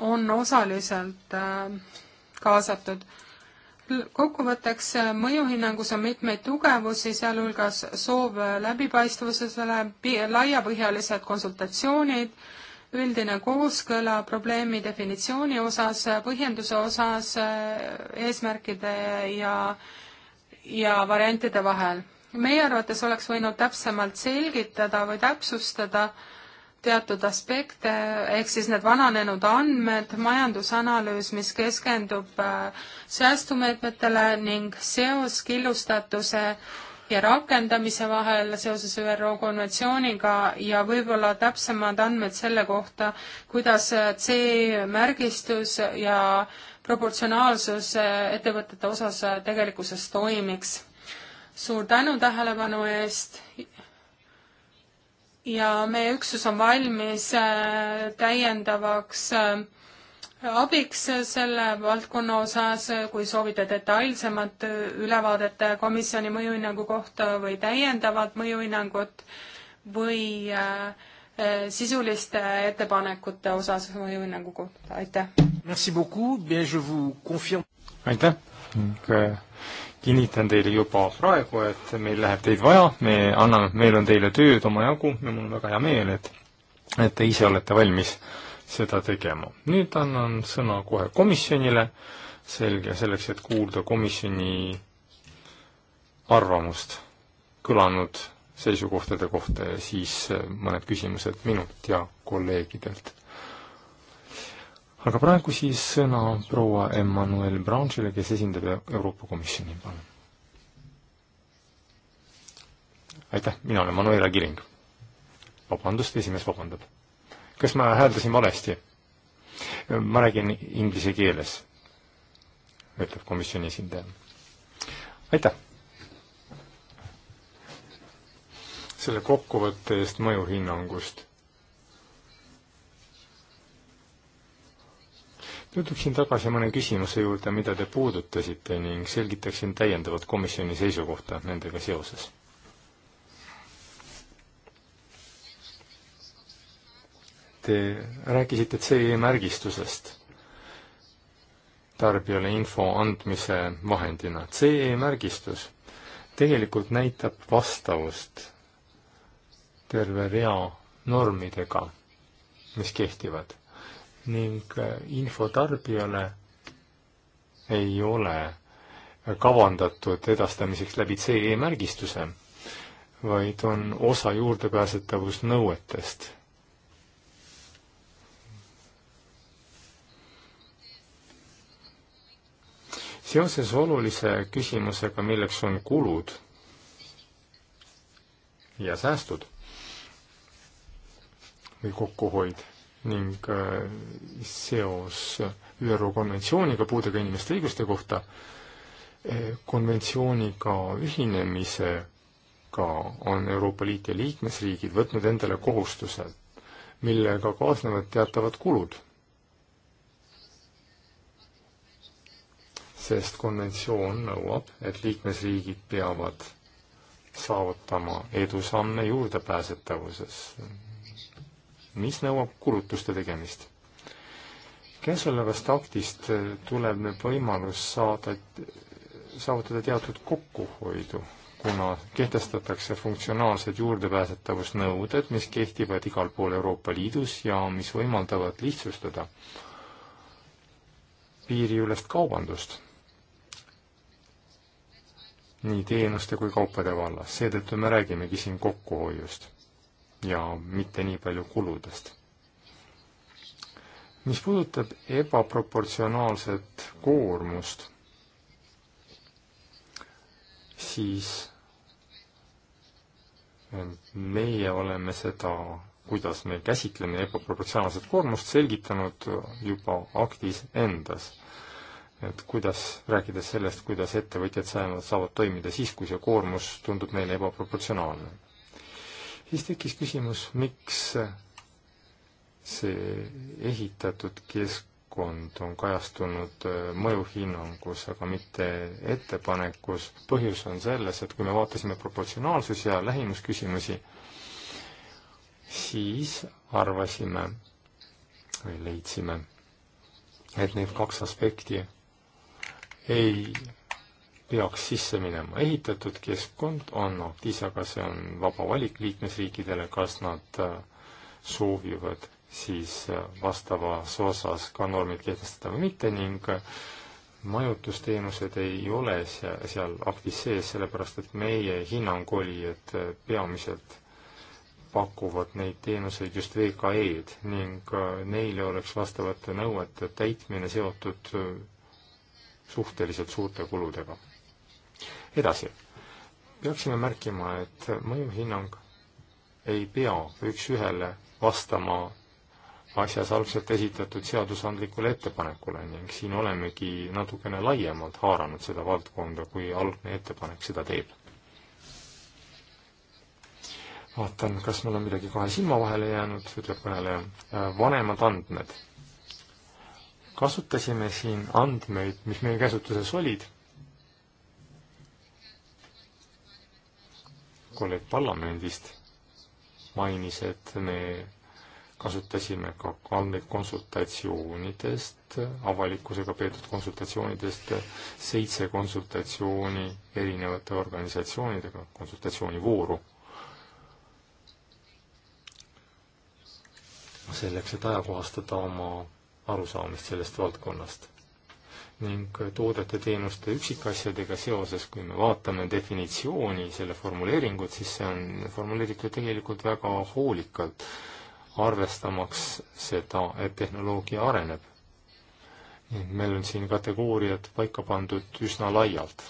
on osaliselt äh, kaasatud. kokkuvõtteks, äh, mõjuhinnangus on mitmeid tugevusi, sealhulgas soov äh, läbipaistvusele, laiapõhjalised konsultatsioonid, üldine kooskõla probleemi definitsiooni osas, põhjenduse osas, eesmärkide ja, ja variantide vahel. meie arvates oleks võinud täpsemalt selgitada või täpsustada äh, teatud aspekte, ehk siis need vananenud andmed, majandusanalüüs, mis keskendub äh, säästumeetmetele ning seos killustatuse ja rakendamise vahel seoses ÜRO konventsiooniga ja võib-olla täpsemad andmed selle kohta, kuidas äh, C-märgistus ja proportsionaalsus äh, ettevõtete osas tegelikkuses toimiks. suur tänu tähelepanu eest ja meie üksus on valmis äh, täiendavaks äh, abiks selle valdkonna osas, kui soovite detailsemat äh, ülevaadet komisjoni mõjuhinnangu kohta või täiendavat mõjuhinnangut või sisuliste ettepanekute osas mõjuhinnangu kohta, aitäh! aitäh! kinnitan teile juba praegu, et meil läheb teid vaja, me anname, meil on teile tööd omajagu ja mul on väga hea meel, et et te ise olete valmis seda tegema. nüüd annan sõna kohe komisjonile, selge, selleks, et kuulda komisjoni arvamust kõlanud seisukohtade kohta ja siis mõned küsimused minult ja kolleegidelt aga praegu siis sõna proua Emmanuel Braunschile, kes esindab Euroopa Komisjoni, palun. aitäh, mina olen Manuela Kiring. vabandust, esimees vabandab. kas ma hääldasin valesti? ma räägin inglise keeles, ütleb komisjoni esindaja. aitäh! selle kokkuvõtte eest mõjuhinnangust pöörduksin tagasi mõne küsimuse juurde, mida te puudutasite ning selgitaksin täiendavat komisjoni seisukohta nendega seoses. Te rääkisite CE märgistusest tarbijale info andmise vahendina. CE märgistus tegelikult näitab vastavust terve rea normidega, mis kehtivad ning äh, infotarbijale ei ole kavandatud edastamiseks läbi CE märgistuse, vaid on osa juurdepääsetavusnõuetest. seoses olulise küsimusega, milleks on kulud ja säästud või kokkuhoid ning äh, seos ÜRO konventsiooniga puudega inimeste õiguste kohta, äh, konventsiooniga ühinemisega on Euroopa Liit ja liikmesriigid võtnud endale kohustuse, millega kaasnevad teatavad kulud. sest konventsioon nõuab, et liikmesriigid peavad saavutama edusamme juurdepääsetavuses mis nõuab kulutuste tegemist. käesolevast aktist tuleneb võimalus saada, saavutada teatud kokkuhoidu, kuna kehtestatakse funktsionaalsed juurdepääsetavusnõuded, mis kehtivad igal pool Euroopa Liidus ja mis võimaldavad lihtsustada piiriülest kaubandust nii teenuste kui kaupade vallas, seetõttu me räägimegi siin kokkuhoiust ja mitte nii palju kuludest. mis puudutab ebaproportsionaalset koormust, siis meie oleme seda, kuidas me käsitleme ebaproportsionaalset koormust, selgitanud juba aktis endas. et kuidas, rääkides sellest, kuidas ettevõtjad saavad, saavad toimida siis, kui see koormus tundub neile ebaproportsionaalne siis tekkis küsimus, miks see ehitatud keskkond on kajastunud äh, mõjuhinnangus, aga mitte ettepanekus. põhjus on selles, et kui me vaatasime proportsionaalsus- ja lähimusküsimusi, siis arvasime või leidsime, et need kaks aspekti ei peaks sisse minema. ehitatud keskkond on aktiivse, aga see on vaba valik liikmesriikidele, kas nad äh, soovivad siis äh, vastavas osas ka normid kehtestada või mitte ning äh, majutusteenused ei ole seal, seal aktis sees, sellepärast et meie hinnang oli, et peamiselt pakuvad neid teenuseid just VKE-d ning neile oleks vastavate nõuete täitmine seotud suhteliselt suurte kuludega edasi, peaksime märkima, et mõjuhinnang ei pea üks-ühele vastama asjas algselt esitatud seadusandlikule ettepanekule ning siin olemegi natukene laiemalt haaranud seda valdkonda, kui algne ettepanek seda teeb. vaatan, kas mul on midagi kahe silma vahele jäänud, ütleb kõneleja. Äh, vanemad andmed. kasutasime siin andmeid, mis meie käsutuses olid kolleeg parlamendist mainis, et me kasutasime ka andmeid konsultatsioonidest, avalikkusega peetud konsultatsioonidest, seitse konsultatsiooni erinevate organisatsioonidega, konsultatsioonivooru. selleks, et ajakohastada oma arusaamist sellest valdkonnast ning toodete-teenuste üksikasjadega seoses, kui me vaatame definitsiooni, selle formuleeringut, siis see on formuleeritud tegelikult väga hoolikalt, arvestamaks seda, et tehnoloogia areneb. meil on siin kategooriad paika pandud üsna laialt.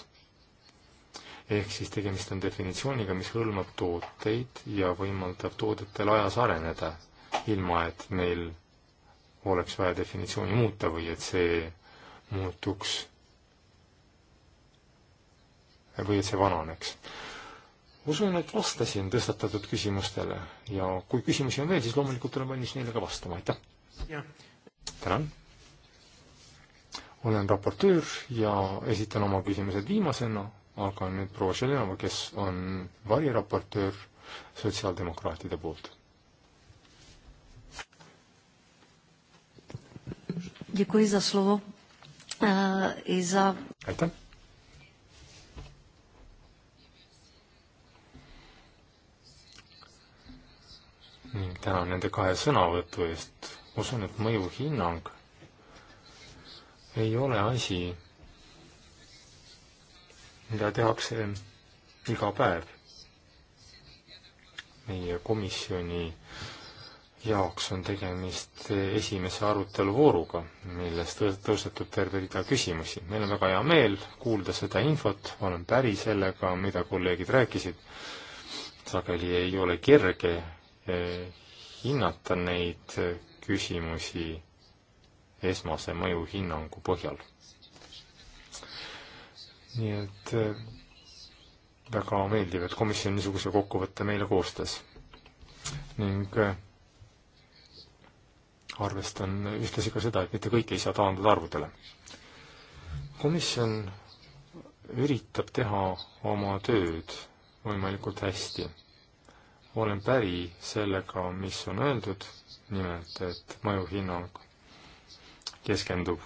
ehk siis tegemist on definitsiooniga, mis hõlmab tooteid ja võimaldab toodetel ajas areneda, ilma et meil oleks vaja definitsiooni muuta või et see muutuks või et see vananeks. usun, et vastasin tõstatatud küsimustele ja kui küsimusi on veel, siis loomulikult olen valmis neile ka vastama, aitäh! tänan! olen raportöör ja esitan oma küsimused viimasena, aga nüüd proua Šelenova, kes on variraportöör sotsiaaldemokraatide poolt. Děkuji za slovo, Uh, Isa. Uh, aitäh. ning tänan nende kahe sõnavõtu eest. usun, et mõjuhinnang ei ole asi, mida tehakse iga päev. meie komisjoni äh, jaoks on tegemist esimese aruteluvooruga, milles tõusetub terve rida küsimusi. meil on väga hea meel kuulda seda infot, olen päri sellega, mida kolleegid rääkisid. sageli ei ole kerge eh, hinnata neid eh, küsimusi esmase mõjuhinnangu põhjal. nii et eh, väga meeldiv, et komisjon niisuguse kokkuvõtte meile koostas. ning arvestan ühtlasi ka seda, et mitte kõik ei saa taandada arvudele. komisjon üritab teha oma tööd võimalikult hästi. olen päri sellega, mis on öeldud, nimelt et mõjuhinnang keskendub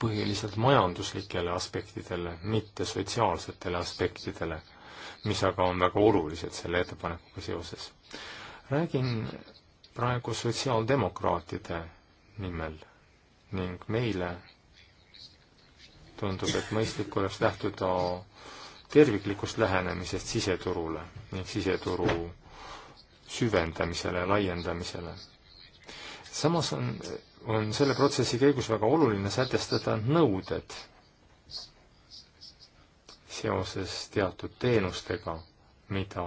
põhiliselt majanduslikele aspektidele, mitte sotsiaalsetele aspektidele, mis aga on väga olulised selle ettepanekuga seoses. räägin praegu sotsiaaldemokraatide nimel ning meile tundub, et mõistlik oleks lähtuda terviklikust lähenemisest siseturule ning siseturu süvendamisele, laiendamisele. samas on, on selle protsessi käigus väga oluline sätestada nõuded seoses teatud teenustega, mida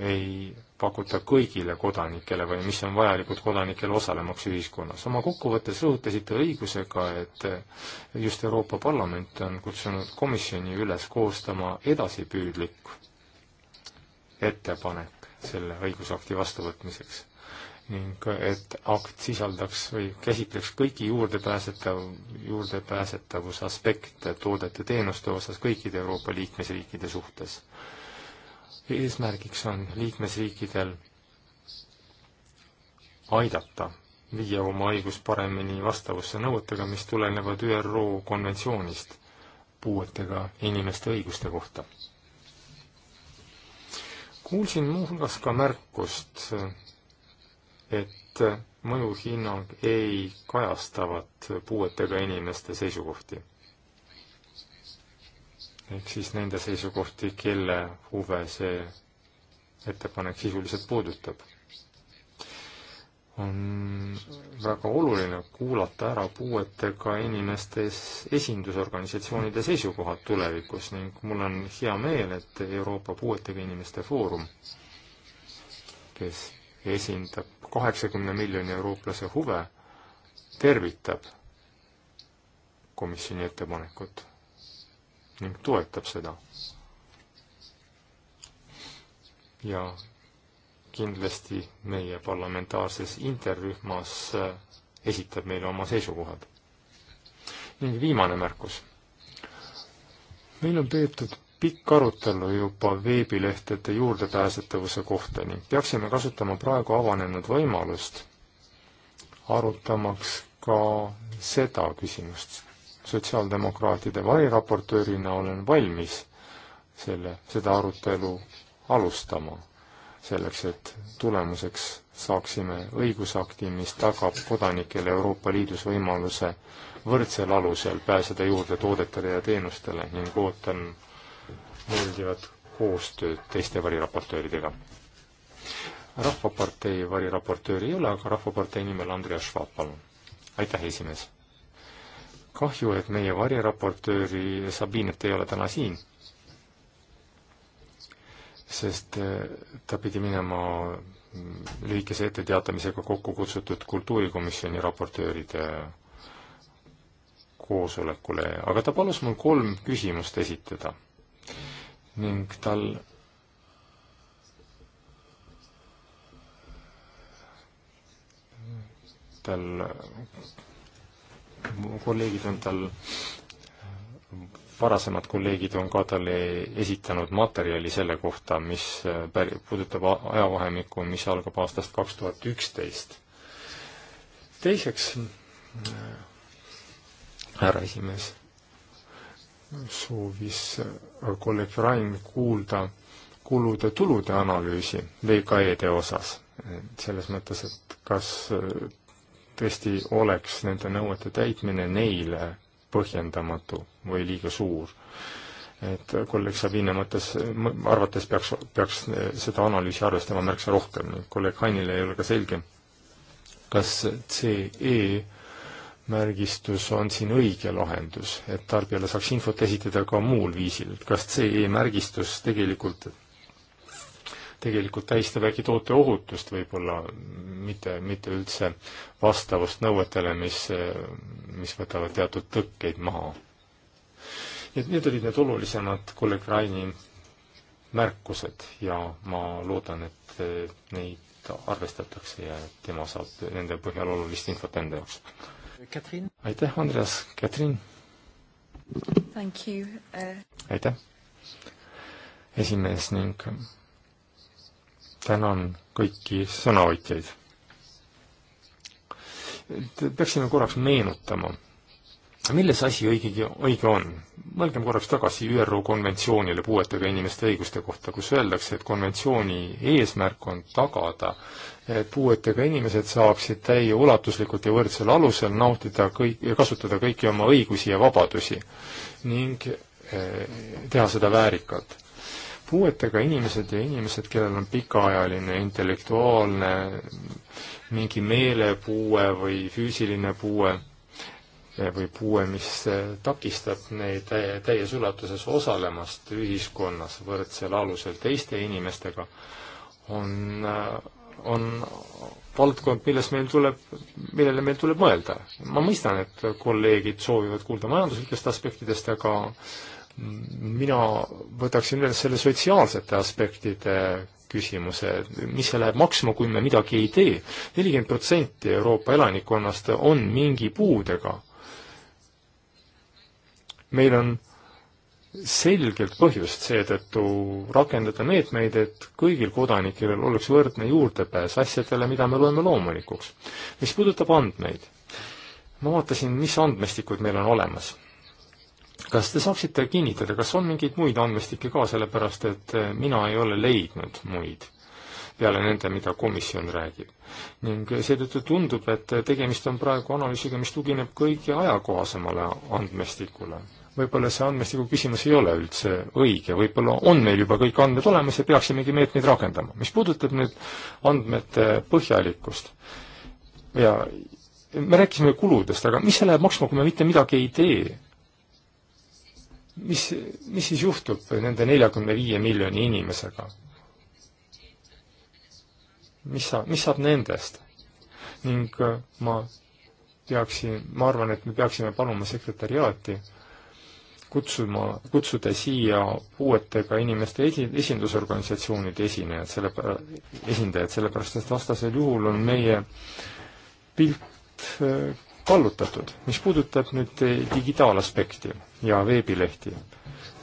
ei pakuta kõigile kodanikele või mis on vajalikud kodanikele osalemaks ühiskonnas. oma kokkuvõttes rõhutasite õigusega, et just Euroopa Parlament on kutsunud komisjoni üles koostama edasipüüdlik ettepanek selle õigusakti vastuvõtmiseks ning et akt sisaldaks või käsitleks kõiki juurdepääsetav, juurdepääsetavuse aspekte toodete-teenuste osas kõikide Euroopa liikmesriikide suhtes eesmärgiks on liikmesriikidel aidata viia oma õigus paremini vastavusse nõuetega, mis tulenevad ÜRO konventsioonist puuetega inimeste õiguste kohta. kuulsin muuhulgas ka märkust, et mõjuhinnang ei kajastavat puuetega inimeste seisukohti ehk siis nende seisukohti, kelle huve see ettepanek sisuliselt puudutab. on väga oluline kuulata ära puuetega inimestes esindusorganisatsioonide seisukohad tulevikus ning mul on hea meel, et Euroopa Puuetega Inimeste Foorum, kes esindab kaheksakümne miljoni eurooplase huve, tervitab komisjoni ettepanekut ning toetab seda. ja kindlasti meie parlamentaarses interrühmas äh, esitab meile oma seisukohad. ning viimane märkus. meil on peetud pikk arutelu juba veebilehtede juurdepääsetavuse kohta ning peaksime kasutama praegu avanenud võimalust arutamaks ka seda küsimust sotsiaaldemokraatide variraportöörina olen valmis selle, seda arutelu alustama, selleks et tulemuseks saaksime õigusakti, mis tagab kodanikele Euroopa Liidus võimaluse võrdsel alusel pääseda juurde toodetele ja teenustele ning ootan meeldivat koostööd teiste variraportööridega. rahvapartei variraportööri ei ole, aga Rahvapartei nimel Andreas Schwab, palun. aitäh, esimees! kahju, et meie variraportööri Sabinet ei ole täna siin, sest äh, ta pidi minema mm, lühikese etteteatamisega kokku kutsutud kultuurikomisjoni raportööride koosolekule, aga ta palus mul kolm küsimust esitada ning tal tal kolleegid on tal, varasemad kolleegid on ka talle esitanud materjali selle kohta, mis äh, päri-, puudutab ajavahemikku, mis algab aastast kaks tuhat üksteist. teiseks, äh, härra esimees, soovis äh, kolleeg Rain kuulda kulude-tulude analüüsi VKE-de osas selles mõttes, et kas tõesti oleks nende nõuete täitmine neile põhjendamatu või liiga suur. et kolleeg Sabine mõttes, arvates peaks, peaks seda analüüsi arvestama märksa rohkem, kolleeg Hainile ei ole ka selge, kas CE märgistus on siin õige lahendus, et tarbijale saaks infot esitada ka muul viisil, et kas CE märgistus tegelikult tegelikult tähistab äkki toote ohutust võib-olla, mitte, mitte üldse vastavust nõuetele, mis, mis võtavad teatud tõkkeid maha. nii et need olid need olulisemad kolleeg Raini märkused ja ma loodan, et neid arvestatakse ja tema saab nende põhjal olulist infot enda jaoks. aitäh, Andreas, Katrin! Uh, aitäh, esimees ning tänan kõiki sõnavõtjaid. peaksime korraks meenutama, milles asi õigegi, õige on. mõelgem korraks tagasi ÜRO konventsioonile puuetega inimeste õiguste kohta, kus öeldakse, et konventsiooni eesmärk on tagada, et puuetega inimesed saaksid täie ulatuslikult ja võrdsel alusel nautida kõik ja kasutada kõiki oma õigusi ja vabadusi ning eh, teha seda väärikalt puuetega inimesed ja inimesed, kellel on pikaajaline intellektuaalne mingi meelepuue või füüsiline puue eh, või puue, mis eh, takistab neid täies ulatuses osalemast ühiskonnas võrdsel alusel teiste inimestega, on, eh, on valdkond, milles meil tuleb, millele meil tuleb mõelda. ma mõistan, et kolleegid soovivad kuulda majanduslikest aspektidest, aga mina võtaksin üles selle sotsiaalsete aspektide küsimuse, mis see läheb maksma, kui me midagi ei tee. nelikümmend protsenti Euroopa elanikkonnast on mingi puudega. meil on selgelt põhjust seetõttu rakendada meetmeid, et kõigil kodanikel oleks võrdne juurdepääs asjadele, mida me loeme loomulikuks. mis puudutab andmeid, ma vaatasin, mis andmestikud meil on olemas kas te saaksite kinnitada, kas on mingeid muid andmestikke ka, sellepärast et eh, mina ei ole leidnud muid peale nende, mida komisjon räägib. ning seetõttu tundub, et tegemist on praegu analüüsiga, mis tugineb kõige ajakohasemale andmestikule. võib-olla see andmestiku küsimus ei ole üldse õige, võib-olla on meil juba kõik andmed olemas ja peaksimegi meetmeid rakendama. mis puudutab nüüd andmete põhjalikkust ja me rääkisime kuludest, aga mis see läheb maksma, kui me mitte midagi ei tee? mis, mis siis juhtub nende neljakümne viie miljoni inimesega? mis saab, mis saab nendest? ning äh, ma peaksin, ma arvan, et me peaksime paluma sekretäriaati kutsuma, kutsuda siia puuetega inimeste esi-, esindusorganisatsioonide esinejad, selle, esindajad, sellepärast et vastasel juhul on meie pilt äh, kallutatud. mis puudutab nüüd digitaalaspekti ja veebilehti,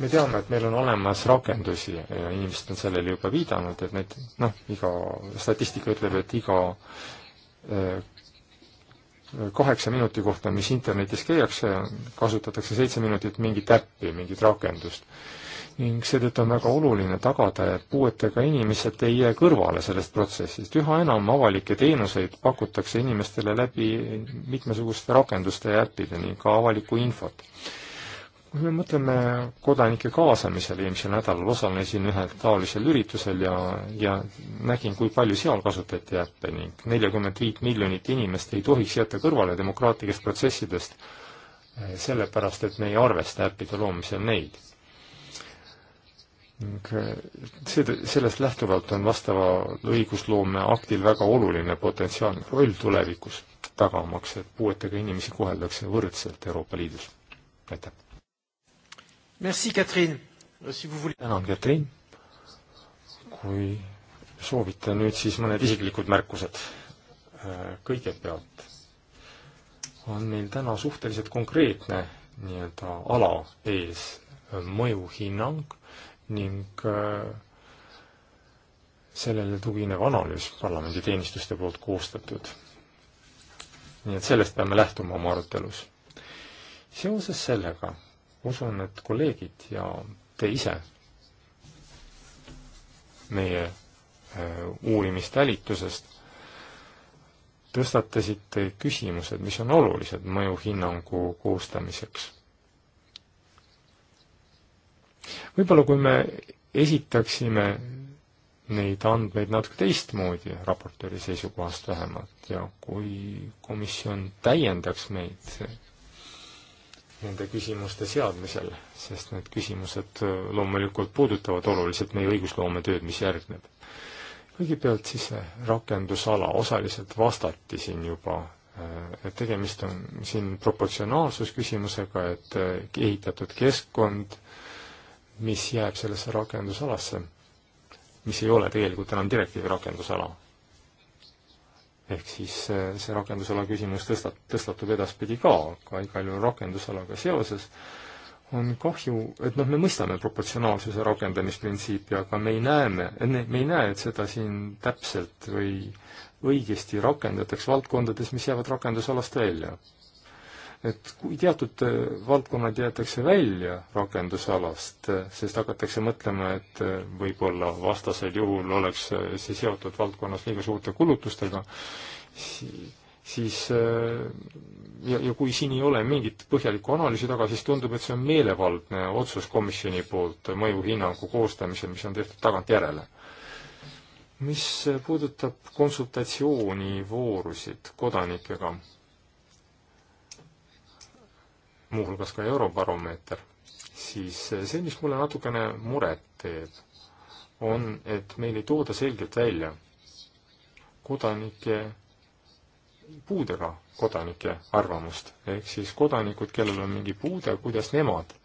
me teame, et meil on olemas rakendusi ja inimesed on sellele juba viidanud, et need noh, iga, statistika ütleb, et iga äh, kaheksa minuti kohta, mis internetis käiakse, kasutatakse seitse minutit mingit äppi, mingit rakendust ning seetõttu on väga oluline tagada, et puuetega inimesed ei jää kõrvale sellest protsessist. üha enam avalikke teenuseid pakutakse inimestele läbi mitmesuguste rakenduste ja äppide ning ka avalikku infot. kui me mõtleme kodanike kaasamisele, eelmisel nädalal osalesin ühel taolisel üritusel ja, ja nägin, kui palju seal kasutati äppe ning nelikümmend viit miljonit inimest ei tohiks jätta kõrvale demokraatlikest protsessidest, eh, sellepärast et me ei arvesta äppide loomisel neid ning eh, seda, sellest lähtuvalt on vastaval õigusloome aktil väga oluline potentsiaalne nagu roll tulevikus, tagamaks, et puuetega inimesi koheldakse võrdselt Euroopa Liidus. aitäh! Merci, Katrin! Euh, tänan, Katrin! kui soovite nüüd siis mõned isiklikud märkused. Eh, kõigepealt on meil täna suhteliselt konkreetne nii-öelda ala ees eh, mõjuhinnang ning äh, sellele tuginev analüüs parlamenditeenistuste poolt koostatud. nii et sellest peame lähtuma oma arutelus. seoses sellega usun, et kolleegid ja te ise, meie äh, uurimistalitusest, tõstatasite küsimused, mis on olulised mõjuhinnangu koostamiseks võib-olla kui me esitaksime neid andmeid natuke teistmoodi, raportööri seisukohast vähemalt, ja kui komisjon täiendaks meid nende küsimuste seadmisel, sest need küsimused loomulikult puudutavad oluliselt meie õigusloome tööd, mis järgneb. kõigepealt siis rakendusala, osaliselt vastati siin juba, et tegemist on siin proportsionaalsusküsimusega, et ehitatud keskkond äh, mis jääb sellesse rakendusalasse, mis ei ole tegelikult enam direktiivi rakendusala. ehk siis eh, see rakendusala küsimus tõstab, tõstatub edaspidi ka, aga igal juhul rakendusalaga seoses on kahju, et noh, me mõistame proportsionaalsuse rakendamisprintsiipi, aga me ei näeme, me ei näe, et seda siin täpselt või õigesti rakendatakse valdkondades, mis jäävad rakendusalast välja et kui teatud äh, valdkonnad jäetakse välja rakendusalast, äh, sest hakatakse mõtlema, et äh, võib-olla vastasel juhul oleks see seotud valdkonnas liiga suurte kulutustega, siis ja, ja kui siin ei ole mingit põhjalikku analüüsi taga, siis tundub, et see on meelevaldne otsus komisjoni poolt mõjuhinnangu koostamisel, mis on tehtud tagantjärele mis puudutab konsultatsioonivoorusid kodanikega, muuhulgas ka Eurobaromeeter, siis see, mis mulle natukene muret teeb, on, et meil ei tooda selgelt välja kodanike, puudega kodanike arvamust. ehk siis kodanikud, kellel on mingi puude, kuidas nemad,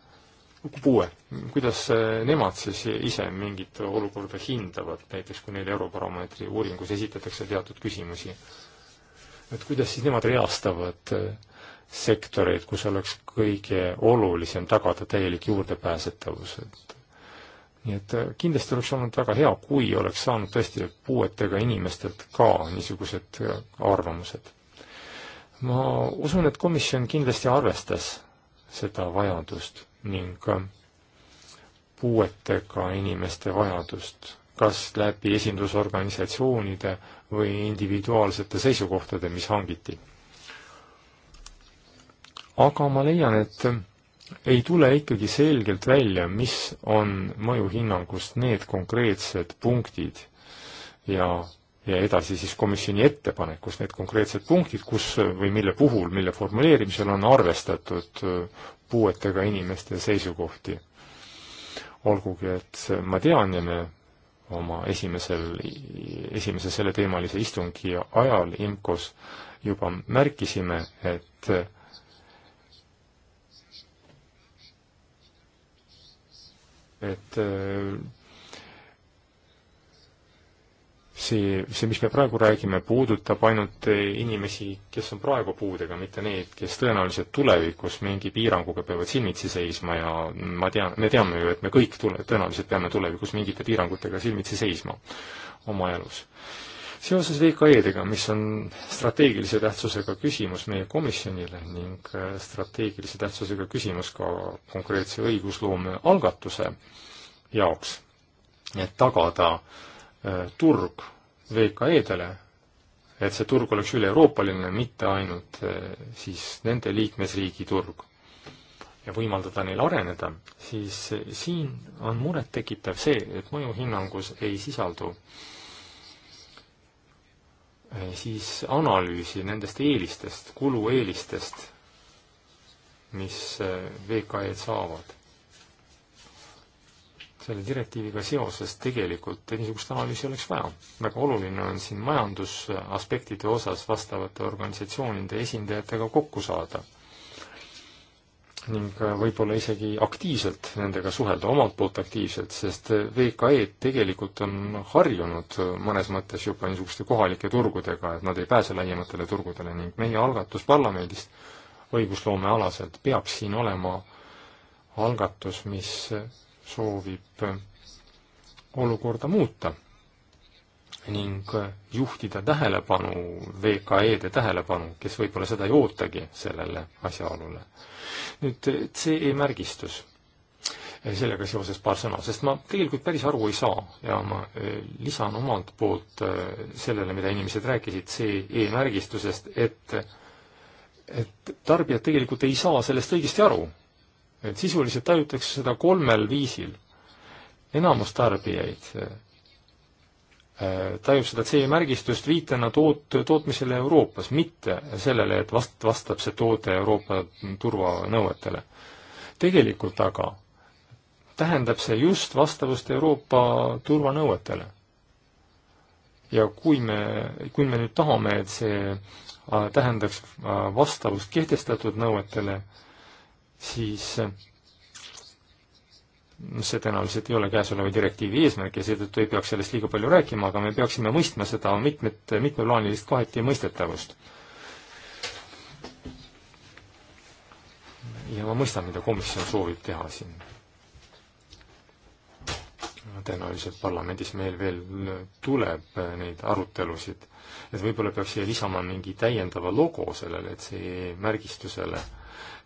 puue, kuidas äh, nemad siis ise mingit olukorda hindavad, näiteks kui neil Eurobaromeetri uuringus esitatakse teatud küsimusi. et kuidas siis nemad reastavad äh, sektoreid, kus oleks kõige olulisem tagada täielik juurdepääsetavus, et nii et äh, kindlasti oleks olnud väga hea, kui oleks saanud tõesti puuetega inimestelt ka niisugused äh, arvamused. ma usun, et komisjon kindlasti arvestas seda vajadust ning äh, puuetega inimeste vajadust kas läbi esindusorganisatsioonide või individuaalsete seisukohtade, mis hangiti aga ma leian, et ei tule ikkagi selgelt välja, mis on mõjuhinnangust need konkreetsed punktid ja, ja edasi siis komisjoni ettepanekus need konkreetsed punktid, kus või mille puhul, mille formuleerimisel on arvestatud puuetega inimeste seisukohti. olgugi, et ma tean ja me oma esimesel, esimese selleteemalise istungi ajal IMCO-s juba märkisime, et et äh, see, see, mis me praegu räägime, puudutab ainult äh, inimesi, kes on praegu puudega, mitte neid, kes tõenäoliselt tulevikus mingi piiranguga peavad silmitsi seisma ja ma tean, me teame ju, et me kõik tule-, tõenäoliselt peame tulevikus mingite piirangutega silmitsi seisma oma elus seoses VKE-dega, mis on strateegilise tähtsusega küsimus meie komisjonile ning äh, strateegilise tähtsusega küsimus ka konkreetse õigusloome algatuse jaoks, et tagada äh, turg VKE-dele, et see turg oleks üle-euroopaline, mitte ainult äh, siis nende liikmesriigi turg ja võimaldada neil areneda, siis siin on murettekitav see, et mõjuhinnangus ei sisaldu äh, Äh, siis analüüsi nendest eelistest, kulueelistest, mis äh, VKE-d saavad. selle direktiiviga seoses tegelikult niisugust analüüsi oleks vaja. väga oluline on siin majandusaspektide osas vastavate organisatsioonide esindajatega kokku saada ning võib-olla isegi aktiivselt nendega suhelda, omalt poolt aktiivselt, sest VKE-d tegelikult on harjunud mõnes mõttes juba niisuguste kohalike turgudega, et nad ei pääse laiematele turgudele ning meie algatus parlamendist õigusloomealaselt peab siin olema algatus, mis soovib olukorda muuta ning juhtida tähelepanu, VKE-de tähelepanu, kes võib-olla seda ei ootagi, sellele asjaolule. nüüd CE-märgistus, sellega seoses paar sõna, sest ma tegelikult päris aru ei saa ja ma e, lisan omalt poolt e, sellele, mida inimesed rääkisid CE-märgistusest, et et tarbijad tegelikult ei saa sellest õigesti aru. et sisuliselt tajutakse seda kolmel viisil. enamus tarbijaid e, tajub seda CE-märgistust viitena toot-, tootmisele Euroopas, mitte sellele, et vast-, vastab see toode Euroopa turvanõuetele. tegelikult aga tähendab see just vastavust Euroopa turvanõuetele. ja kui me, kui me nüüd tahame, et see äh, tähendaks äh, vastavust kehtestatud nõuetele, siis see tõenäoliselt ei ole käesoleva direktiivi eesmärk ja seetõttu ei peaks sellest liiga palju rääkima, aga me peaksime mõistma seda mitmet, mitmeplaanilist kaheti mõistetavust. ja ma mõistan, mida komisjon soovib teha siin. tõenäoliselt parlamendis meil veel tuleb neid arutelusid, et võib-olla peaks siia lisama mingi täiendava logo sellele, et see märgistusele äh,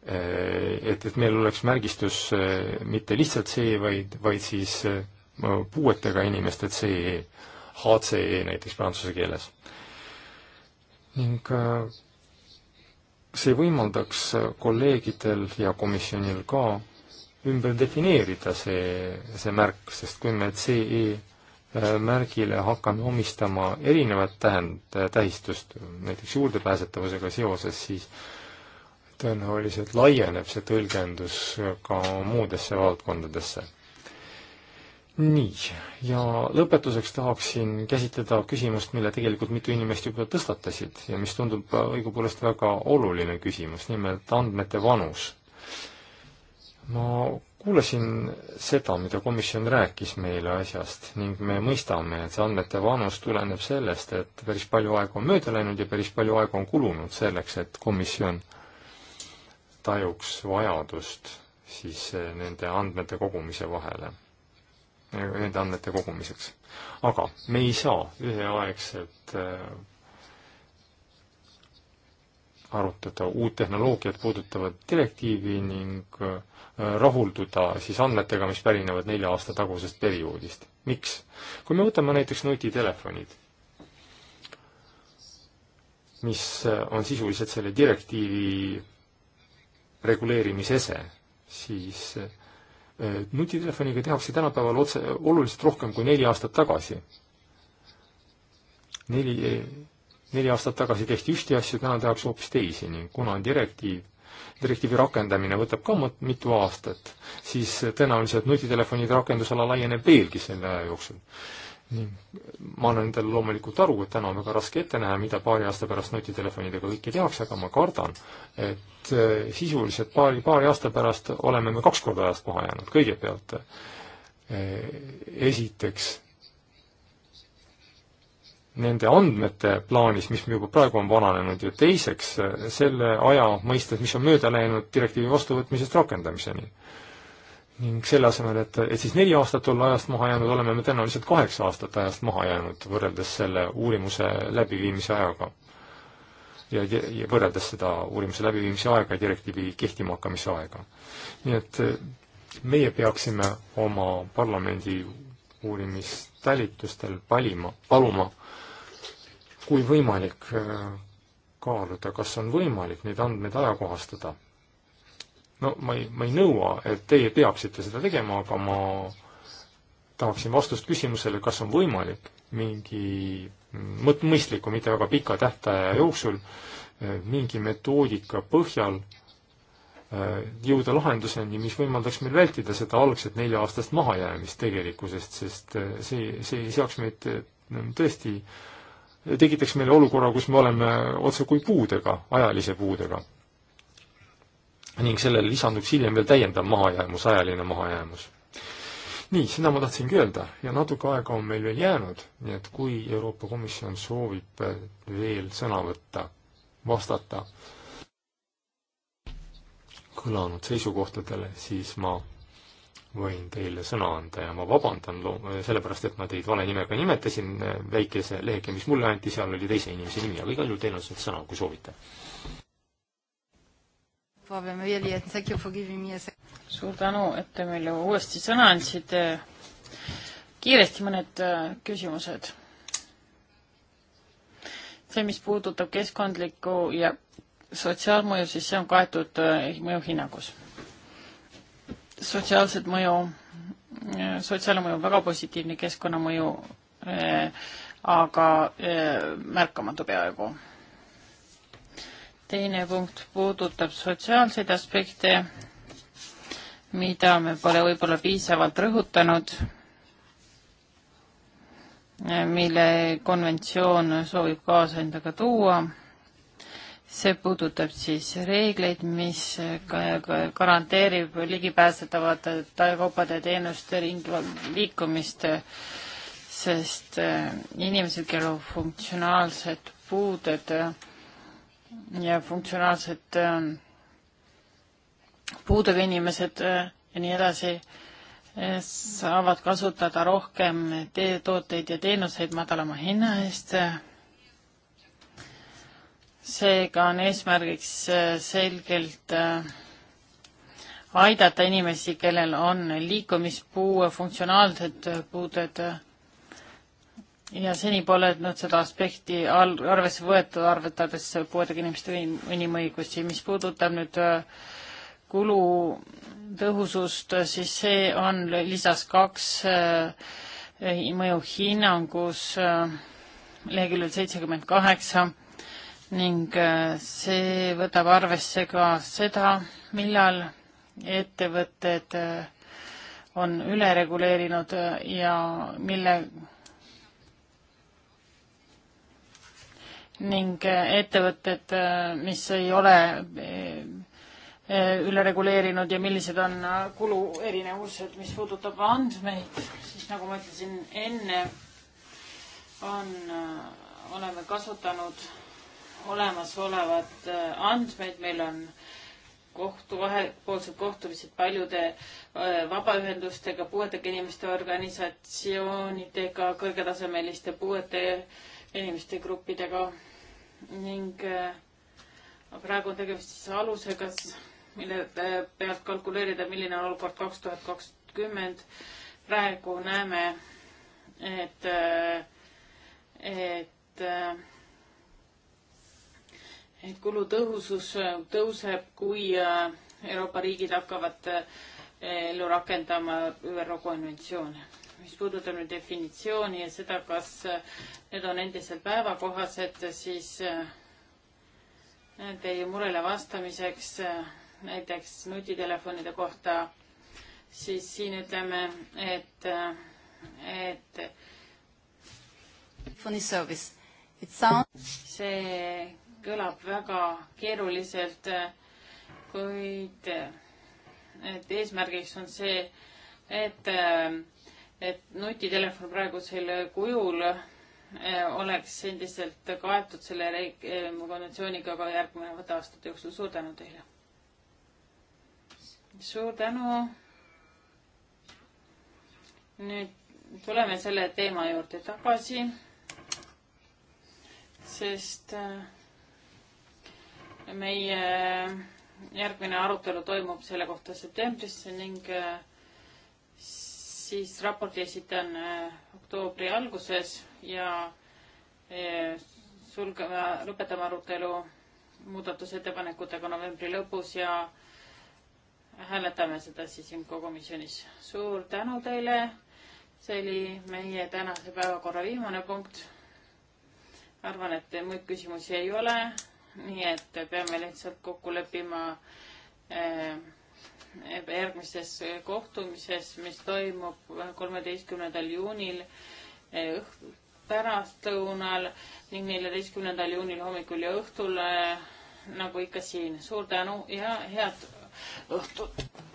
Äh, et, et meil oleks märgistus äh, mitte lihtsalt CE, vaid, vaid siis äh, puuetega inimeste CE, HCE näiteks prantsuse keeles. ning see võimaldaks kolleegidel ja komisjonil ka ümber defineerida see, see märk, sest kui me CE märgile hakkame omistama erinevat tähend, tähistust, näiteks juurdepääsetavusega seoses, siis äh, tõenäoliselt laieneb see tõlgendus ka muudesse valdkondadesse. nii, ja lõpetuseks tahaksin käsitleda küsimust, mille tegelikult mitu inimest juba tõstatasid ja mis tundub õigupoolest väga oluline küsimus, nimelt andmete vanus. ma kuulasin seda, mida komisjon rääkis meile asjast ning me mõistame, et see andmete vanus tuleneb sellest, et päris palju aega on mööda läinud ja päris palju aega on kulunud selleks, et komisjon äh, tajuks vajadust siis eh, nende andmete kogumise vahele, nende andmete kogumiseks. aga me ei saa üheaegselt eh, arutada uut tehnoloogiat puudutavat direktiivi ning eh, rahulduda siis andmetega, mis pärinevad nelja aasta tagusest perioodist. miks? kui me võtame näiteks nutitelefonid, mis on sisuliselt selle direktiivi reguleerimisese, siis eh, nutitelefoniga tehakse tänapäeval otse, oluliselt rohkem kui neli aastat tagasi. neli, neli aastat tagasi tehti ühte asju, täna tehakse hoopis teisi ning kuna on direktiiv, direktiivi rakendamine võtab ka mitu aastat, siis tõenäoliselt nutitelefonide rakendusala laieneb veelgi selle aja jooksul ma annan endale loomulikult aru, et täna on väga raske ette näha, mida paari aasta pärast nutitelefonidega kõike tehakse, aga ma kardan, et äh, sisuliselt paari, paari aasta pärast oleme me kaks korda ajast maha jäänud, kõigepealt äh, esiteks nende andmete plaanis, mis juba praegu on vananenud, ja teiseks äh, selle aja mõistes, mis on mööda läinud direktiivi vastuvõtmisest rakendamiseni ning selle asemel, et, et siis neli aastat olla ajast maha jäänud, oleme me tõenäoliselt kaheksa aastat ajast maha jäänud, võrreldes selle uurimuse läbiviimise ajaga. ja, ja võrreldes seda uurimuse läbiviimise aega ja direktiivi kehtima hakkamise aega. nii et meie peaksime oma parlamendi uurimistalitustel palima, paluma, kui võimalik, kaaluda, kas on võimalik neid andmeid ajakohastada no ma ei, ma ei nõua, et teie peaksite seda tegema, aga ma tahaksin vastust küsimusele, kas on võimalik mingi mõt-, mõistliku, mitte väga pika tähtaja jooksul eh, mingi metoodika põhjal eh, jõuda lahenduseni, mis võimaldaks meil vältida seda algset nelja-aastast mahajäämist tegelikkusest, sest eh, see, see ei seaks meid tõesti, tekitaks meile olukorra, kus me oleme otsekui puudega, ajalise puudega ning sellele lisanduks hiljem veel täiendav mahajäämus, ajaline mahajäämus. nii, seda ma tahtsingi öelda ja natuke aega on meil veel jäänud, nii et kui Euroopa Komisjon soovib äh, veel sõna võtta, vastata kõlanud seisukohtadele, siis ma võin teile sõna anda ja ma vabandan loo-, sellepärast, et ma teid vale nimega nimetasin, äh, väikese leheke, mis mulle anti, seal oli teise inimese nimi, aga igal juhul teil on sõna, kui soovite suur tänu, et te meile uuesti sõna andsite. kiiresti mõned äh, küsimused. see, mis puudutab keskkondlikku ja sotsiaalmõju, siis see on kaetud mõjuhinnangus. Äh, sotsiaalset mõju, äh, sotsiaalne mõju on väga positiivne, keskkonnamõju aga märkamatu peaaegu teine punkt puudutab sotsiaalseid aspekte, mida me pole võib-olla piisavalt rõhutanud, mille konventsioon soovib kaasa endaga tuua. see puudutab siis reegleid, mis garanteerib ligipääsetavate kaupade ja teenuste ringi liikumist, sest äh, inimesed, kellel on funktsionaalsed puuded, ja funktsionaalsed äh, puudega inimesed äh, ja nii edasi äh, saavad kasutada rohkem tooteid ja teenuseid madalama hinna eest. seega on eesmärgiks selgelt aidata inimesi, kellel on liikumispuue, funktsionaalsed puuded ja seni pole nad seda aspekti arvesse võetud, arvatades puuetega inimeste inimõigusi. mis puudutab nüüd äh, kulutõhusust, siis see on lisas kaks äh, mõjuhinnangus äh, leheküljel seitsekümmend kaheksa ning see võtab arvesse ka seda, millal ettevõtted on üle reguleerinud ja mille ning äh, ettevõtted, äh, mis ei ole äh, üle reguleerinud ja millised on kuluerinevused, mis puudutab andmeid, siis nagu ma ütlesin enne, on, oleme kasutanud olemasolevat andmeid, meil on kohtu, vahepoolsed kohtumised paljude vabaühendustega, puuetega inimeste organisatsioonidega, kõrgetasemeliste puuete inimeste gruppidega ning äh, praegu on tegemist siis alusega, mille äh, pealt kalkuleerida, milline on olukord kaks tuhat kakskümmend. praegu näeme, et, äh, et, et kulutõhusus tõuseb, kui Euroopa riigid hakkavad ellu rakendama ÜRO konventsioone mis puudutab nüüd definitsiooni ja seda, kas äh, need on endiselt päevakohased, siis äh, teie murele vastamiseks äh, näiteks nutitelefonide kohta, siis siin ütleme, et, et Funny service. It sounds... see kõlab väga keeruliselt, kuid et eesmärgiks on see, et et nutitelefon praegusel kujul eh, oleks endiselt kaetud selle eh, konventsiooniga ka järgnevate aastate jooksul. suur tänu teile. suur tänu. nüüd tuleme selle teema juurde tagasi, sest eh, meie järgmine arutelu toimub selle kohta septembris ning siis raporti esitan äh, oktoobri alguses ja äh, sulgeme, lõpetame arutelu muudatusettepanekutega novembri lõpus ja hääletame seda siis IMCO komisjonis. suur tänu teile. see oli meie tänase päevakorra viimane punkt. arvan, et muid küsimusi ei ole, nii et peame lihtsalt kokku leppima äh, järgmises kohtumises, mis toimub kolmeteistkümnendal juunil eh, õht-, pärastlõunal ning neljateistkümnendal juunil hommikul ja õhtul eh, nagu ikka siin. suur tänu ja head õhtut!